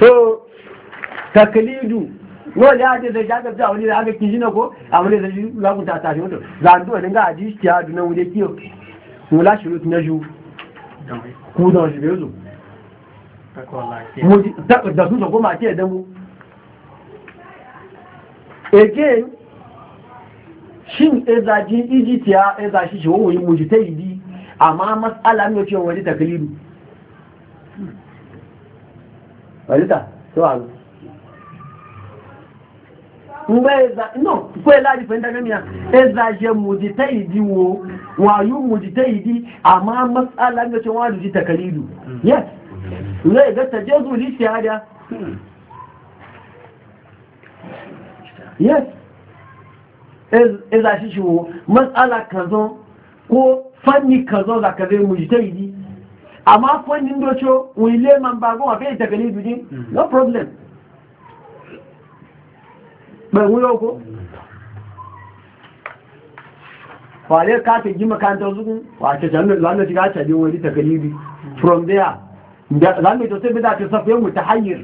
so taklidu wani ya ce zai shagar ta wani da aka kishi na ko a wani zai shi ku ta shi wato za a duwa dinga a ji shi ya duna wani kiyo mula shi rutu na ju ku da wani bezu da sun sako ma ke da mu again shin ezajin egypt ya ezashi shi wani mujita idi amma matsala ne ce wani taklidu ọ̀lítà tó wà lọ. Ngbẹ́ ẹ̀zà, no, kó ẹ láàrín fẹ́ dágbẹ́mìá, ẹ̀zà jẹ mùdítẹ́ ìdí wo, wà yú mùdítẹ́ ìdí, àmá mọ́sálà ń gẹ́ṣẹ́ wọ́n àdújí tẹ̀kẹ̀lì ìlú. Yes, ilé ìgbẹ́sẹ̀ jésù ní ṣe àdá. Yes, ẹ̀zà ṣíṣe wo, mọ́sálà kàzán, kó fánì kàzán làkàzẹ́ mùdítẹ́ ìdí. àmọ́ pọ́n ní ndóṣó òun ilé ma ń bá gún àfẹ́ ìtẹ̀kẹ̀lẹ̀ ìdújí no problem pẹ̀lú lóko wàlẹ́ káàkiri jí makaranta zukun wà ṣẹ̀ṣẹ̀ lánàá ti ìdí from there lánàá tó ti sọ fẹ́ mú ta hanyar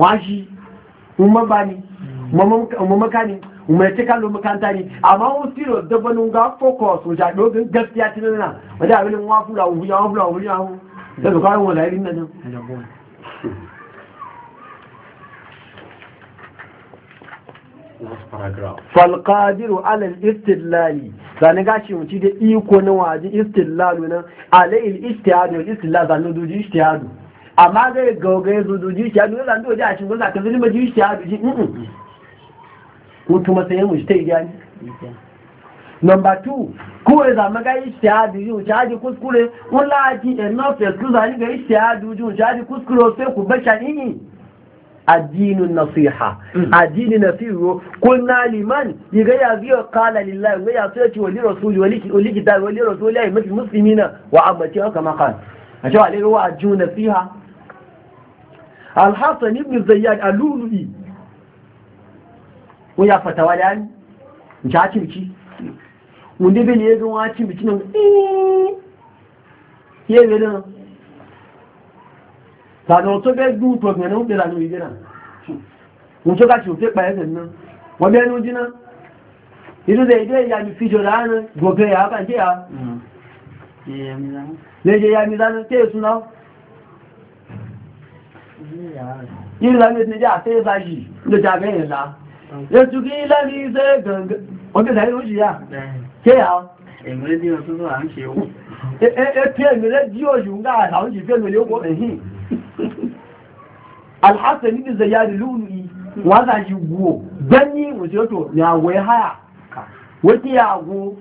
wọ́n ṣí ni mamakani umarci kallo makanta ne amma wani siro dabanin ga focus wajen dogon gaskiya ta nuna wajen abinin wafula fura ya wafula wa ya wa fura da su kayan irin nan falqadiru alal istillali zane gashi mutu da iko na waje istilalu nan alayil istihadu istilal zane doji istihadu amma zai gaugaye zuduji istihadu zane doji a cikin gusa ta zini maji istihadu ji hutu matsayin ta yani number 2 kure za maga ijtihad yu chaji kuskure wala ji enough za ni ga ijtihad yu chaji kuskure sai ku basha ni? addinin nasiha mm. addinin nasiha kunna liman yiga ya biyo qala lillahi wa ya sai wa li rasuli wa li kitab wa li rasuli mutu muslimina wa amati kama qala a cewa alai wa ajju nasiha Alhassan, ibn zayyad al wọ́n yà fàtàwà dáa ní ìjà àtìmìkí wọ́n débé ní ẹgbẹ́ wọn àtìmìkí náà yé rẹ̀ náà tàbí tó bẹ́ gbú tọ̀gbẹ̀ náà pẹ̀lá ní ìgbẹ́ náà wọ́n tó káàkiri òfé pa ẹ̀sẹ̀ náà wọ́n bẹ́ ẹnu dínà ìdúdẹ̀ ìdẹ́ ìyá ni fíjọ láàárín gòkè yà bá jẹ́ yà lẹ́jẹ̀ yà mi lánà tẹ́ èsù náà ìlànà ìtìjẹ́ àfẹ́ ìbáyìí lójà bẹ́ẹ̀ yẹn láà ya tuki lani sai ganga wanda da yi wuce ya ke ya èmi rédíò tó tó à ń ṣe owó ẹ̀ẹ́pẹ́ èmi rédíò yìí ń gá àwọn jì fẹ́ lórí owó ẹ̀hìn alhassan ní zayari lónìí yi wọ́n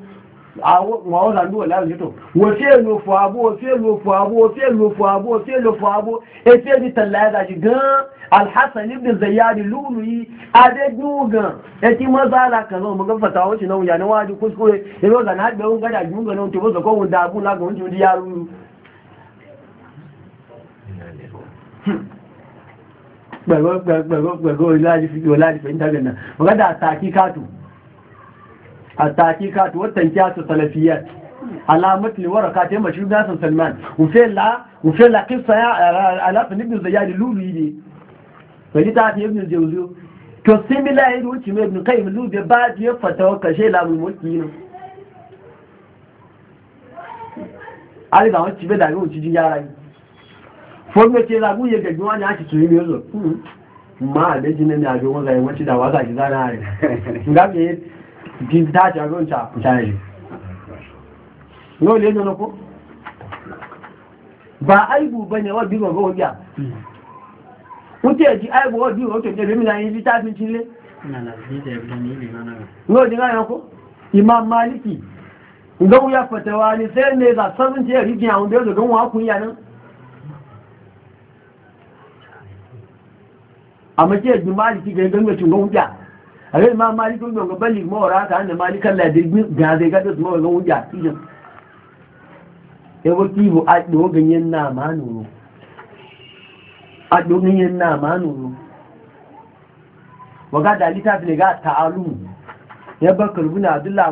àwọn ọ̀làdúwọ̀ láàrin tó wọ́n tí èlò fò àbó wọ́n tí èlò fò àbó wọ́n tí èlò fò àbó wọ́n tí èlò fò àbó etí èdè gan alhassan ibn zayari lúlù yìí adégbùngàn etí mọ́sára kan náà mọ́gán fàtà wọ́n náà yà níwájú kúskúrẹ́ التحقيقات والتنكيات السلفيات على مثل ورقات مشروع ناس سلمان وفي لا وفي لا قصة على ابن زياد اللولي دي فلتاتي ابن الجوزيو to similar yin wuce mai ibn kai mulu da ba da ya fata kashe lamun mulki yin aliba wọn ci bai da yawon cijin yara yi fọ́nà ce lagun ya gaggi wani ake tuni mai yanzu ma a bai jini ne a bai wanzayen wacce da waza ki zana ne jíjájì agbóǹtà àpùsáyì yóò lè nínú kó ba aibu ya wuce ji aibu na ji ta fin bi ne no ji imam maliki ya fatawa ne sai ne za 70 rigin awon da zo don wa kun ya nan amma ke ji maliki ga gangan cin gogo alai ma malik ibn gabali ma wara ta annabi malik Allah da ga zai ga da kuma ga wuya kijin yabo kibo a do ganyen na ma nuru a do ganyen na ma nuru waga da litafi ne ga ta'alu ya ba kalbuna abdullah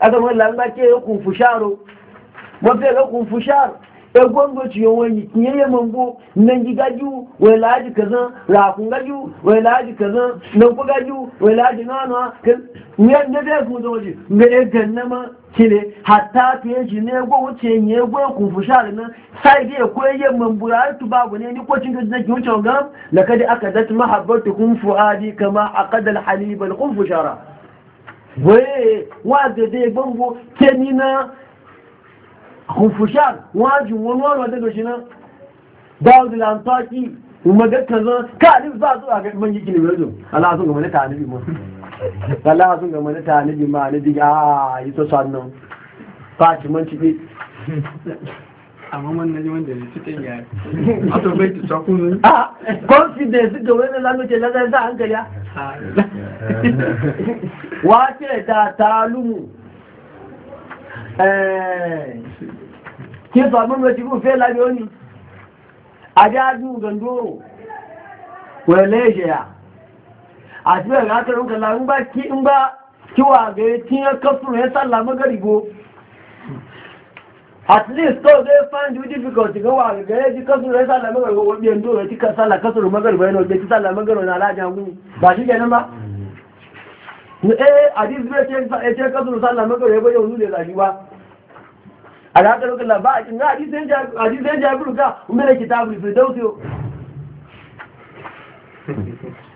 aka mọ́ ìlànà kí èyí kùn fùṣàrò wọ́n fẹ́ fùṣàrò egon goci yawon yi kinye nan ji gaju gaju nan ku gaju kile e hatta ta yi ne gwa wuce ne gwa kun fi na sai dai ko yin mambo ya tu babu ne ni ko cin gaji zaki wuce gam lakadi aka zata kun fuadi kama aqadal halibal kun wee nwa dede gbogbo temi na kufushan nwa ji wani wani wadda doshi na dawudi lantaki umaga kaza ka alif za a gaban yi Allah sun gama na ta ma Allah sun gama na ta ma a ah, yi sannan àmọ́mọ́ ní wọ́n dẹ̀rẹ̀ tí kẹ́yà rẹ̀ ọ́tọ̀bẹ́ ti sọkún ní confidence gẹ̀wé ní lánúkẹ́ lẹ́gbẹ̀ẹ́dá ń gẹ̀yà wá kílẹ̀ ta tààlùmù kí sọ mọ́mọ́ ti fún fẹ́ lábẹ́ A ajájú gandoro ka ìṣẹ̀yà àti bẹ̀rẹ̀ látọ̀rọ̀ ń kẹlá ń gbá kíwà gẹ̀ẹ́ tí yẹn kọ́sùn rẹ̀ sálà mọ́gàrìgbò at least to zai find you difficult ga wa ga yaji kasu rai sallah magarba ko biyan dole ki ka sallah kasu magarba yana da ki sallah magarba na alaja mu ba shi kenan ba eh hadis bai ce fa eh kasu sallah magarba ba yau ne da shi ba alaka lokacin la ba a kin hadis sai ja hadis sai ja buru ga mun da kitabu fi dausi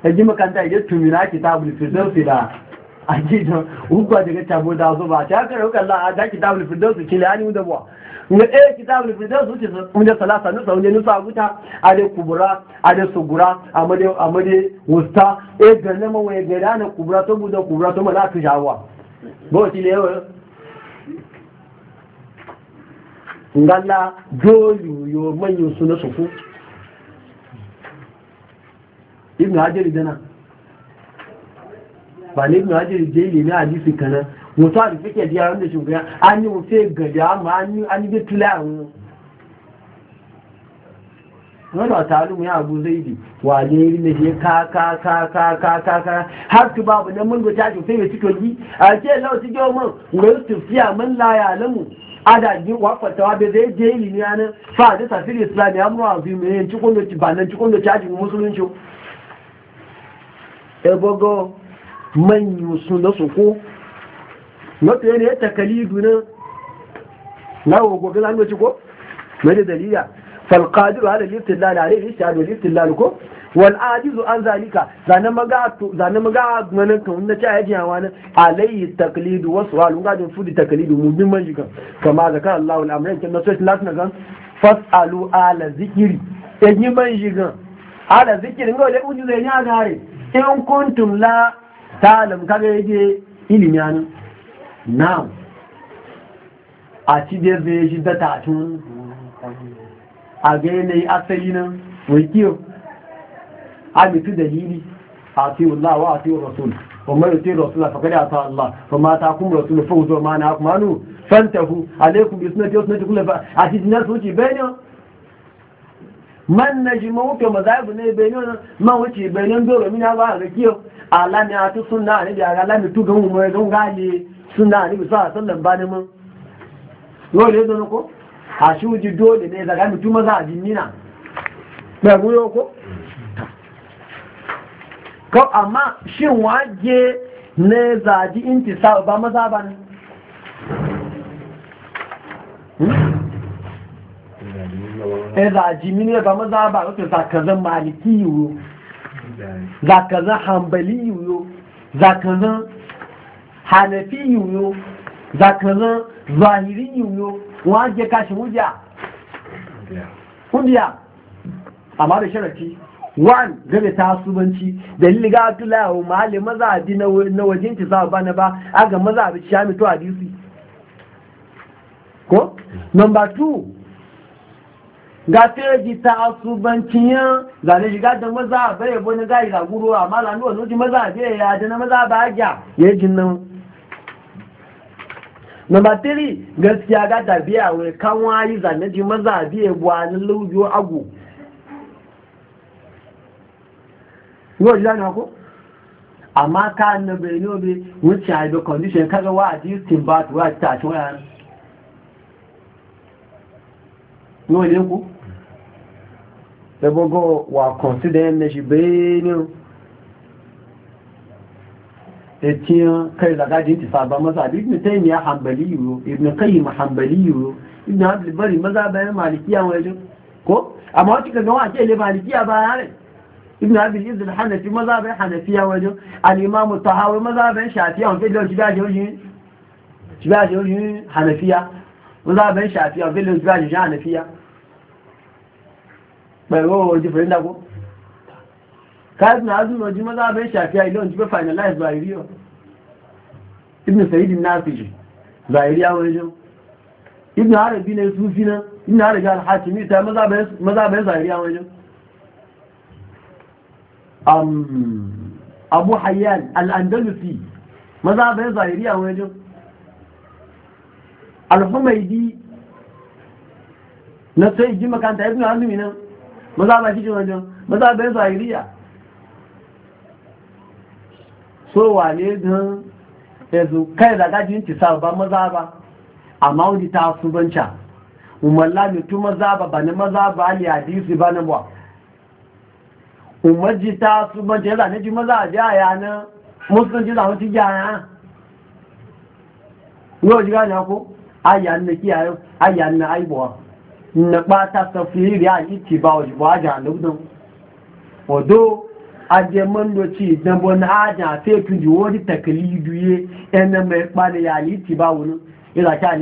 yaji makanta ya tumina kitabu fi dausi da ajidan ugwa daga tabo da zo ba ta ka lokacin la a da kitabu fi dausi kile ani da ba ne ɗaya kitabul ce wuce wunde salasa nusa wunde nusa wuta a da kubura a ade sugura amade amade wusta e ganne ma waye gari na kubura to buda kubura to mala tu jawa bo ti le yo ngalla dolu yo manyu suna sufu ibn hajar dana ba ne ibn hajar je ne hadisi kana mutu da fike biya wanda shugaba an yi wufe gari amma an yi bitula a wani wani wata alimu ya abu zai bi wane yi ne shi ka ka ka ka ka ka ka har tu babu nan mun gota shi sai suka yi a ce lau su gyau mun wai su fiya mun alamu? ya lamu adadin wakwatawa bai zai je yi ne ana fa da tafsir islam ya mu azu me yin cikon da ba nan cikon da caji musulunci ebogo manyu sun da su ko mafi yana ya takalidu na lawo gobe zan ci ko mai da dalila falqadiru ala liftilal alayhi ishadu liftilal ko wal ajizu an zalika zanan maga zanan maga manan kan na ta yaji hawa na alayhi taqlidu wa su'al ga din fudi taqlidu mu bin man jikan kama zakar Allahu al-amran kin nasu lati na gan fasalu ala zikiri yanyi man jikan ala zikiri ngole uju zai ya gare in kuntum la ta'lam kage yaje ilimi anan now a ci da zai shi da tatun a ga yanayi asali nan wakiyo a mitu dalili a ce wallah wa a ce rasul kuma ya ce rasul fa kada ta Allah kuma ta kun rasul fa uzo ma na kuma nu fantahu alaikum bi sunnati wa sunnati kullu a ci dinar su ci bayan man na najma wuke mazhabu ne bayan man wuce bayan dole min ya ba a kiyo ala ne a tu sunna ne da ala ne tu ga mu ga gale suna ni bisa sallan ba ne mun yau ne zo ko a shi wuji dole ne zaga mutu maza a jinnina ba guyo ko ko amma shin waje ne zaji inti sa ba maza ba ne hmm? e eh, zaji mini ba maza ba wato zakazan maliki yiwu zakazan hambali yiwu zakazan hanafi yiwu zakarin zahiri yiwu wọ́n jẹ kashi wúdíà wúdíà amma da sharafi wani gane ta subanci dalil ga tulawo mahalli mazabi na wajen zaba za ba ga ba aga mazabi shami a hadisi ko number 2 ga ji ta asubancin yan zane shiga da maza bai yabo na gari ga guruwa amma lanuwa nuji maza bai ya da na maza ba ya yi jin nan Number three, gaskiya ga tabiya wai kan wayi zane ji maza biye lujo agu. Yau ji zane ko? Amma ka na bai ne obi wuce haibe kaga wa a ji stin ba tuwa ta ci waya Yau ne ku? Ebogo wa consider bai ne cikin kai zagadin ta saba masa da ibn taymiya hanbali yuro ibn qayyim hanbali yuro ibn abdul bari maza bayan malikiya wajen ko amma wata kaga wa ke le malikiya ba yare ibn abdul izz al hanafi maza bayan hanafiya wajen al imam tahawi maza bayan shafiya wa fidda shiga shi shiga jawjin hanafiya maza bayan shafiya wa shi shiga jawjin hanafiya bai wo jibril da ko kazi na azumin wajen maza bai shafi a ilon jibe finalize zahiriyo ibn ji zahiri zahiriya wajen ibn harabi na sufi na ibn harabi al-hatimi ta maza bai zahiri zahiriya wajen abu hayyan al-andalusi maza bai zahiri zahiriya wajen al-humaidi na sai ji makanta ibn azumi nan maza bai shi wajen maza bai zahiri zahiriya so wane don yanzu kai da gajin ci ba maza ba amma wani ta subanca umarla mutu maza ba ba na maza ba ali hadisi ba na ba umarji ta subanca yana na ji maza a ji a yana musulun ji zama ci ji a yana yau ji gani a ayyan na kiyaye ayyan na aibuwa na ɓata safiri a iti ba wajen ba a jihar lubdin odo ajeman mandoci dan bon aja fe tu ji wori taklidu ye en me ya li ba wonu ila ta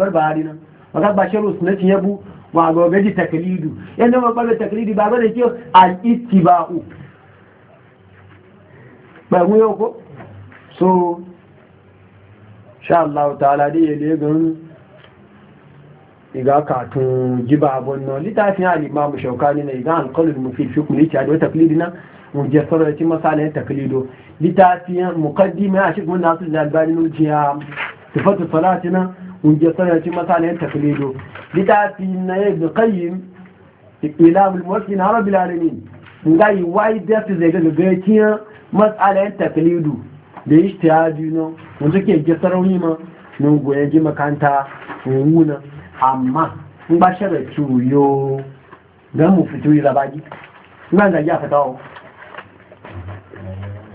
barbari na maka basharu sunnati yabu wa go gaji taklidu en ma pale ya ba bane ki al ittiba'u ba mu yoko so insha Allah ta'ala dai ne gan iga katun jiba abun nan shaukani na iga alqalul mufid fi kulli ta mujassar da cikin masalayin taklido litafiyan muqaddima a cikin nasu da albani nujiya sifatu salatina mujassar da cikin masalayin taklido litafi na ibn qayyim ilam al-muwassin arab al-alamin ngai wai da su zai ga gaskiya masalayin taklido da ta yi na, no ke suke jasarauni ma nun goyen ji makanta wuna amma in ba sharar ciwo yo mu fito yi rabagi nan da ya fata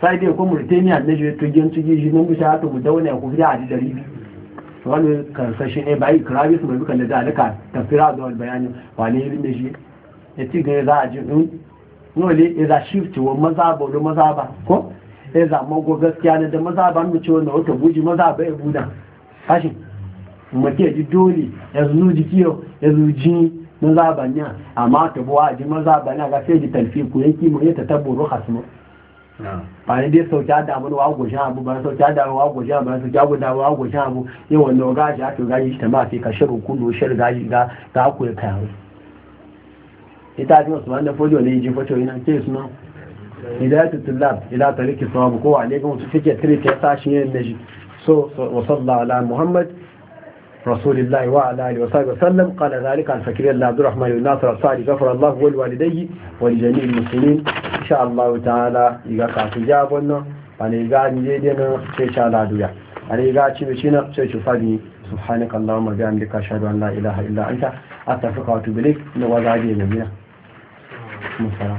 saidi ko mauritania na je to gen tuji shi mun bisa to mu dauna ku fi da dari bi wani sashi ne bai kravis mai bukan da zalika tafira da bayani wani irin da shi ya ci ga za a ji in hmm, nole ya za shift wa maza ba da maza ba ko ya za mago gaskiya ne da maza ba mu ce wannan wata buji maza ba ya buda kashi mu ke ji dole ya zuru jikiyo ya zuru jini maza ba ne amma ta buwa ji maza ba ne ga sai ji talfi ku yanki mu ya ta ruhas mu bayan dai sauki hada abu da wago shan abu bayan sauki hada wago shan bayan sauki hada da wago shan abu yau wanda waga shi ake gaji shi ta mafi ka shirin kullu shir gaji ga ga ku ya kayan ita ce usman da fojo ne ji fojo ina ce suna hidayatul tulab ila tariki kowa ko alaikum wasu fike tiri ta sashi ne so wa sallallahu ala muhammad رسول الله وعلى آله وصحبه وسلم قال ذلك عن فكر الله عبد الرحمن بن ناصر الصالح غفر الله والوالديه ولجميع المسلمين إن شاء الله تعالى إذا كانت جابنا فنيغا نجيدنا شاء الله دويا فنيغا تشبشنا تشفاني سبحانك اللهم وبحمدك أشهد أن لا إله إلا أنت أتفق وأتوب إليك نوازع دينا منا السلام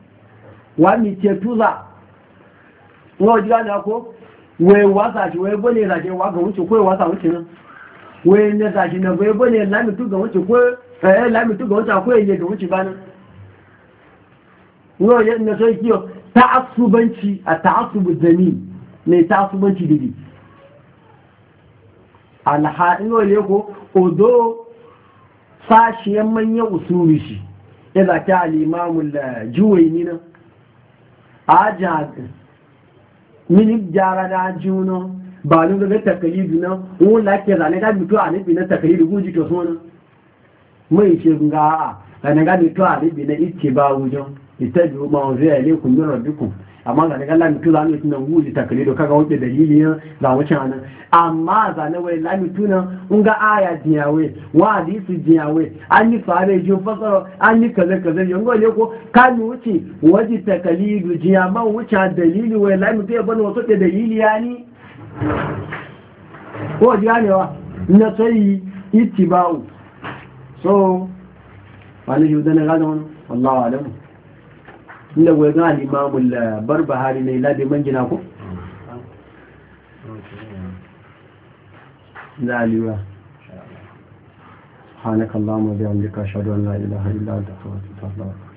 wa mi ke tuza wọ́n jí láti akó wèé wáṣà ṣe wèé bóyá ìràṣẹ wà gàn wúṣe kó ìwáṣà wúṣe náà wèé nẹ́sà ṣe náà wèé bóyá lámì tó kó èyẹ gàn wúṣe bá wọ́n yẹ ní sọ ọ ta'asubanci a ta'asubu zami ne wọ́n yẹ ko odo shi ajag mini jara da juno ba lu ga takalidu na o la ke zane ga mutu a nabi na takalidu guji to so mai ce ga a ga ga mutu a nabi na ittiba wujon itabi ma wa zai alaikum min rabbikum amma ga daga lamitu za mu tunan wuri takali da kaga wuce dalili ya za wuce ci anan amma za na wai lamitu tuna, in ga aya jiyawe wa hadisi jiyawe an yi fare jin fasara an yi kaza kaza yan gole ko ka wuce waji takali du jiya man wuce dalili wai lamitu ya bani wasu da dalili ya ni ko jiyanewa na sai itibau so wani yi ga da wani, wallahi alamu inda kuwa gan al'imamun labar bahari ne labe man gina ku? zaliwa hannaka lamu da yamdika shaɗu an la'ila har ila da kawai ta